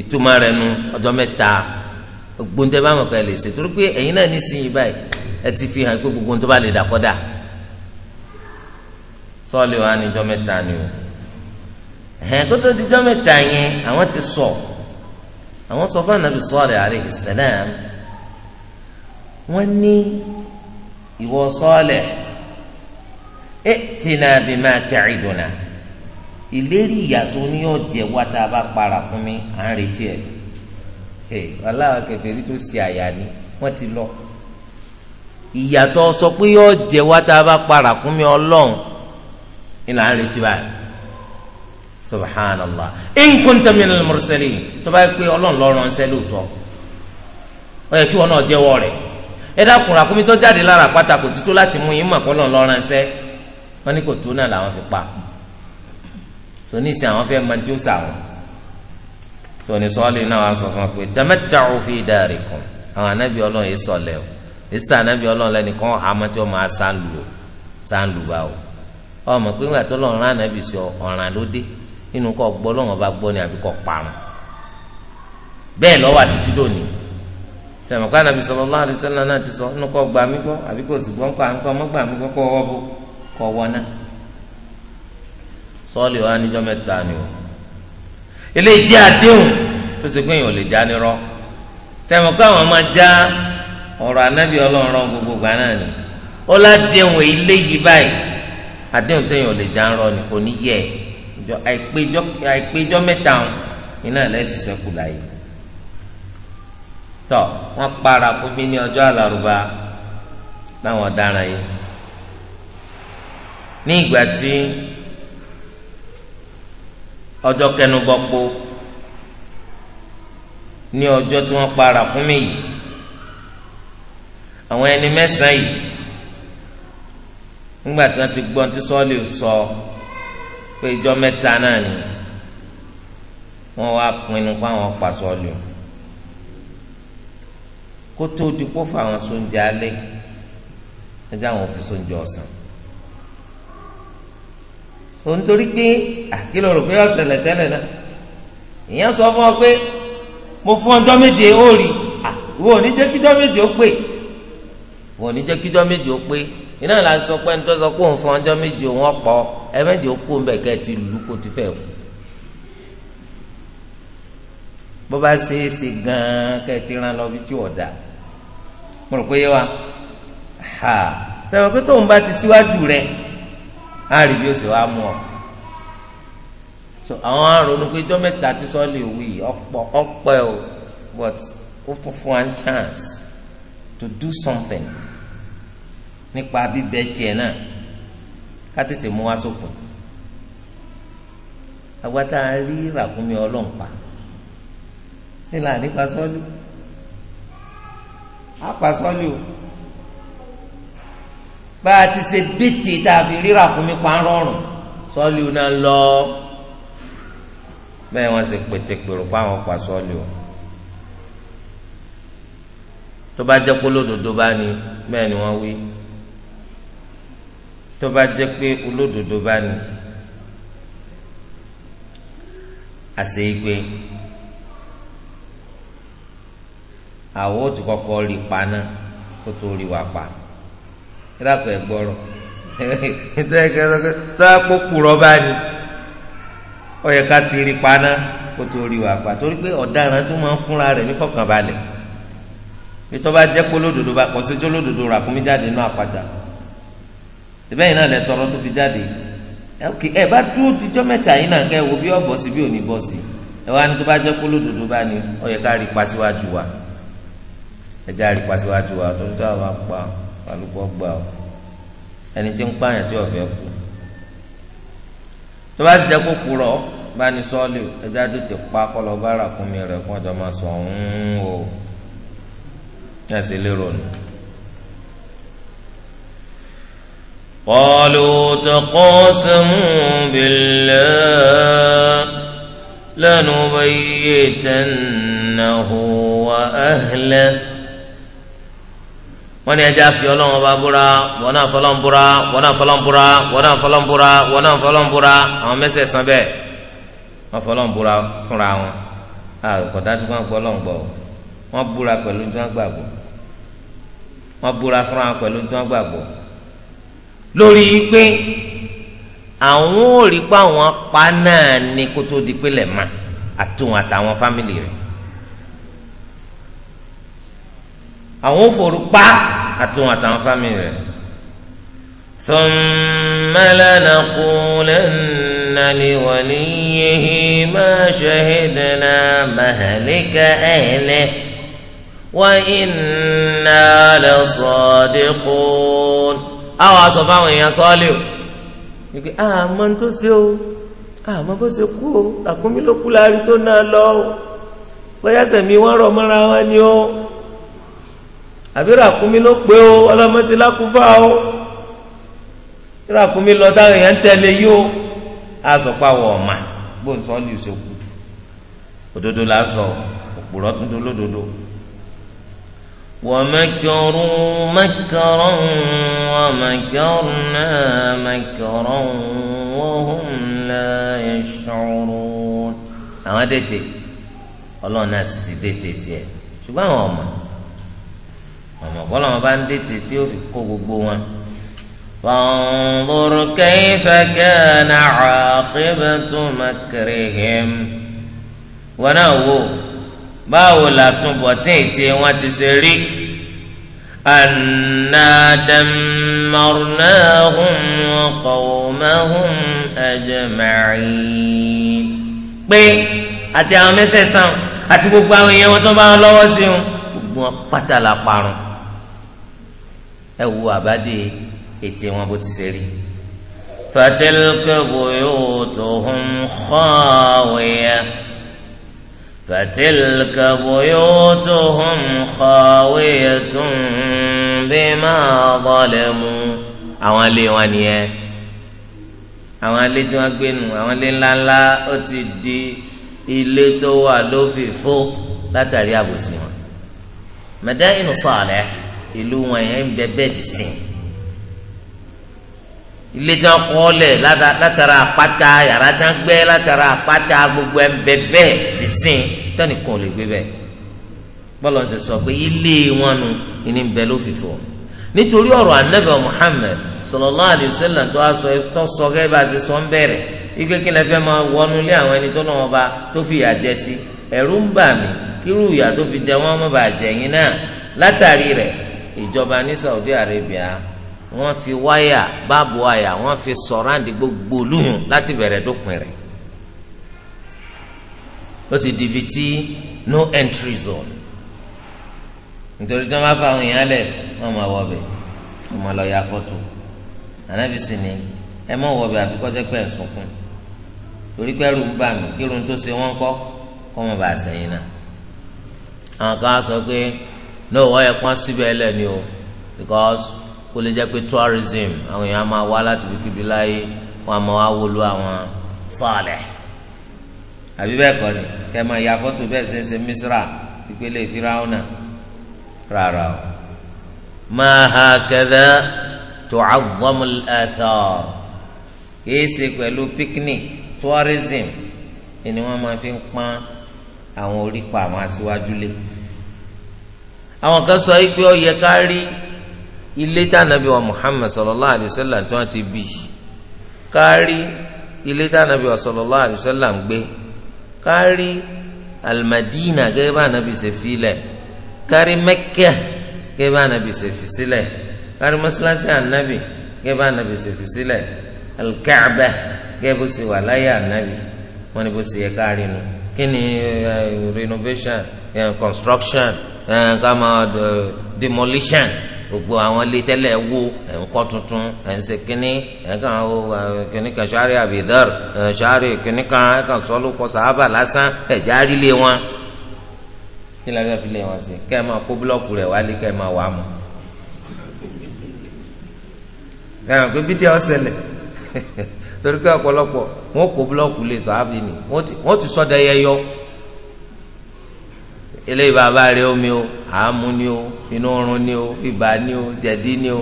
ìtumọ̀ rẹ̀ nu ọjọ́ mẹ́ta gbóńtẹ́ bá mọ̀ ká ẹ lè ṣe torí pé ẹ̀yin náà ní sìn yìí báyìí ẹ ti fi hàn pé gbogbo ohun tó bá lè dà sọ́ọ̀lì wa níjọ́ mẹ́ta ni o ẹ̀hẹ́n kótó díjọ́ mẹ́ta yẹn àwọn ti sọ àwọn sọ fún anabi sọ́ọ̀lì alayhi salam wọ́n ní ìwọ sọ́ọ̀lì ẹ̀tìnà bímọ àtẹ̀rìndùnà ìlérí ìyàtọ̀ ni yóò jẹ wá tá a bá para fún mi à ń retí ẹ̀ aláwọ̀ kẹfẹ́ rí tó ṣe àyà ni wọ́n ti lọ ìyàtọ̀ sọ pé yóò jẹ wá tá a bá para fún mi ọlọ́run ìlà ń retí báyìí subhanallah in kunta minal mursalin tó bá yẹ pé ọlọ́run lọ́rọ̀ ń sẹ́ lóòótọ́ ó yẹ kí wọn náà jẹ́wọ́ rẹ̀ ẹ dákun ràkúnmí tó jáde lára àpáta kò títú láti mú yín mọ̀ kọ́ lọ́n lọ́rọ̀ ń sẹ́ wọn ní kò tó náà làwọn fi pa tó ní ìsìn àwọn fẹ́ máa jó sàwọn tó ní sọ́ọ́lì náà wàá sọ fún wa pé tamatta'u fi darikum àwọn anábì ọlọ́run yìí sọ̀lẹ̀ o ìsìn anábì ọlọ́run lẹ́nìkan àmọ́ tí wọ́n máa sáńlù o sáńlù báwo. ọmọ pé ńgbà tó lọ́run rán ànábì sí ọràn ló dé nínú ni àbí parun bẹ́ẹ̀ lọ́wọ́ àtijọ́ dòní sọ̀rọ̀ ànábì lọ náà ti sọ nínú kọ́ gbà mí gbọ́ àbí kò sì gbọ́ mí kọ bó wa ni o àdéhùn tó ṣe pé èèyàn lè já àwọn já gbogbo gbà àdéhùn tẹ̀yìn ò lè já ń rọ ni kò ní yẹ àìpéjọ mẹ́ta iná ẹlẹ́sìn sẹ́kù láyé tọ́ wọ́n para pínpín ní ọjọ́ àlàrúbá láwọn ọ̀daràn yìí ní ìgbà tí ọjọ́ kẹnubọ́pó ní ọjọ́ tí wọ́n para fún mi yìí àwọn ẹni mẹ́sàn-án yìí nígbà tí wọ́n ti gbọ́ tí sọ́ọ̀lì sọ pé ìjọ mẹ́ta náà ni wọ́n wá pinnu pé àwọn pa sọ́ọ̀lì kó tó di kó fa àwọn sóúnjẹ alẹ́ ẹjẹ àwọn fi sóúnjẹ ọ̀sán òun torí pé àkìlọ̀ rò pé ọ̀sẹ̀ lẹ̀tẹ́lẹ̀ náà ìyẹn sọ fún ọ pé mo fún ọjọ́ méje ó rí wọn ò ní jẹ́ kíjọ́ méje ó pé wọn ò ní jẹ́ kíjọ́ méje ó pé iná là ń sọ pé nítorí sọ pé òun fún ọjọ́ méje òun ọ̀pọ̀ ẹ méje ó kó mbẹ̀ kẹ́ ti lù kó ti fẹ́ wù. bó bá ṣeé ṣe gan-an kẹ́ ti rán lọ bí tí wọ́n dà mo rò pé yé wa ha sẹ́wọ̀n pé tóun bá ti síwájú rẹ̀ á rí bí ó ṣe wá mú ọ. àwọn arònú pé ijọ́ mẹ́ta ti sọ́ọ́lì wí ọ̀pọ̀ ọ̀pẹ́ o but ó tún fún wa chance to do something nípa bíbẹ tiẹ̀ náà ká tètè mú wá sópin agbátá rí ràkúnmí ọlọ́ǹpa nílà nípa sọ́ọ́lù àpà sọ́ọ́lù o bá a ti ṣe bètè tàbí rírà kúnmí pa ń rọrùn sọ́ọ́lù náà lọ bẹ́ẹ̀ wọ́n ṣe pètèpèrò fáwọn pa sọ́ọ́lù o tó bá jẹ́ kó lódodo bá ní bẹ́ẹ̀ ni wọ́n wí tó bá jẹ́ pé olódodo bá ní àṣẹ ìgbé àwọn òtù kọ́kọ́ rí paná kó tó rí wà pa ìdàpọ̀ ẹ̀gbọ́rọ̀ nítorí kẹ́kẹ́ tó yà kó kúrọ̀ bá ní ó yẹ ká ti rí paná kó tó rí wà pa torí pé ọ̀daràn tó máa ń fúnra rẹ̀ ní kọ̀kànbalẹ̀ nítorí jẹ́ pé olódodo bá kọ́ sí tó olódodo rà kúmí jáde nínú àpàtà. No síbẹ̀yìn náà lẹ tọrọ tó fi jáde ẹ bá dúró dijọ́ mẹ́ta yìí náà kẹ́ wo bí ọ̀bọ̀ sí bí ò ní bọ̀ sí ẹ wá ní tó bá jẹ́ kólódodo bá ní ó yẹ ká rí pa síwájú wa ẹ já rí pa síwájú wa tó ń tọ́ àwọn apá alùpùpù gbà ó ẹni tí ń pààyàn tí ọ̀fẹ́ kú tó bá sì jẹ́ kó kúrọ̀ bá ní sọ́ọ́lì ẹja tó ti pa kọ́lọ́ bára kún mi rẹ̀ kó ọjọ́ máa sọ ọ̀hún o ẹ̀ sì lérò nù. قالوا تقاسموا بالله لنبيتنه وأهله wọ́n ní ẹja fi ọlọ́run ọba búra wọ́n náà fọlọ́n búra wọ́n náà fọlọ́n búra wọ́n náà fọlọ́n búra wọ́n náà fọlọ́n búra àwọn mẹ́sẹ̀ san bẹ́ẹ̀ wọ́n fọlọ́n búra fúnra wọn àkọ́dá tí wọ́n fọlọ́n gbọ́ wọ́n búra pẹ̀lú tí wọ́n gbàgbọ́ wọ́n búra fúnra pẹ̀lú tí wọ́n gbàgbọ́ lórí pé àwọn ò rí pé àwọn pa náà ni kó tó di pé lè má àtúwọn àtàwọn fámìlì rẹ̀ àwọn ò forú pa àtúwọn àtàwọn fámìlì rẹ̀ thumma lanaqulanna liwaliyyihi ma shahidna mahlika ahlihi wa inna àwọn aṣọ fáwọn èèyàn sọ́ọ́lì o wípé àmọ́ tó ṣe o àmọ́ bó ṣe kú o àkúnmí ló kú láàrin tó náà lọ o bóyá sẹ̀mí wọ́n rọ̀ mọ́ra wọn ni o àbí ràkúnmí ló pé o ọlọ́mọ ti lákúfà o ràkúnmí lọ táwọn èèyàn ń tẹ̀lé yìí o àṣọpá wọ̀ ọ̀ma bó ń sọ́ọ́lì ṣe kú òdodo là ń sọ òpùrọ̀ tuntun lódodo. ومكروا مكرا ومكرنا مكرا وهم لا يشعرون أما ديتي الله ناس سي ديتي تي شو بان وما وما بولا ما بان ديتي تي وفي كوكو فانظر كيف كان عاقبة مكرهم ونوو báwo làtúbọ̀tán ètè wọn ti ṣe rí anna dammarnahum wa qawmahum ajma'in pé àti àwọn mẹ́sẹ̀sán àti gbogbo àwọn èèyàn wọn tó bá wọn lọ́wọ́ sí wọn gbogbo wọn pátá parun ẹ wo àbádé ètè wọn bó ti ṣe rí. fatilka buyutuhum khawiya. فتلك بيوتهم خاوية بما ظلموا àwọn ilé wọn nìyẹn àwọn ilé tí wọn gbé nu àwọn ilé ńláńlá ó ti di ilé tó wà lófìfo látàrí àbòsí wọn mẹdẹ inú sọọlẹ ìlú wọn yẹn ń bẹ bẹẹ ti sìn ilé tí wọn kọ́ lẹ̀ látara àpáta yàrá tí wọn gbẹ́ látara àpáta gbogbo ẹ̀ bẹ́ẹ̀ bẹ́ẹ̀ ti sìn tẹ́nì kan ò lè gbé bẹ́ẹ̀ bọ́lá ń sọ sọ pé ilé wọn nu ìní bẹ́ẹ̀ ló fi fọ́ nítorí ọ̀rọ̀ anabi Muhammad sallallahu alayhi wa sallam tó a sọ tó sọ gẹ́gẹ́ bá a ṣe sọ ń bẹ̀rẹ̀ ike kí lẹ́fẹ́ máa wọnú lé àwọn ẹni tó náà wọn bá tó fi yà jẹ sí ẹ̀rú ń bà mí kírú ìyà tó fi jẹ wọn mọ́ bàjẹ́ yín náà látàrí rẹ̀ ìjọba ní Saudi Arabia wọ́n fi wáyà báàbù wáyà wọ́n fi sọ̀ráǹdì gbogbo lùhùn láti bẹ̀rẹ̀ dópin rẹ̀ ó ti di tí no entry zone nítorí tí wọ́n bá fa àwọn èèyàn lẹ̀ wọ́n máa wọ bẹ̀ wọ́n máa lọ ya fọ́tò ànábì sì ni ẹ mọ̀ wọ bẹ̀ àfi kọ́jọ́ pé ẹ̀ sunkún torí pé ẹrù ń bà mí kí irun tó ṣe wọ́n kọ́ kọ́ mọ̀ bá a sẹ́yìn náà àwọn kan á sọ pé no wọ́n yẹ pọ́n síbẹ̀ lẹ́ni o because kó lè jẹ́ pé tourism àwọn èèyàn máa wá láti ibikíbi láyé wọn máa wá wọlú àwọn sọ́ọ̀lẹ̀ àbí bẹ́ẹ̀ kọ́ ni kẹ́ máa ya fọ́tò bẹ́ẹ̀ ṣe ń ṣe misra ìpele firawuna rárá o máa ha kẹ́dẹ́ tó àgbọ́mù ẹ̀tọ́ kìí ṣe pẹ̀lú picnic tourism ni wọ́n máa fi ń pọ́n àwọn orí pa àwọn aṣíwájú lé àwọn kan sọ yìí pé ó yẹ ká rí ilé tá nàbí wa Muhammad sallallahu alayhi wa sallam tí wọ́n ti bí kárí ilé tá nàbí wa sallallahu alayhi wa sallam gbé kárí alimadina gẹ́gẹ́ bá nàbí ṣe fi lẹ̀ kárí Mẹ́kà gẹ́gẹ́ bá nàbí ṣe fi sílẹ̀ kárí mọ́sálásí ànábì gẹ́gẹ́ bá nàbí ṣe fi alikaaba gẹ́gẹ́ bó ṣe wà láyé ànábì wọ́n bó ṣe yẹ kárí nu kí eh, renovation eh, construction eh, ká demolition gbogbo àwọn ilé tẹ́lẹ̀ wó ẹ̀ ń kọ́ tuntun ẹ̀ ń ṣe kínní ẹ̀ kàn kan sáré abidar sáré kínní kan ẹ̀ kàn sọ́ ló kọ́ sàábà wọn. kí ni abẹ́ fi lé wọn sí kẹ́ ẹ máa kó búlọ́ọ̀kù rẹ̀ wálé kẹ́ ẹ máa wà á mọ̀. ẹ̀ ẹ̀ pé bídíà ọ̀sẹ̀lẹ̀ torí pé ọ̀pọ̀lọpọ̀ wọn kó búlọ́ọ̀kù lé sàábì ni wọ́n ti sọ́dọ̀ ẹyẹ yọ eléyìí bàbá rẹ omi o àámu ni o inú ọrùn ni o ibà ni o jẹ̀dí ni o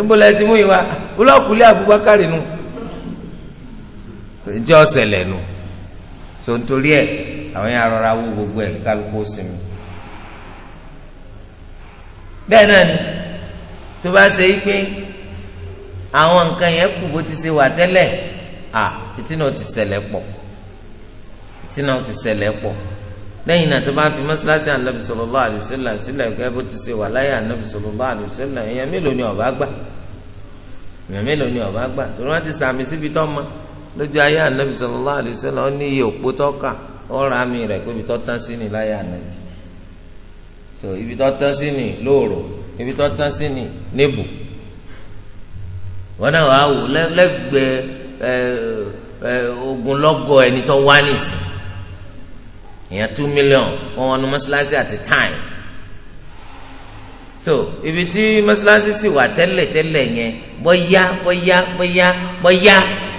ìbúlẹ̀ ti mú ìwà búlọ́ọ̀kùlé Abubakar nù jẹ́ ọ̀sẹ̀ lẹ́nu so nítorí ẹ̀ àwọn yẹn arọra wú gbogbo ẹ̀ kálukú sinmi bẹ́ẹ̀ náà ni tó bá ṣe yí pé àwọn nǹkan yẹn kù bó ti ṣe wà tẹ́lẹ̀ à ìtìnà ti ṣẹlẹ̀ pọ̀ ìtìnà ti ṣẹlẹ̀ pọ̀ lẹ́yìn náà tó bá fi mọ́sálásí ànábì sallallahu alaihi wasallam sílẹ̀ gẹ́gẹ́ bó ti ṣe wà láyé ànábì sallallahu alaihi wasallam èèyàn mélòó ni ọ̀bá gbà èèyàn mélòó ni ọ̀bá gbà torí wọ́n ti sàmì síbi tó mọ lójú ayé ànábì sallallahu alaihi wasallam ó ní iye òpó tó kà ó ra mi rẹ̀ pé ibi tó tán sí ni láyé ànábì so ibi tó tán sí ni lóòrò ibi tó tán sí ni níbù wọn náà wà á wò lẹ́gbẹ̀ẹ́ ogunlọ́gọ̀ ẹni tó wá nìsín èèyàn two million wọn wọnú mọ́ṣáláṣí at a time so ibi tí mọ́ṣáláṣí sì wà tẹ́lẹ̀tẹ́lẹ̀ yẹn bọ́yá bọ́yá bọ́yá bọ́yá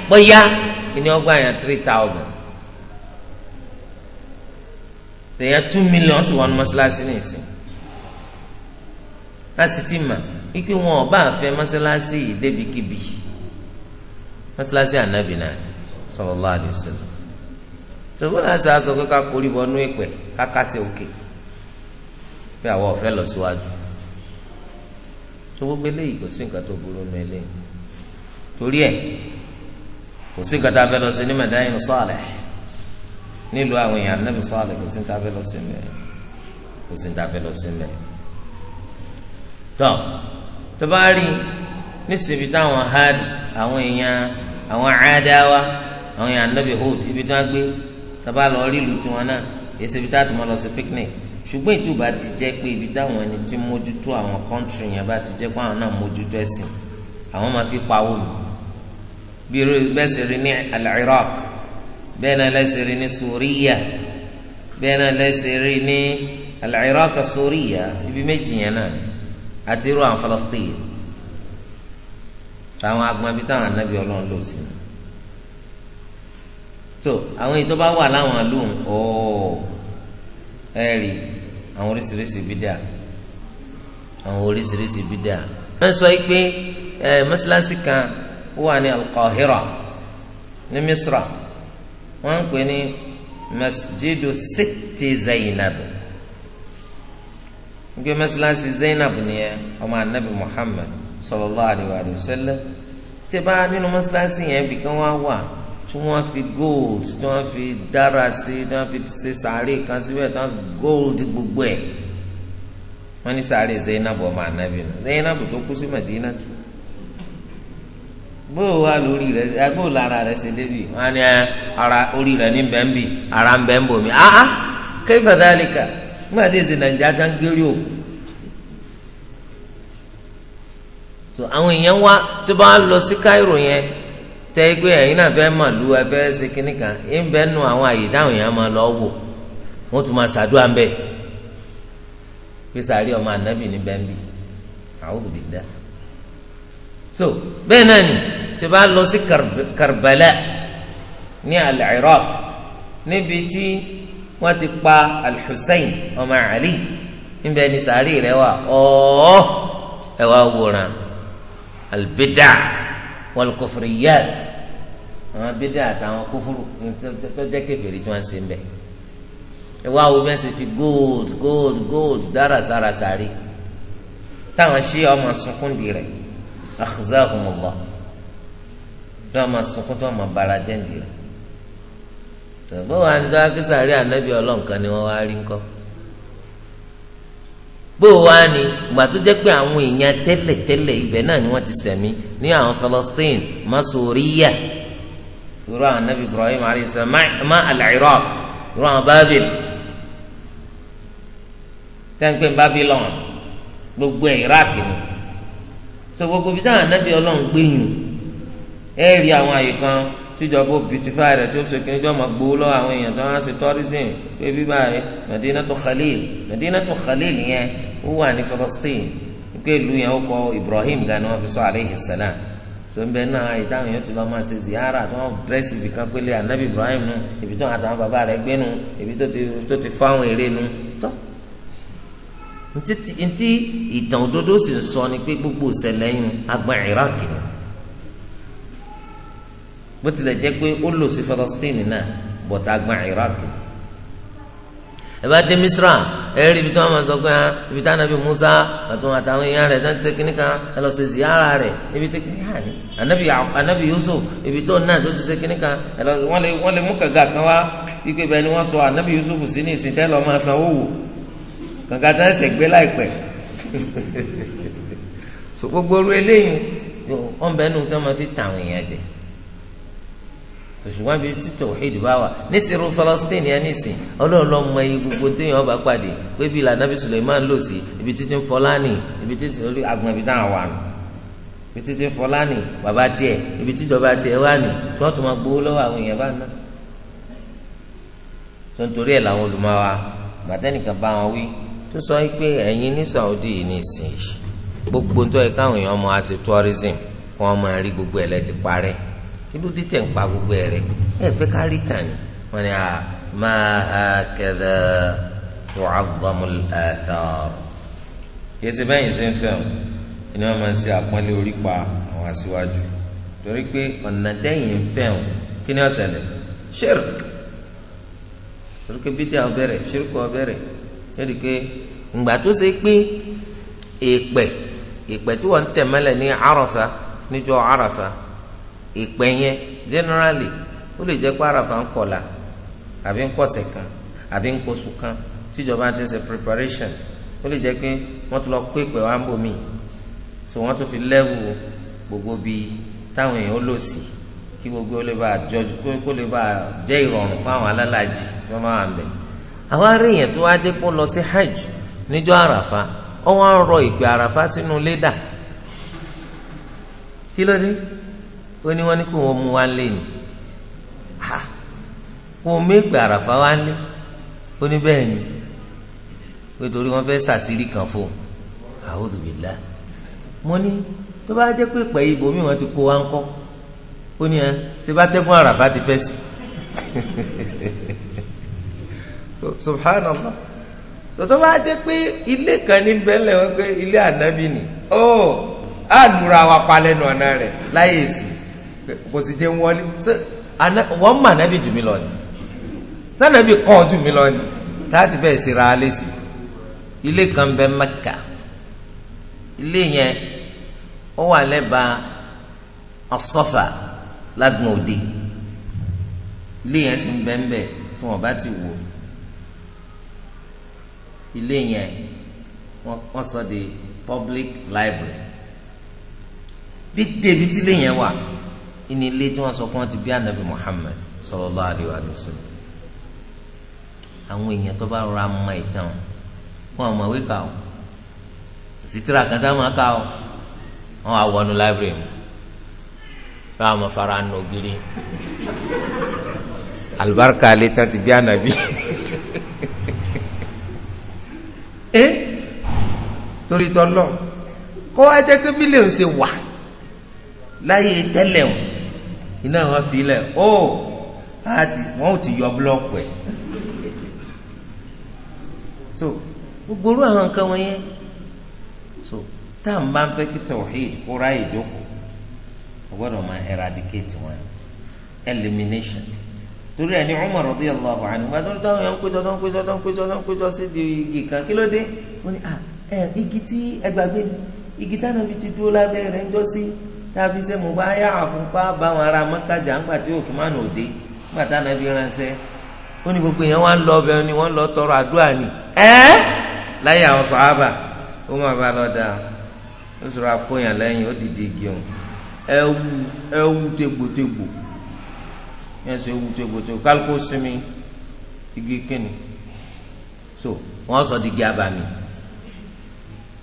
bọ́yá ìní ọgbà yẹn three thousand èèyàn two million sì wọnú mọ́ṣáláṣí nìyí láti ti mà wípé wọn ò bá fẹ́ mọ́ṣáláṣí yìí débi kíbi mọ́ṣáláṣí ànábì náà sallallahu alaihi wasallam tòbọ́n náà sàásọ pé ká kórì bọ́nú ìpẹ́ ká kásẹ̀ òkè pé àwọn ọ̀fẹ́ lọ síwájú tó gbogbo eléyìí kò sí nǹkan tó burú nu eléyìí torí ẹ̀ kò sí nǹkan tá a fẹ́ lọ sí ní mẹ̀dáyìn sọ́ọ̀lẹ̀ nílùú àwọn èèyàn nẹ́bí sọ́ọ̀lẹ̀ kò sí nǹkan tá a fẹ́ lọ sí mẹ́ kò sí nǹkan tá a fẹ́ lọ sí mẹ́ tọ́ tó rí nísìbi táwọn háàdì àwọn èèyàn àwọn àádáwa àwọn èèyàn nẹ́bí hóòdù ibi tí wọ́n gbé sábà lọ rí ìlú tiwọn náà èsì ibi táàtì mọ́ lọ sí picnic ṣùgbọ́n ìtú bá ti jẹ́ pé ibi táwọn ẹni tí mójútó àwọn kọ́ńtìrì yẹn bá ti jẹ́ pé àwọn náà mójútó ẹ̀sìn àwọn máa fi pa owó bí irú bẹ́ẹ̀ sì rí ní al-Iraq bẹ́ẹ̀ náà lẹ́sẹ̀ rí ní Suriya bẹ́ẹ̀ náà lẹ́sẹ̀ rí ní iraq Suriya ibi méjì yẹn náà àti irú àwọn Falastin táwọn agbọn ibi táwọn anábì ọlọ́run lò sí i so àwọn èyí tó bá wà láwọn àlùm ooo ẹ rí àwọn oríṣiríṣi bídà àwọn oríṣiríṣi bídà. wọ́n sọ pé mọ́sálásí kan wà ní Al-Qahira ní Misra wọ́n ń pè ní masjidu sitti Zainab gbé mọ́sálásí Zainab nìyẹn ọmọ anabi Muhammad sallallahu alayhi wa tẹ́ bá nínú mọ́sálásí yẹn bìkan wá wà tí wọ́n fi gold tí wọ́n fi dára sí tí wọ́n fi ṣe sàárè kan síbẹ̀ tí wọ́n gold gbogbo ẹ̀ wọ́n ní sàárè Zainab ọmọ anabi nù Zainab tó kú sí Madina tó bó o wá lórí rẹ bó lára rẹ ṣe débi wọ́n á ara orí rẹ ní bẹ́ńbì ara ń bẹ́ńbò mi ah ah kayfa dhalika nígbà tí èsì nàìjíríà já ń gérí o so àwọn èèyàn wá tó bá lọ sí Cairo yẹn tẹ́ pé ẹ̀yin náà fẹ́ màlúù ẹ fẹ́ ṣe kínní kan ẹ̀ ń bẹ́ nu àwọn àyè táwọn èèyàn máa lọ wò wọ́n tún máa ṣàdúrà ń bẹ̀ pé sàárì ọmọ ànábì ní bẹ́ńbì a'udhu billah so bẹ́ẹ̀ náà ni tí bá lọ sí Karbala ní al-Iraq níbi tí wọ́n ti pa al ọmọ Ali níbẹ̀ ni sàárì rẹ̀ wà ọ̀ọ́ ẹ̀ wá wòran al والكفريات kufriyat àwọn bídà àtàwọn kófúrú tó jẹ́ kèfèrí tí wọ́n ń ṣe ń bẹ̀. ìwà wo bẹ́ẹ̀ sì fi gold gold gold dára sára sáré táwọn ṣí ọmọ sunkúndì rẹ̀ akhzahumullah tí wọ́n sunkún tí wọ́n máa bara jẹ́ǹdì rẹ̀. bó wàá ní dọ́wọ́ kí sàárẹ̀ ànábì ọlọ́nkan ni wọ́n wá rí ńkọ́. bó o wá ní ìgbà tó jẹ́ pé àwọn èèyàn tẹ́lẹ̀tẹ́lẹ̀ ibẹ̀ ni wọ́n ti sẹ̀mí ní àwọn Palestine masoriya irú àwọn nabi Ibrahim alayhisalam ma al-Iraq irú àwọn Babil gbogbo Iraq ni so gbogbo bí anabi Ọlọ́run gbẹ̀yìn ẹ̀ rí àwọn tíjọba beautify rẹ tí ó sèké jọ ma gbowó lọ àwọn èèyàn tó wá sí tourism pé bíbá yẹ Madinatu Khalil Madinatu Khalil yẹn ó wà ní Palestine pé ìlú yẹn ó kọ Ibrahim gani wọn fi sọ aleyhi salam tó ń bẹ náà ìdáhùn yẹn ti lọ máa ṣe ziyara tó wọn dírẹ́sì ibi kan pélé anabi Ibrahim nu ibi tó àtàwọn bàbá rẹ gbé nu ibi tó ti fáwọn eré nu tó ntí ìtàn òdodo sì ń sọ ni pé gbogbo ìṣẹ̀lẹ̀ agbọn Iraq ni bó tilẹ̀ jẹ́ pé ó lò sí Palestine náà bọ̀tà agbọn Iraq ẹ bá dé Misra ẹ rí ibi tí wọn máa sọ pé ah, ibi tí anabi Musa àtúwọn àtàwọn èèyàn rẹ̀ dáńtẹ kínní kan ẹ lọ ṣe ziyara rẹ̀ ibi tí kínní hàn anabi anabi Yusuf ibi tó náà tó ti ṣe kínní kan ẹ lọ wọn lè wọn lè mú kàga kan wá ikú ibẹ̀ ni wọn sọ anabi Yusuf sí ní ìsìn tẹ lọ máa san owó kàga tá ẹsẹ gbé láìpẹ́ so gbogbo oru eléyìí ọ̀nbẹ́nu tí wọn máa fi tàwọn èèyàn jẹ ṣùgbọ́n bíi títọ̀ òhìdì bá wà nísìrú Palestine yẹn nísìn ọlọ́run lọ mọ iye gbogbo téèyàn ọba pàdé pé bíi lànàbí Suleiman lò sí ibi títí ń fọláàní ibi títí orí agbọn ibi táwọn wà nù ibi títí ń fọláàní bàbá tiẹ̀ ibi tíjọba tiẹ̀ wà nù tí wọ́n tún máa gbowó lọ́wọ́ àwọn èèyàn bá ná. tó ń torí ẹ̀ làwọn olùmọ̀wá bàtẹ́nìkan bá wọn wí tó sọ pé ẹ̀yin ní kí ló dé tẹ̀ ń pa gbogbo ẹ̀ rẹ̀ ẹ fẹ́ ká rí tàn ní. wọ́n ní a máa hakadha tu'azzamu al-athar yẹsẹ bẹ́ẹ̀ yẹn ṣe ń fẹ́ o ni wọ́n máa ń ṣe àpọ́nlé orí pa àwọn aṣíwájú torí pé ọ̀nà tẹ́yìn ń fẹ́ o kí ni ó ṣẹlẹ̀ ṣírk torí pé bídíà ó bẹ̀rẹ̀ ṣírk lórí pé ìgbà tó ṣe pé èèpẹ̀ èèpẹ̀ tí wọ́n ń tẹ̀ mọ́lẹ̀ ní àràfà níjọ́ àràfà ìpẹ́ yẹn generally ó lè jẹ́ pé àràfà ń kọ̀la àbí ń kọ̀sẹ̀ kan àbí ń kóṣù kan tíjọba ti ń ṣe preparation ó lè jẹ́ pé wọ́n ti lọ kó ìpẹ́ wa ń bò mí so wọ́n tún fi lẹ́wù gbogbo bíi táwọn èèyàn lò sí kí gbogbo ó lè bá jọjú kó lè bá jẹ́ ìrọ̀rùn fún àwọn alálàájì tó máa wà mẹ́. àwọn aríyàn tó wá dé kó lọ sí hajj níjọ́ àràfà ó wá ń rọ ìpè àràfà sínú lẹ́dà kí ló dé ó ní wọ́n ní kó wọ́n mú wá lé ni ha kó wọ́n mégbè àràfà wá lé ó ní bẹ́ẹ̀ ni pé torí wọ́n fẹ́ sàṣírí kan fún un a'udhu billah mo ní tó bá jẹ́ pé pẹ̀lú ibòmí wọn ti kó wa ń kọ́ ó ní ẹ ṣe bá tẹ́gùn àràfà ti fẹ́ sí subhanallah tòtò bá jẹ́ pé ilé kan ní bẹ́lẹ̀ wọn pé ilé ànábì ni ó oh, àlùra wa palẹ̀ nù ọ̀nà rẹ̀ láyé sí kò sì jẹ́ wọlé wọ́n mà nábì jù mí lọ ni sànàbì kọ́ jù mí lọ ni táàtì bẹ́ẹ̀ sì ra alẹ́ sí ilé kan bẹ Mẹ́kà ilé yẹn ó wà lẹ́bàá As-Safa lágbọ̀n òde ilé yẹn sì ń bẹ́ẹ̀ bẹ́ẹ̀ tí wọ́n bá ti wò ilé yẹn wọ́n sọ di public library dídé ibi tí ilé yẹn wà ìní ilé tí wọ́n sọ pé wọ́n ti bí anabi Muhammad sallallahu alaihi wa sallam àwọn èèyàn tó bá rọra mọ ìtàn wọn àwọn ọmọwé kà ó sítírà kan tá máa kà ó wọn àwọn wọnú láìbírì mu báwọn ọmọ fara nù ògiri alibarika alẹ tán ti bí anabi ẹ eh? torí tọ lọ kó ẹ jẹ pé bílẹ̀ ń ṣe wà láyé tẹ́lẹ̀ o iná wọn fi lẹ̀ ó àti wọn ò ti yọ búlọ́ọ̀kù ẹ̀ so gbogbo orú àwọn nǹkan wọn yẹn so tá à ń bá ń fẹ́ kí tawhid kó ráyè jókòó o gbọ́dọ̀ máa eradicate wọn elimination torí ẹni Umar radiyallahu anhu nígbà tó ń dáhùn yẹn ń péjọ tó ń péjọ tó ń péjọ tó ń péjọ sí di igi kan kí ló dé wọn ni ah ẹ igi tí ẹgbàgbé igi tí Ànábì ti dúró lábẹ́ rẹ̀ ń jọ sí tàbí ṣe mo bá yà àfún pa báwọn ará mọ́kàjà ńgbà tí òtúmánù òde ńgbà tá nàbí ránṣẹ́ ó ní gbogbo yẹn wọ́n lọ ọbẹ̀ ni wọ́n lọ tọrọ àdúrà ni ẹ́ láyé àwọn sọ̀hábà ó má ba lọ dáa ó sọ̀rọ̀ àkóyàn lẹ́yìn ó dìde igi ọ̀hún ẹ wú ẹ wú tegbòtegbò yẹn sọ ewu tegbòtegbò kálukó sinmi igi kínni so wọ́n sọ di igi abàmì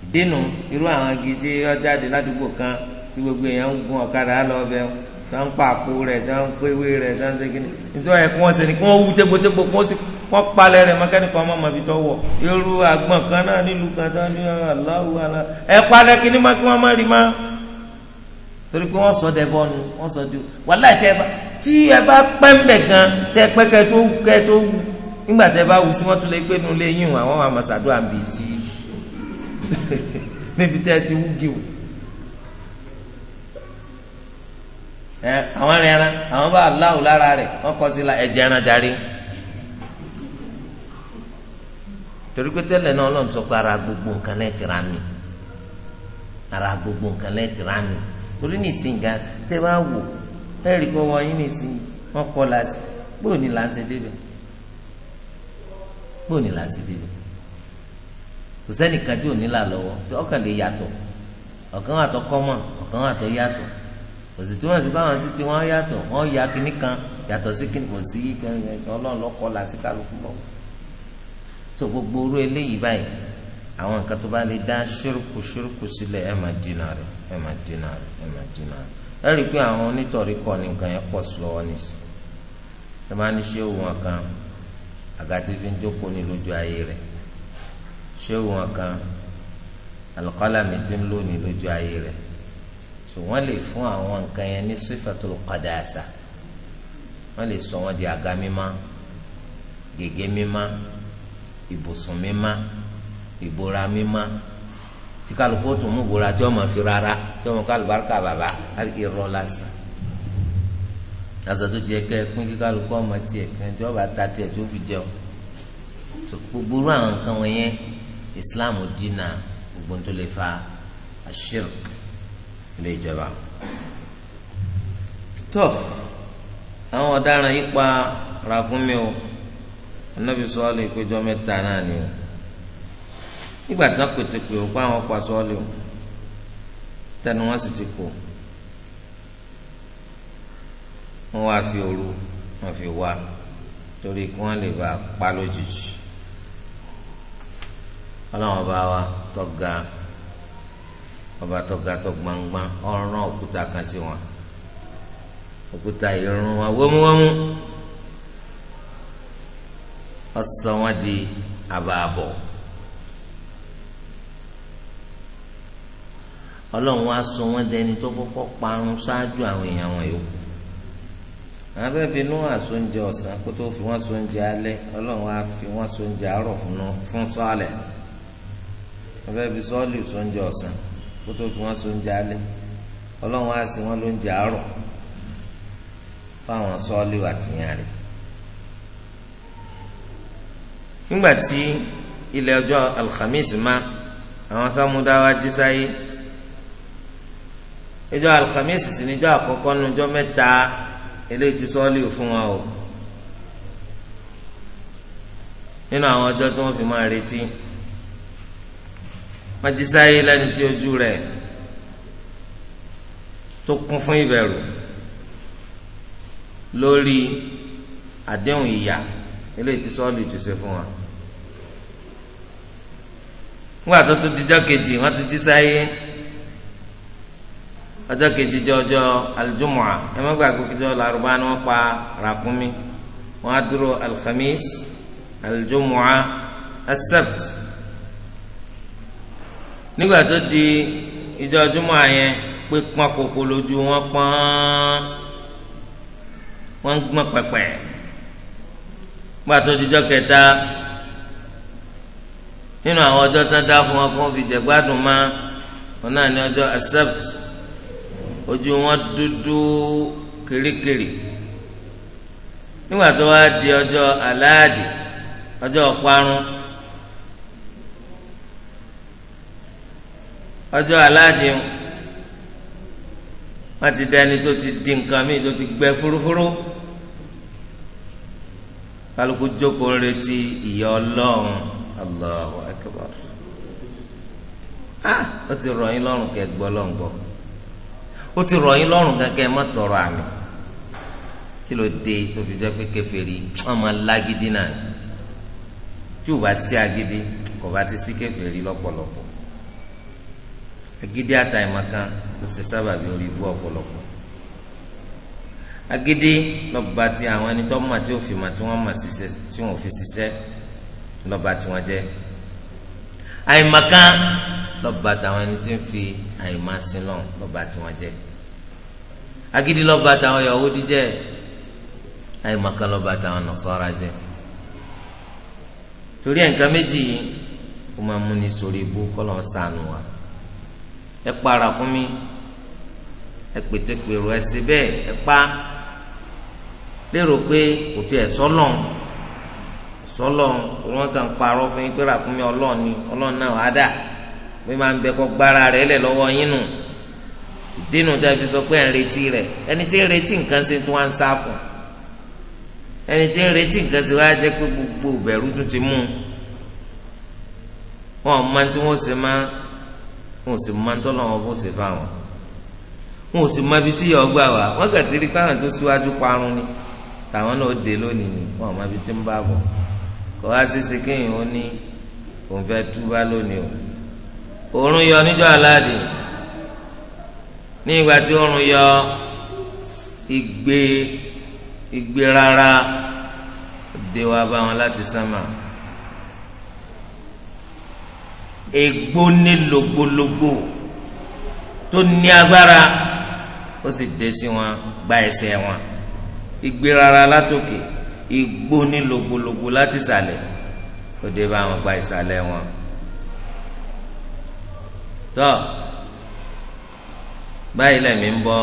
ìdènà irú àwọn igi tí ó jáde ládùúgbò kan tí gbogbo èèyàn ń gun ọ̀kadà lọ bẹ́ẹ̀ tí wọ́n ń pa àpò rẹ̀ tí wọ́n ń pé ewé rẹ̀ tí wọ́n ń ṣe kíni nítorí ẹ̀ kí wọ́n ṣe ni kí wọ́n wú tégbòtégbò kí wọ́n sì wọ́n palẹ̀ rẹ̀ mọ́kẹ́nìkan ọmọ màbí tó wọ̀ irú àgbọn kan náà nílùú kan tó ní aláwọ̀ alá ẹ̀ palẹ̀ kíní má kí wọ́n má rí má torí pé wọ́n sọ dẹ bọ́nu wọ́n sọ dẹ wàláì tẹ bá tí ẹ bá pẹ́ ẹ àwọn ẹran àwọn bá aláwò lára rẹ wọn kọ sí la ẹjẹ torí pé tẹ́lẹ̀ náà ara gbogbo nǹkan lẹ́ẹ̀tì mi ara gbogbo nǹkan lẹ́ẹ̀tì mi torí nìsín gan bá wò yín nìsín la sí ní ṣe ní ṣe kò sẹ́nìkan tí ò ní là lọ́wọ́ ọkàn lè òsì túmọ̀ sí báwọn títí wọ́n yàtọ̀ wọ́n ya kínní kan yàtọ̀ sí kínní kò sí ọlọ́run lọ́kọ́ la sí kálukú lọ. so gbogbo orú eléyìí báyìí àwọn nǹkan tó bá lè dá ṣírùkù ṣírùkù sílẹ̀ ẹ̀ máa dínà rẹ̀ ẹ̀ máa dínà rẹ̀ ẹ̀ máa dínà rẹ̀ ẹ rí i pé àwọn onítọ̀rí kọ́ ni nǹkan yẹn pọ̀ sí lọ́wọ́ nìsí tó bá ní ṣéwù wọn kan àgàtí fi ń jókòó ní lójú ayé rẹ̀ ṣéwù wọn kan àlùkálàmì ti ń lò ní lójú ayé rẹ̀ so wọ́n lè fún àwọn nǹkan yẹn ní sifatul qadasa wọ́n lè sọ wọ́n di àga mímá gègé mímá ibùsùn mímá ìbora mímá tí kálukú tún mú ìbora tí wọ́n máa fi rárá tí wọ́n mú kálùbáríkà bàbá irọ́ lásán aṣọ tó tiẹ̀ kẹ́ pín kí kálukú ọmọ tiẹ̀ ẹni tí wọ́n bá ta tiẹ̀ tó fi jẹun so gbogbo àwọn nǹkan wọ̀nyẹn Islam dínà gbogbo tó lè fa ashirk ilé ìjọba tó àwọn ọ̀daràn yìí pa ràkúnmí o anábì sọ́ọ́lì péjọ mẹ́ta náà ni o nígbà tí wọ́n pètè pé o pa àwọn pa sọ́ọ́lì o tẹnu wọn sì ti kù wọn wá fi òru wọn fi wá torí kí wọn lè bá pa lójijì ọlọ́wọ́n bá wa tọ́ga. ọba tó ga tó gbangban ọrùn òkúta kan sí wọn òkúta ìrùn wọn wọmúwọmú ọsàn wọn di àbààbọ̀ ọlọ́run wa sọ wọn dẹni tó kọ́kọ́ parun ṣáájú àwọn èèyàn wọn yòókù àwọn abẹ́ fi Nóà sóúnjẹ ọ̀sán kó tó fi wa fi fún kó tó fi wọn so oúnjẹ alẹ́ ọlọ́run á sì wọn lóúnjẹ àárọ̀ fáwọn sọ́ọ́lì àtìyàn rẹ̀ nígbà tí ilẹ̀ ọjọ́ alhamis má àwọn sámúdáwá jí sáyé ìjọ alhamis sì níjọ àkọ́kọ́ níjọ mẹ́ta eléyìí ti sọ́ọ́lì fún wa o nínú àwọn ọjọ́ tí wọ́n fi máa retí májísáyé lẹ́ni tí ojú rẹ̀ tó kún fún ìbẹ̀rù lórí àdéhùn ìyà eléyìí tí sọ́ọ̀lù ti ṣe fún wa nígbà tó tún dijọ́ kejì wọ́n ti jí sáyé ọjọ́ kejì jọjọ́ aljumua ẹ má làrúbá ni wọ́n pa ràkúnmí wọ́n á dúró alhamis aljumua asept. Al nígbà tó di ìjọ júmọ àyẹn pé pọn kòkò lójú wọn pọn wọn gbọn pẹpẹ nígbà tó di ìjọ kẹta nínú àwọn ọjọ́ tán dá fún wọn kó fi jẹ gbádùn má wọn náà ní ọjọ́ accept ojú wọn dúdú kirikiri nígbà tó wá di ọjọ́ aláàdì ọjọ́ ọparun. ọjọ́ aláàjì wọn ti dẹni tó ti di nǹkan míì tó ti gbẹ fúrúfúrú kálukú jókòó ń retí ìyà Ọlọ́run Allahu akbar ah ó ti rọ̀ yín lọ́rùn kẹ́ gbọ́ lọ́n gbọ́ ó ti rọ̀ yín lọ́rùn kẹ́kẹ́ mọ́ tọrọ àmì kí ló dé tó fi jẹ́ pé kèfèrí ọmọ lágídí náà tí ò bá sí agídí kò bá ti sí kèfèrí lọ́pọ̀lọpọ̀ agídí àtàìmọ̀ kan ló ṣe sábàbí orí ibú ọ̀pọ̀lọpọ̀ agídí lọ́ba ti àwọn ẹni tó mọ̀ tí ó fi mọ̀ tí wọ́n mọ̀ ṣiṣẹ́ tí wọ́n fi ṣiṣẹ́ lọ́ba tí wọ́n jẹ́ àìmọ̀ kan lọ́ba tàwọn ẹni tí ń fi àìmọ̀ sílọ̀ lọ́ba tí wọ́n jẹ́ agídí lọ́ba tàwọn Yahudi jẹ́ àìmọ̀ kan lọ́ba tàwọn Nasara jẹ́ torí ẹ̀ méjì yìí ó máa múni sórí ibú kọ́ lọ́n sànù wa ẹ pa ràkúnmí ẹ pètèpèrò ẹ sí bẹ́ẹ̀ ẹ pa lérò pé kò tiẹ̀ sọ́lọ́n sọ́lọ́n wọn kàn parọ́ fún yín pé ràkúnmí ọlọ́ọ̀ni ọlọ́ọ̀ni náà á dà pé máa ń bẹ kọ́ gbára rẹ̀ lẹ̀ lọ́wọ́ yín nù dínú tá a fi sọ pé ẹ̀ ń retí rẹ̀ ẹni tí ń retí nǹkan ṣe tí wọ́n ń sá fún ẹni tí ń retí nǹkan ṣe wáá jẹ́ pé gbogbo ìbẹ̀rù tún ti mú un wọn ò mọ tí wọ́n ṣe máa wọn ò sì máa ń tọ́lọ̀ wọn bó ṣe fáwọn wọn ò sì mọ ibi tí yọ gbà wá wọn kàn ti rí káwọn tó síwájú parun ni tàwọn náà dé lónìí ni wọn ò mọ ibi tí ń bá bọ̀ kọ́ wá ṣeéṣe kéèyàn ó ní òun fẹ́ túbá lónìí o òórùn yọ níjọ́ aláàdì ní ìgbà tí òórùn yọ igbe igbe rárá dé wá bá wọn láti sánmà. egbó ní logbologbo tó ní agbára ó sì dé sí wọn gba ẹsẹ̀ wọn ìgbérara látòkè igbó ní logbologbo láti sàlẹ̀ ó dé bá wọn gba ìsàlẹ̀ wọn tọ́ báyìí lẹ́mí ń bọ́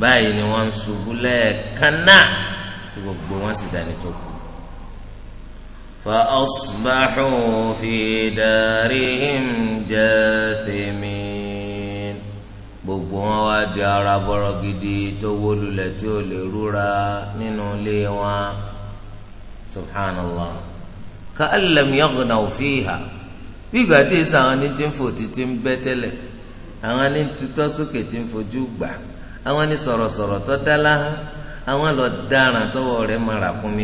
báyìí ni wọ́n ń ṣubú lẹ́ẹ̀kan náà tí gbogbo wọn sì dání tó kù. فأصبحوا في دارهم جاثمين gbogbo wọn wá di ara bọrọ gidi tó wó lulẹ̀ tí ó lè rúra nínú ka bígbà tí èsì ní ti ń fò títí ń bẹ àwọn ní sókè ti ń fojú gbà àwọn ní sọ̀rọ̀sọ̀rọ̀ dá mara kún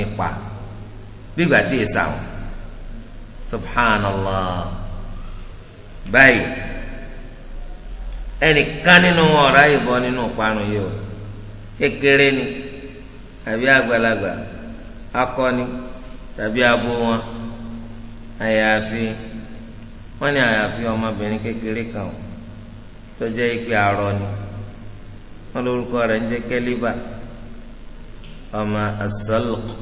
bí ìgbà tí èsà wọn subhanallah báyìí ẹnìkan nínú ọ̀rá ìbọn nínú ìparun yìí o kékeré ni àbí àgbàlagbà akọni tàbí abo wọn àyàfi wọn ní àyàfi ọmọbìnrin kékeré kan o tó jẹ́ ìpè àrọ ni wọn lórúkọ rẹ̀ ń jẹ́ kẹ́líbà ọmọ asọ́lùkù.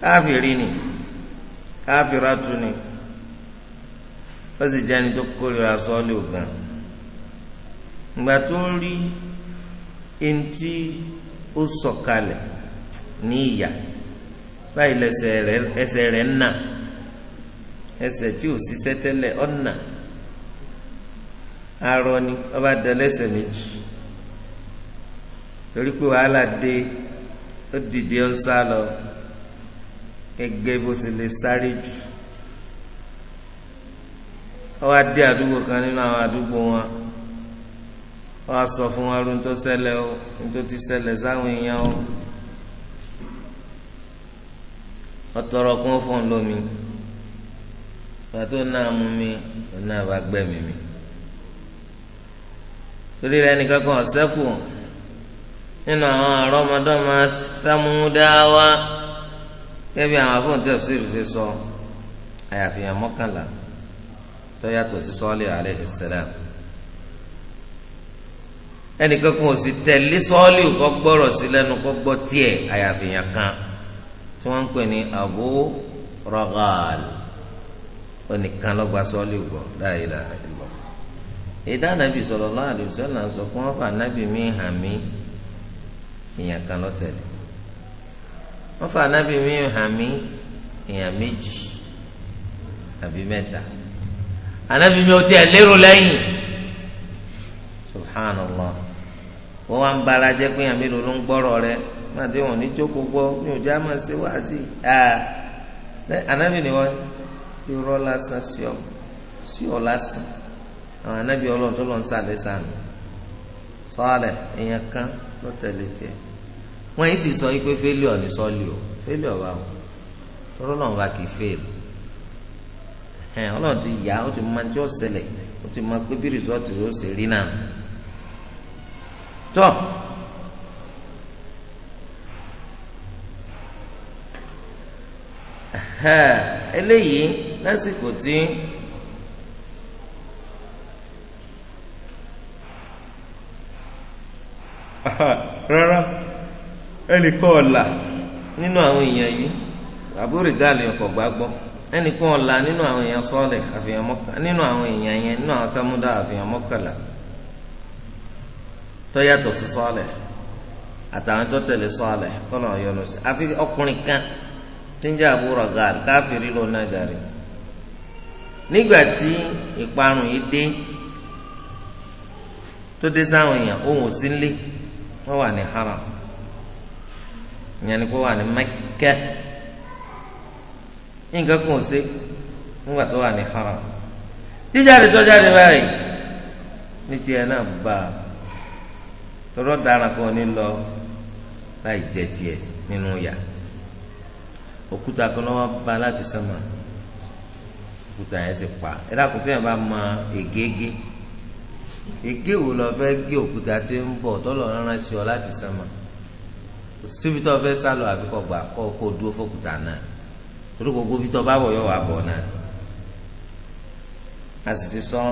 káfìrí ni káfìrá tu ni ó sì jẹ́ ẹni tó kórìíra sọ́ọ́lì ògàn ìgbà tó rí ẹni tí ó sọ̀kalẹ̀ ní ìyà báyìí lẹ́sẹ̀ rẹ̀ ẹsẹ̀ rẹ̀ nà ẹsẹ̀ tí ò ṣiṣẹ́ tẹ́lẹ̀ nà ni ọba méjì torí pé wàhálà dé ó dìde ó ń sá gẹ́gẹ́ bó ṣe lè sáré jù ó wá dé àdúgbò kan nínú àwọn àdúgbò wọn sọ fún wọn lóhun tó o tó ti sáwọn èèyàn o ọtọrọ kún fún lómi pàtó náà mú mi òun náà bá gbẹ̀mí mi torí ọ̀sẹ́kù nínú àwọn àrọ́mọdọ́mọ sámúdáwá. kẹ́bí àwọn afọ́ǹtẹ́ òṣèlú ṣe sọ àyàfi hàn mọ́kànlá tó yàtọ̀ sí sọ́ọ́lì alayhi salam ẹnìkan kò sì tẹ̀lé sọ́ọ́lì kọ́ gbọ́rọ̀ sí lẹ́nu kọ́ gbọ́ tiẹ̀ àyàfi hàn kan tí wọ́n ń pè ní Abu Raghal onìkan lọ́gba sọ́ọ́lì gbọ́ la ilaha ìdá nàbì sallallahu alayhi wasallam sọ fún wọn nàbì mí hàn mí ìyàn kan lọ́tẹ̀lé wọ́n fa anabi mi hàn mí èèyàn méjì àbí anabi mi ò lérò lẹ́yìn subhanallah wọ́n wá ń bara jẹ́ pé èèyàn mélòó ló ń gbọ́rọ̀ rẹ má ti ní jókòó gbọ́ mi ò já máa ṣe wá sí i anábì ni wọ́n irọ́ ọ sí wọ́n yìí sì sọ pé failure ni sọ́ọ̀lì o failure wa o tọ́rọ́ náà wà kì fail ẹ̀hìn ọlọ́run ti yá ó ti máa tí ó ó ti máa pé bí ó sì rí náà tọ́ eléyìí lásìkò ẹnìkan ọ̀la nínú àwọn èèyàn yìí àbúrò gáàlì ọkọ̀ gbàgbọ́ ẹnìkan ọ̀la nínú àwọn èèyàn sọ́ọ̀lẹ̀ àfihàn mọ́kànlá nínú àwọn èèyàn yẹn nínú àwọn támúdá àfihàn mọ́kànlá tó sí sọ́ọ̀lẹ̀ àtàwọn tó tẹ̀lé sọ́ọ̀lẹ̀ sí àfi ọkùnrin kan tí ń jẹ́ àbúrò gáàlì káfíìrì ló náà jàre nígbà tí ìparun yìí dé tó dé sáwọn èèyàn òun ò sí haram. ìyẹn ni kó wà ní Mẹ́kà nǹkan kan ò ṣe nígbà tó wà ní haram jíjáde tó jáde báyìí ní tiẹ̀ náà bá a tọrọ dára kan ní lọ láì jẹ tiẹ̀ nínú yà òkúta kan lọ́wọ́ bá láti sánmà òkúta yẹn ti pa ẹ dákun tí yẹn bá mọ ègége ègé wo lọ fẹ́ gé òkúta tí ń bọ̀ tọ́lọ̀ rárá sí ọ láti sánmà síbi tó fẹ́ sálọ àfi kọ́ gbà kọ́ kó dúró fòkúta náà torí gbogbo bí tó bá wọ̀ yọ̀ wà bọ̀ náà a sì ti sọ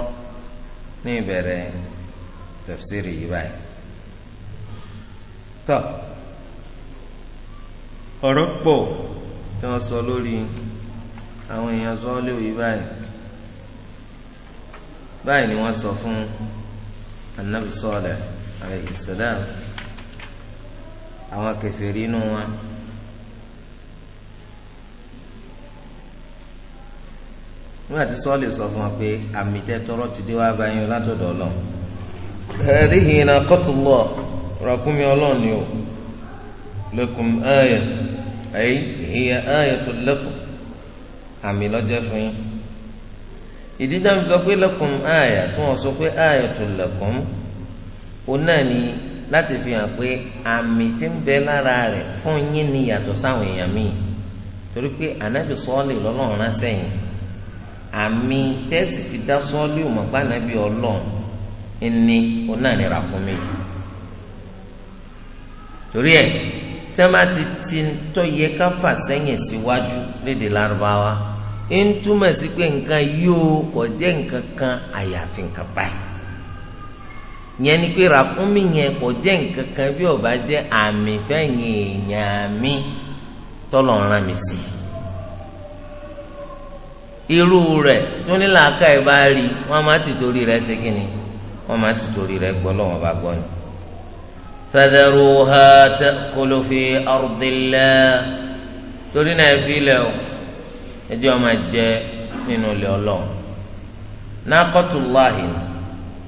ní ìbẹ̀rẹ̀ tafsiri yìí báyìí tọ́ ọ̀rọ̀ pọ̀ tí wọ́n sọ lórí àwọn èèyàn sọ ọ́ léwu yìí báyìí báyìí ni wọ́n sọ fún anabi sọ́ọ̀lẹ̀ alayhi salam àwọn kèfèrí inú wa nígbà tí sọ́ọ̀lì sọ fún wa pé àmì tẹ́ tọrọ ti dé wá báyìí látọ̀dọ̀ ọlọ́run hadihi naqatullah ràkúnmí ọlọ́run ni o lakum aya ay hiya ayatun lakum àmì lọ́jọ́ fún yín ìdí dáhùn sọ pé lakum aya tí wọ́n sọ pé ayatun lakum òun náà ni láti fi hàn pé àmì tí ń bẹ lára rẹ̀ fún yín ni yàtọ̀ sáwọn èèyàn míì torí pé ànábì sọ́ọ́lì lọ́lọ́run ránṣẹ́ yìí àmì tẹ́sì fi dá sọ́ọ́lì ò mọ̀ pé ànábì ọlọ́run ẹni onánira fún mi torí ẹ tí wọn bá ti ti tọ́ yẹ ká fà sẹ́yìn síwájú léde lárúbáwá ń túmọ̀ sí pé nǹkan yóò kọjá nǹkan kan àyàfi nǹkan báyìí. yẹn ni pé ràkúnmí yẹn kò jẹ́ nǹkan kan bí ó bá jẹ́ àmì fẹ́yìn èèyàn mi tọ́lọ̀ ń rán mi sí irú rẹ̀ tó ní làákà ẹ̀ bá rí wọ́n máa ti torí rẹ̀ ṣe kí ni wọ́n máa ti torí rẹ̀ gbọ́ lọ́wọ́ bá gbọ́ ni. fadharuha ta'kulu fi ardillah torí náà fi lẹ̀ o ẹ jẹ́ máa jẹ nínú ilé ọlọ́run naqatullahi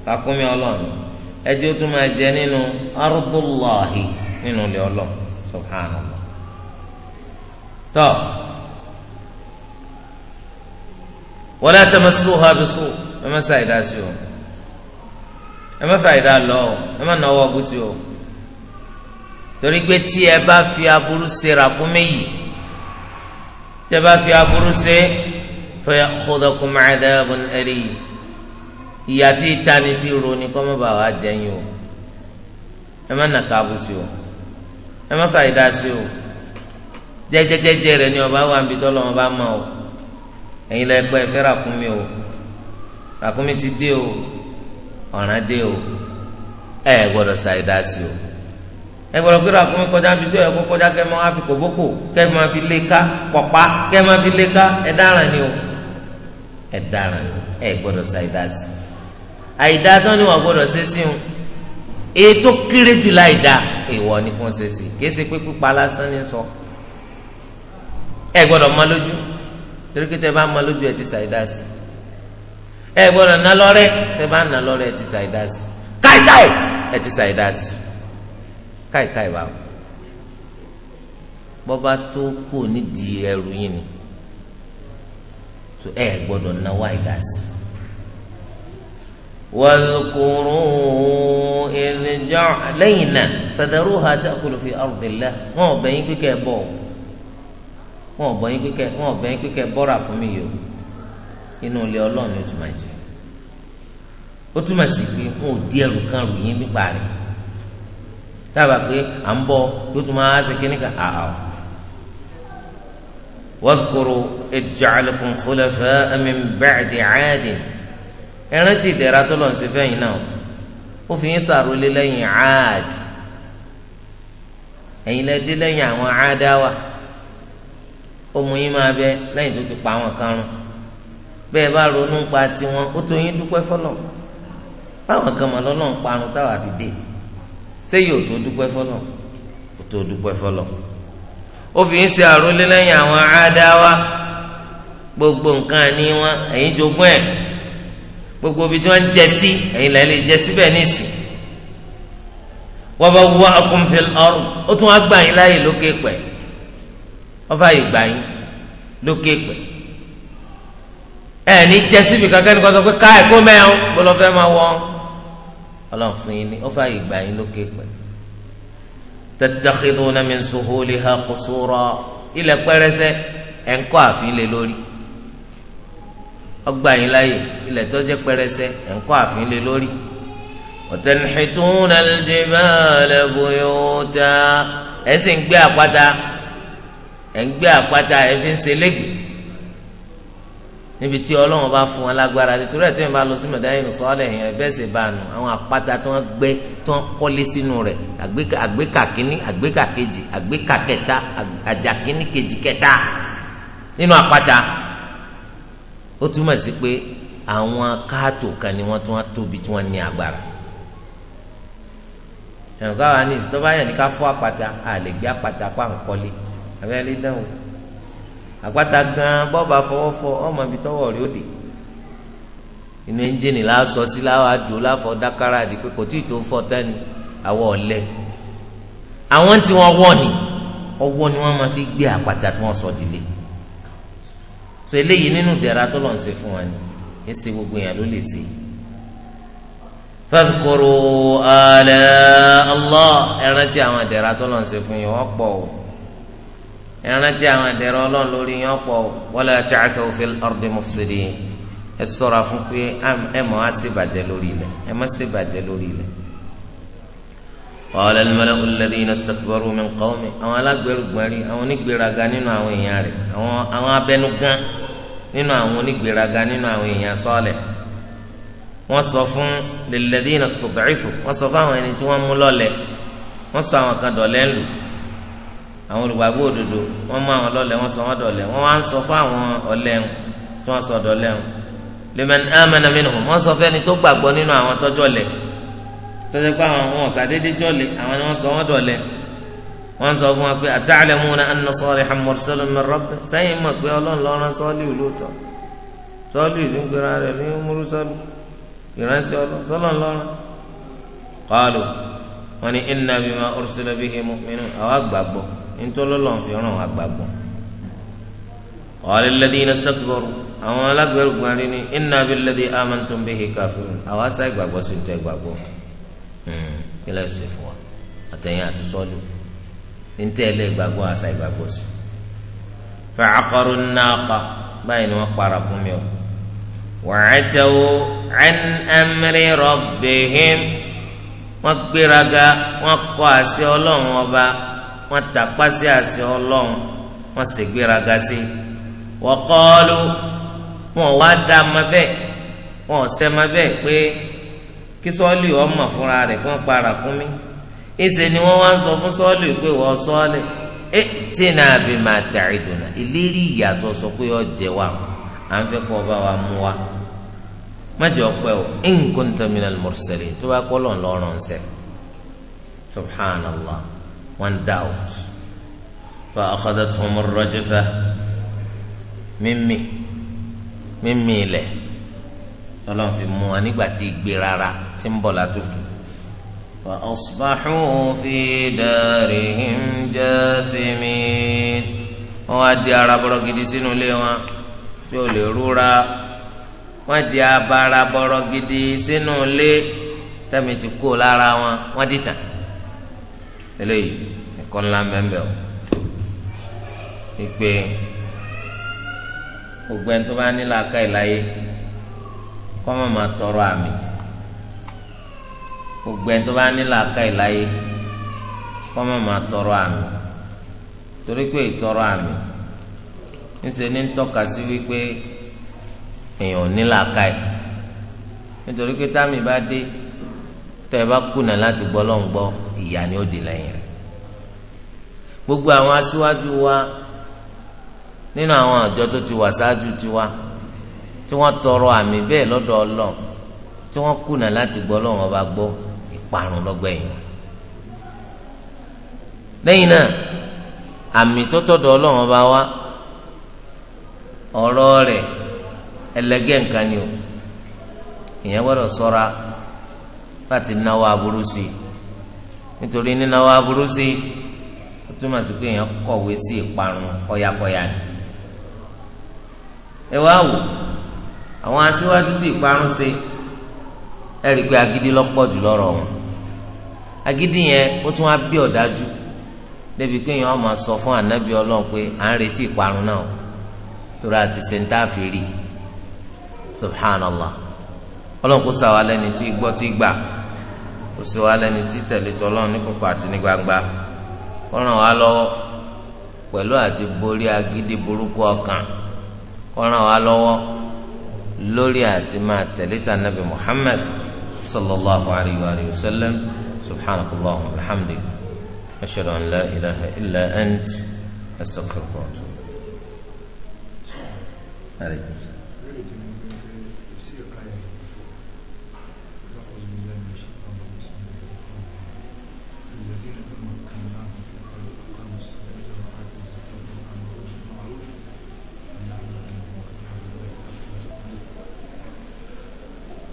ràkúnmí ọlọ́run ẹjẹ o tún máa jẹ nínú ardullahi nínú ilé ọlọ subhanallah tọ wala tamassuha bisu ẹ má sa ìdá sí o ẹ má fa ìdá lọ o ẹ má náwó ọgùn sí o torí pé tí ẹ bá fi aburú ṣe ràkúnmí yìí tẹ bá fi aburú ṣe fa ya'khudhukum 'adhabun alim ìyá tí tani ti ro ni kọ́ mọ́ bá wa jẹ́yìn o ẹ má nàka abusi o ẹ má fà ìdá sí o jẹ́jẹ́jẹ́jẹ́ rẹ̀ ni ọba wa ń bi tọ́lọ́ wọn bá mọ̀ o ẹ̀yin lẹ gbọ́ ẹ̀fẹ́ ràkúnmi o ràkúnmi ti dé o ọ̀ràn dé o ẹ gbọ́dọ̀ sà ìdá sí o ẹ gbọ́dọ̀ pé ràkúnmi kọjá bi tó yẹ kó kọjá kẹ́ ẹ máa fi kẹ́ ẹ fi lé ká pọ̀pá kẹ́ ẹ fi lé ká ẹ dáràn ni o ẹ dáràn ẹ gbọ́dọ̀ sà sí o. àìdá tó ní wọn gbọ́dọ̀ ṣe sí wọn tó kéré jù láìdá èèwọ̀ ni kò ṣe sí kìí pé pípa lásán ní sọ ẹ gbọ́dọ̀ mọ lójú torí pé tẹ bá mọ lójú ẹ ti ṣàìdá sí ẹ gbọ́dọ̀ ná ti sí káìkáì ẹ ti sí káìkáì tó kù nídìí ẹrù ni ẹ náwó واذكروا إذ جعلينا فذروها تأكل في أرض الله wọn ò bẹ̀yìn kíkẹ́ bọ̀ wọn ò bẹ̀yìn kíkẹ́ wọn ò bẹ̀yìn kíkẹ́ bọ́ra fún mi yìí o inú ilé ọlọ́run ló tún máa jẹ ó túmọ̀ sí pé wọn ò di ẹrù kan rù yín nípa rẹ̀ tábà pé à ń bọ̀ yóò tún máa ṣe kíní kan àhà o. واذكروا إذ جعلكم خلفاء من بعد عاد ẹ rántí ìdẹ̀ra tó lọ́n sí fẹ́yìn náà ó fi yín sàrólé lẹ́yìn áàd ẹ̀yin lẹ dé lẹ́yìn àwọn ádáwà ó mú yín máa bẹ lẹ́yìn tó ti pa àwọn kan rún bẹ́ẹ̀ bá ronú pa tiwọn ó tó yín dúpẹ́ fọlọ́ báwọn kan mọ̀ lọ́lọ́run parun táwa fi dé sẹ́yìn tó dúpẹ́ fọlọ́ tó dúpẹ́ fọlọ́ gbogbo nǹkan wọn ẹ̀yin jogún gbogbo ibi tí wọ́n ń jẹ sí ẹ̀yin lẹ́yìn lè jẹ síbẹ̀ ní ìsìn wọ́n bá wá akúnfẹ́ ọ̀rùn ó tún wá gbà yín láàyè lókè pẹ̀ wọ́n fààyè gbà yín lókè pẹ̀ ẹ̀ ní jẹ síbi kankan ní kọ́sọ́ pé ká ẹ̀kọ́ mẹ́rin gbọ́dọ̀ fẹ́ máa wọ́n ọlọ́run fún yín ní wọ́n fààyè gbà yín lókè pẹ̀ tattakhiduna min suhuliha qusura ilẹ̀ pẹ́rẹsẹ̀ ẹ̀ ń kọ́ àfin lé lórí ọgbà yín láàyè ilẹ̀ tó jẹ́ pẹrẹsẹ ẹ̀ ń kọ́ ààfin lé lórí. watanhituna al-jibala buyuta ẹ̀ sì ń gbé àpáta ẹ̀ ń gbé àpáta ẹ̀ fi ń ṣe lẹ́gbẹ̀ẹ́ níbi tí ọlọ́run bá fún wọn lágbára nítorí ẹ̀ tí wọ́n bá lọ sí mẹ̀dáyìn sọ́ọ́lẹ̀ yẹn ẹ̀ bẹ́ẹ̀ sì bá a nù àwọn àpáta tí wọ́n gbẹ́ tí wọ́n kọ́lé sínú rẹ̀ àgbékà kínní àgbékà kejì kejì kẹta nínú àpáta ó túmọ̀ sí pé àwọn káàtó kan ni wọ́n tún wá tóbi tí wọ́n ní agbára ẹnìkan wà ní ìsìn tó bá yàn ní ká fọ́ àpáta a lè gbé àpáta pa nkọ́lé abẹ́lé dánwò àpáta gan bọ́ọ̀bà fọwọ́ fọ ọmọ ibi tọ́wọ́ rí òde inú ẹ́ńjìnì lásọ sí láwa dùn láfọ dákàrà àdì pé kò tí ì tó fọ́ tání àwọ̀ ọ̀lẹ́ àwọn tí wọ́n wọ̀ ni ọwọ́ ni wọ́n máa fi gbé àpáta tí wọ́n sọ dìlé. So so eléyìí nínú dẹ̀ra tó lọ́n ṣe fún wa ni ẹ ṣe gbogbo yẹn ló lè ṣe. fadhkuru ala Allah ẹ rántí àwọn dẹ̀ra tó lọ́n ṣe fún yín wọ́n pọ̀ o ẹ rántí àwọn dẹ̀ra ọlọ́run lórí yín wọ́n pọ̀ o wala ta'thaw fil ardi mufsidin ẹ ṣọ́ra fún pé ẹ mọ̀ á ṣèbàjẹ́ lórí ilẹ̀ ẹ má ṣèbàjẹ́ lórí ilẹ̀ قال الملأ الذين استكبروا من قومه àwọn alágbèrúgbọ̀n rí àwọn onígbèraga nínú àwọn èèyàn rẹ̀ àwọn àwọn abẹnugan nínú àwọn onígbèraga nínú àwọn èèyàn Sọ́ọ̀lẹ̀ wọ́n sọ fún lilladhina istud'ifu wọ́n sọ fún àwọn ẹni tí wọ́n mú lọ́lẹ̀ wọ́n sọ àwọn kan dọ̀lẹ́ lù àwọn olùgbàgbọ́ òdodo wọ́n mú àwọn lọ́lẹ̀ wọ́n sọ wọ́n dọ̀lẹ́ wọ́n wá ń sọ fún àwọn ọ̀lẹ́ tí wọ́n sọ dọ̀lẹ́ liman amana minhum wọ́n sọ fẹ́ni tó gbàgbọ́ nínú àwọn tọ́jọ́ lẹ̀ tọ́jú pé àwọn ọmọ ọ̀sàdédé jọ̀lẹ̀ àwọn ni wọ́n sọ wọ́n dọ̀lẹ̀ wọ́n sọ fún wa pé ata'lamuna anna Salihan mursalun min rabbih sẹ́yìn mọ̀ pé ọlọ́run ló rán sọ́ọ́lì olóòótọ́ sọ́ọ́lì ìlú gbéra rẹ̀ ní múrúsọ́lù ìránṣẹ́ ọlọ́run lọ́rùn. qalu wọn ni inna bima ursila bihi mu'minun àwọn àgbàgbọ́ ntọ́lọ́lọ́run fi ràn àgbàgbọ́. qala alladhina istakbaru àwọn alágbèrè gbọ́n rí ni inna billadhi amantum bihi kafirun àwọn sí tẹ́ ìgbàgbọ́ Eh. kí lẹ́yìn ṣe fún wa àtẹ̀yìn àti ìgbàgbọ́ àṣà ìgbàgbọ́ sí. para fún mi o. ẹn wọ́n gbéraga wọ́n àṣẹ ọlọ́run ọba wọ́n tàpá sí àṣẹ ọlọ́run wọ́n sì gbéraga kí sọ́ọ́lì ọmọ fúnra rẹ̀ kó ń para fún mi ìṣe ni wọ́n wá ń sọ fún sọ́ọ́lì pé wọ́n sọ́ọ́lì ẹ tẹ̀nà àbí máa tàrí dùnà ìlérí ìyàtọ̀ sọ pé ọ jẹ wa à ń fẹ́ kọ́ ọba wa mú wa mẹ́jọ pẹ́ o in kunta minal tó bá kọ́ lọ́n lọ́rùn sẹ́ subhanallah one doubt fa akhadathum ar-rajfa mímì mímì ilẹ̀ tọ́lọ́n fi mú wọn nígbà tí ìgbérara ti ń bọ̀ látòkè. wa asbahu fi darihim jathimin wọ́n wá di arabọ́rọ́ gidi sínú ilé wọn tí ò lè rúra wọ́n di abarabọ́rọ́ gidi sínú ilé tẹ́mi ti kú lára wọn wọ́n dìtàn eléyìí ẹ̀kọ́ ńlá mẹ́mbẹ́ o ìpè gbogbo ẹni tó bá ní làákàyè láyé kọ́mọ máa tọrọ àmì gbogbo ẹni tó bá ní làákà ìláyé kọ́mọ máa tọrọ àmì torí pé ìtọrọ àmì ńṣe ní tọ́ka sí wípé èèyàn ò ní làákà ẹ̀ nítorí pé táàmì bá dé tẹ́ ẹ bá kùnà láti gbọ́ lọ́n gbọ́ ìyá ni ó di lẹ́yìn rẹ̀ gbogbo àwọn aṣíwájú wa nínú àwọn àjọ tó ti wà ṣáájú tiwa. tí wọ́n tọrọ àmì bẹ́ẹ̀ lọ́dọ̀ Ọlọ́run tí wọ́n kùnà láti gbọ́ Ọlọ́run ọba gbọ́ ìparun lọ́gbẹ̀yìn lẹ́yìn náà àmì tọ́tọ̀dọ̀ Ọlọ́run ọba wá ọ̀rọ̀ rẹ̀ ẹlẹgẹ́ nǹkan ni o ìyẹn láti náwó aburú sí i nítorí nínáwó aburú sí i ó túmọ̀ sí pé kọ̀wé sí ìparun àwọn aṣíwájú tí ìparun ṣe ẹ rí i pé agídí lọ́pọ̀ jù lọ́rọ̀ wọn agídí yẹn ó tún wá bí ọ̀dájú débi pé yẹn wọ́n máa sọ fún ànábì ọlọ́run pé à ń retí ìparun náà torí àti sèǹtà fi rí subhanallah ọlọ́run kò sáwà lẹ́ni tí gbọ́ tí gbà kò sí wa lẹ́ni tí tẹ̀lé tọ́lọ́run ní kọ̀kọ̀ àti ní gbangba ó ràn lọ́wọ́ pẹ̀lú àti borí agídí burúkú ọkàn ó ràn lọ́wọ́ lórí àti máa tẹ̀lé ta nabi muhammed sallallahu alayhi wa sallam subhanahu wa alhamdi ashhadu an la ilaha illa ant astaghfirullah.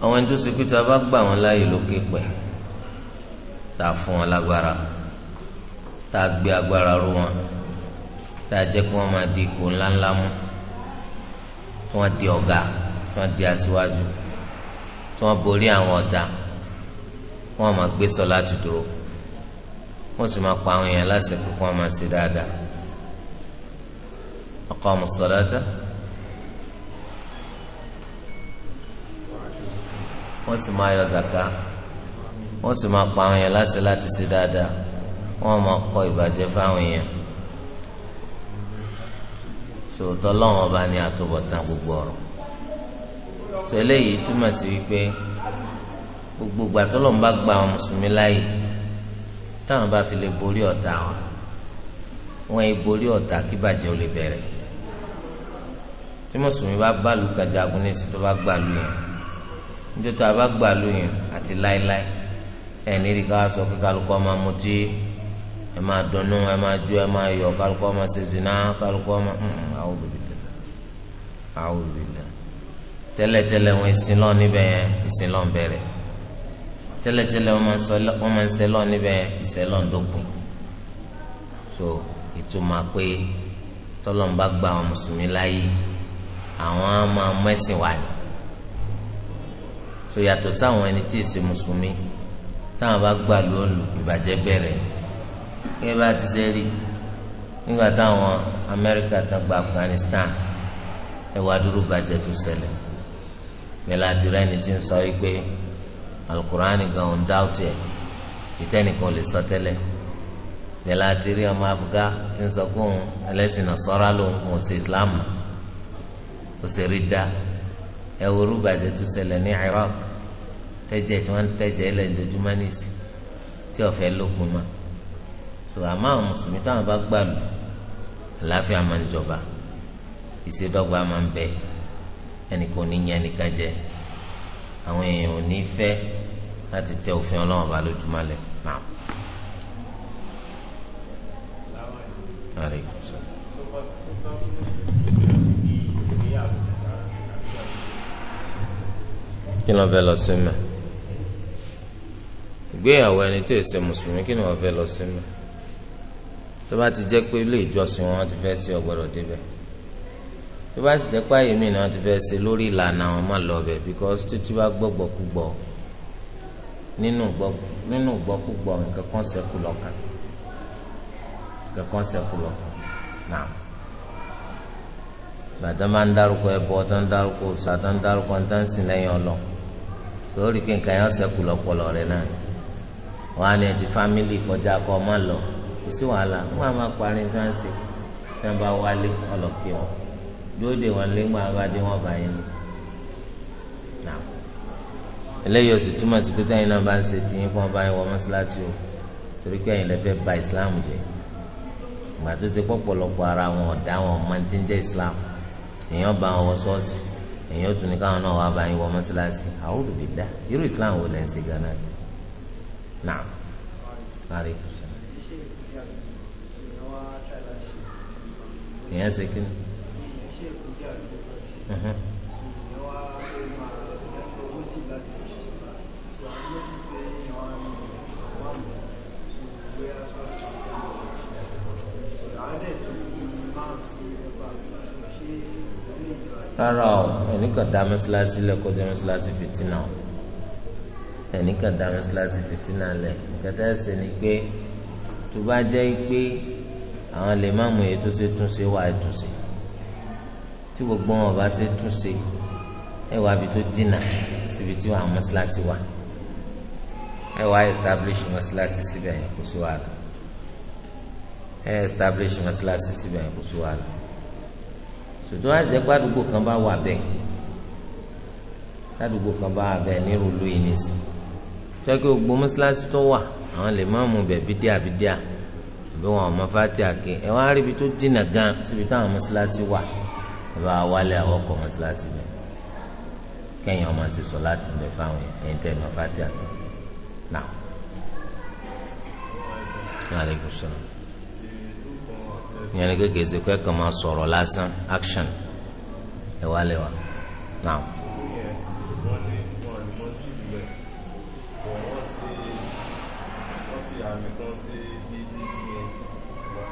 àwọn ẹni tó ṣe pé tá a bá gbà wọn láàyè lókè pẹ tá a fún wọn lágbára tá a gbé agbára ró wọn tá a jẹ kí wọn máa di ipò ńláńlá mú tí wọn di ọ̀gá tí wọn di aṣíwájú tí wọn borí àwọn ọ̀tá wọn máa gbé sọ láti dúró wọn sì máa pa àwọn èèyàn lásìkò kí wọn máa ṣe dáadáa aqamu salata. wọ́n sì máa yọ zaka wọ́n sì máa pa àwọn yẹn láṣẹ láti ṣe dáadáa wọ́n máa kọ ìbàjẹ́ fáwọn yẹn sòtọ́ lọ́wọ́n ọba ni àtúbọ̀tán gbogbo ọ̀rọ̀ sọ eléyìí túmọ̀ sí wípé gbogbo ìgbà tọ́lọ́run bá gba àwọn mùsùlùmí láàyè táwọn bá fi lè borí ọ̀tá wọn wọn yìí borí ọ̀tá kí bàjẹ́ ó lè bẹ̀rẹ̀ tí mùsùlùmí bá bá lu kàjagun ní tó bá gbà lu yẹn nítorí tá a bá gbà lóyún àti láéláé ẹ nírí ká sọ pé kálukọ́ máa mutí ẹ máa dunnú ẹ máa jó ẹ máa yọ̀ kálukọ́ máa ṣe zina kálukọ́ máa àwọn òbí àwọn wọn ìsìn lọ yẹn ìsìn lọ bẹ̀rẹ̀ tẹ́lẹ̀tẹ́lẹ̀ wọn máa ń sẹ́ lọ yẹn ìsẹ́ lọ dópin so ìtumọ̀ pé tọ́lọ́mùbá gba àwọn mùsùlùmí láàyè àwọn máa mẹ́sìn wá so yàtọ̀ sáwọn ẹni tí èsì mùsùlùmí táwọn bá gbà lóòlù ìbàjẹ́ bẹ̀rẹ̀ ní bá ti ṣe rí nígbà táwọn Amẹ́ríkà tán gba Afghanistan ẹwà dúró bàjẹ́ tó ṣẹlẹ̀ mẹ́la ti rẹ́ ẹni tí ń sọ wípé alukurani gan ọ̀hún dáwọ̀tì ẹ̀ ìtẹ́nìkan lè sọ tẹ́lẹ̀ ti rí ọmọ tí ń sọ pé òun ẹlẹ́sìn náà sọ́ra ṣe Islam ó tó ṣẹlẹ̀ tẹ́jẹ̀ tí wọ́n tẹ́jẹ̀ ẹ̀ lẹ́yìn dojúmọ́ nìsí tí ọ̀fẹ́ lókun mọ́ tó àmọ́ àwọn mùsùlùmí táwọn bá gbà lù àlàáfíà máa ń jọba ìṣèdọ́gba máa ń bẹ ẹnì kò ní yan nìkan jẹ àwọn èèyàn ò ní fẹ́ láti tẹ òfin ọlọ́run bá lójúmọ́ lẹ̀ náà. kí ló ń fẹ́ lọ sí mi. ìgbéyàwó ẹni tí èsè mùsùlùmí kí ni na fẹ́ lọ sí tó bá ti jẹ́ pé ilé ìjọsìn wọn ti fẹ́ sí ọgbọ́dọ̀ débẹ̀ tó bá pé mi ni ti fẹ́ ṣe lórí ìlànà àwọn máa lọ bẹ̀ because títí wá gbọ́gbọ́ nínú gbọ́ nǹkan kan ṣẹ́kù lọ́kàn nǹkan kan ṣẹ́kù lọ́kàn náà gbàtà máa ń dárúkọ ẹbọ tó ń dárúkọ tó wọn á ní ẹtì fámìlì kọjá kọ ọmọ lọ kò sí wàhálà wọn á máa parí tí wọn ṣe tí wọn bá wálé ọlọpẹ wọn yóò dé wọn lé wọn abáde wọn bá yẹn nà eléyìí oṣù túmọ̀ sí pé táyìn náà bá ń ṣe tìyín fún ọba ẹ̀wọ̀n mọ́ṣáláṣí o torí pé ẹ̀yin lẹ́fẹ̀ẹ́ bà Islam jẹ́ ìgbà tó ṣe pọ̀pọ̀lọpọ̀ ara wọn ọ̀dá wọn máa ti ń jẹ́ Islam èèyàn bá wọn wọ ṣọ́ọ̀ṣì èèyàn tún ní káwọn náà wá bá yín wọ mọ́ṣáláṣí àwòrán bìí dá irú Islam wo lẹ́ ń ṣe نعم. Aleykum salaam. Ìyẹn ṣe uh-huh. kí ni? rárá o ẹni kan dá mẹsàlásí lẹkọọ jẹ mẹsàlásí fìtínà o ẹnìkan dá mọ́sálásí fìtínà lẹ̀ nǹkan tá a ṣe ni pé tó bá jẹ́ pé àwọn lè má mú ètò ṣe túnṣe wà ètúnṣe tí gbogbo wọn bá ṣe túnṣe ẹ wá ibi tó dínà síbi tí àwọn mọ́sálásí wà ẹ wá establish mọ́sálásí síbẹ̀ yẹn kò sí wàhálà ẹ establish mọ́sálásí síbẹ̀ yẹn kò sí wàhálà sòtò wá jẹ́ gbàdúgbò kan bá wà bẹ́ẹ̀ gbàdúgbò kan bá wà bẹ́ẹ̀ nírú lóyìn nísìnyí tẹ́kẹ́ gbogbo mọ́sálásí tó wà àwọn lè má mú bẹ̀ bídíà bídíà bí wọn ọmọ fati àké ẹ wá rí ibi tó jìnnà gan síbi táwọn mọ́sálásí wà ẹ bá wálé àwọn ọkọ̀ mọ́sálásí bẹ̀ kẹ́yìn ọmọ sì sọ láti bẹ̀ fáwọn ẹ̀yìn tẹ́ ọmọ fati àké náà. aleykum salaam ìyẹn ni kékeré sí pé kàn máa sọ̀rọ̀ lásán action ẹ wálé wa náà. nǹkan ṣe bí ní ìyẹn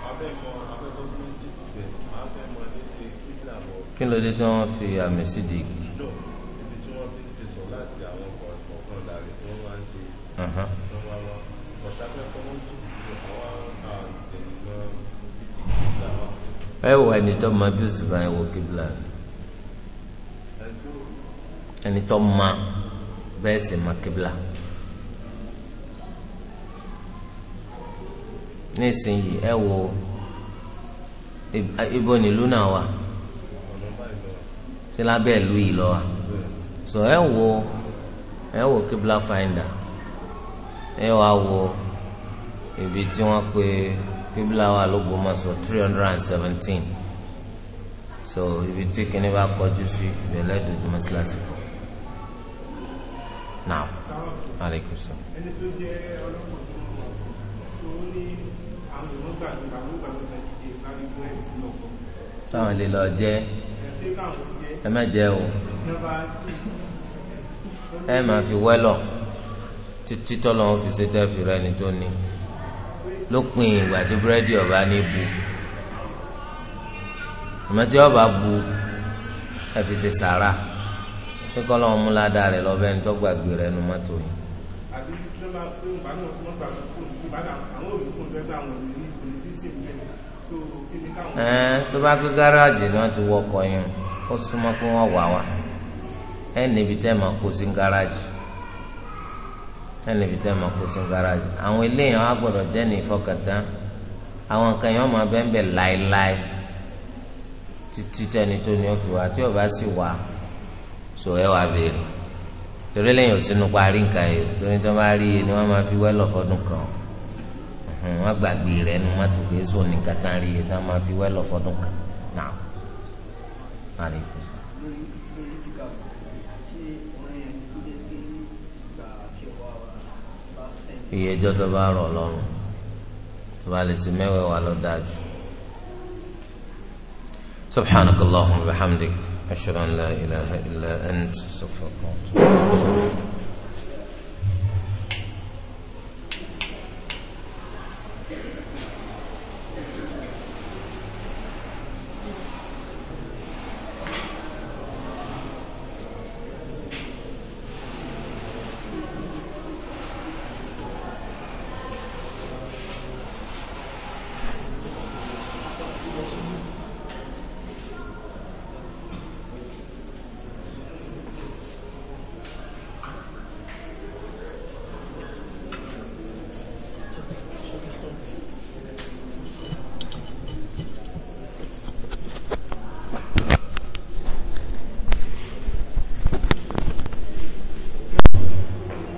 afẹ́mọ afẹ́kọ́ fún jíjù ẹ̀ afẹ́mọ nílé kíkìlà bọ̀. kí ló dé tí wọ́n fi àmì sí di igi. ibi tí wọ́n fi ń ṣe sọ láti àwọn ọ̀kan dàrí tí wọ́n máa ń ṣe ìjọba wa ọ̀tá fẹ́kọ́ wọ́n jù àwọn àtẹnumọ́ ibi tí kíkìlà wa. ẹ wọ ẹni tó máa bí ó sì bá ẹ wọ kíkìlà ẹni tó máa bẹ́ẹ̀ sì máa kíkìlà. nísìnyí ẹ wo ibo nílùú náà wà sí lábẹ́ ìlú yìí lọ́wọ́ so ẹ wo ẹ wo kibla finder ẹ wá wo ibi tí wọ́n pe kibla wà lÓgbómọ̀ṣọ́ three hundred and seventeen so ibi tí kìnìún bá kọjú sí ìbẹ̀lẹ̀ dùdú mọ́sálásí kù náà aleykum salaam. ẹni tó jẹ́ táwọn ilé lọ jẹ ẹ má jẹ o ẹ má fi wẹ́lọ̀ títí tọ́lọ́ wọn fi ṣe tẹ́ fi rẹ ni tó ní lópin ìgbà tí búrẹ́dì ọba ní bu àmọ́ tí ọba bu ẹ fi ṣe sàrà pé kọ́lọ́ wọn mú ládàá rẹ lọ́bẹ̀ ní tọ́gbàgbé rẹ nu mọ́tò yìí ẹ̀ẹ́n tó bá gbé gáràjì náà ti wọkọ̀ yẹn ó súnmọ́ pé wọ́n wà wá ẹ̀ níbi tẹ́ máa kó sí gáràjì ẹ̀ níbi tẹ́ máa kó sí gáràjì àwọn eléyàn á gbọ́dọ̀ jẹ́ ní ìfọkàntán àwọn nǹkan yẹn wọ́n máa bẹ́ẹ̀ bẹ́ẹ̀ láéláé títí tẹni tó ní ọ̀fìn wá tí ọba sì wà sọ ẹ wà béèrè torí lẹ́yìn òsínú parí nǹkan yìí torí tó bá rí iye ni wọ́n máa fi wẹ́lọ̀ fọdún kan wọn hmm, gbàgbé rẹ nu mọtò pé zone ní katari yìí tá a máa fi wẹlọ fọdún kan náà àlè kò sọ. iye ẹjọ́ tó bá rọ̀ lọ́rùn tó bá lè ṣe mẹ́wẹ̀ẹ́ wà lọ dájú. سبحانك اللهم وبحمدك أشهد أن لا إله إلا أنت أستغفرك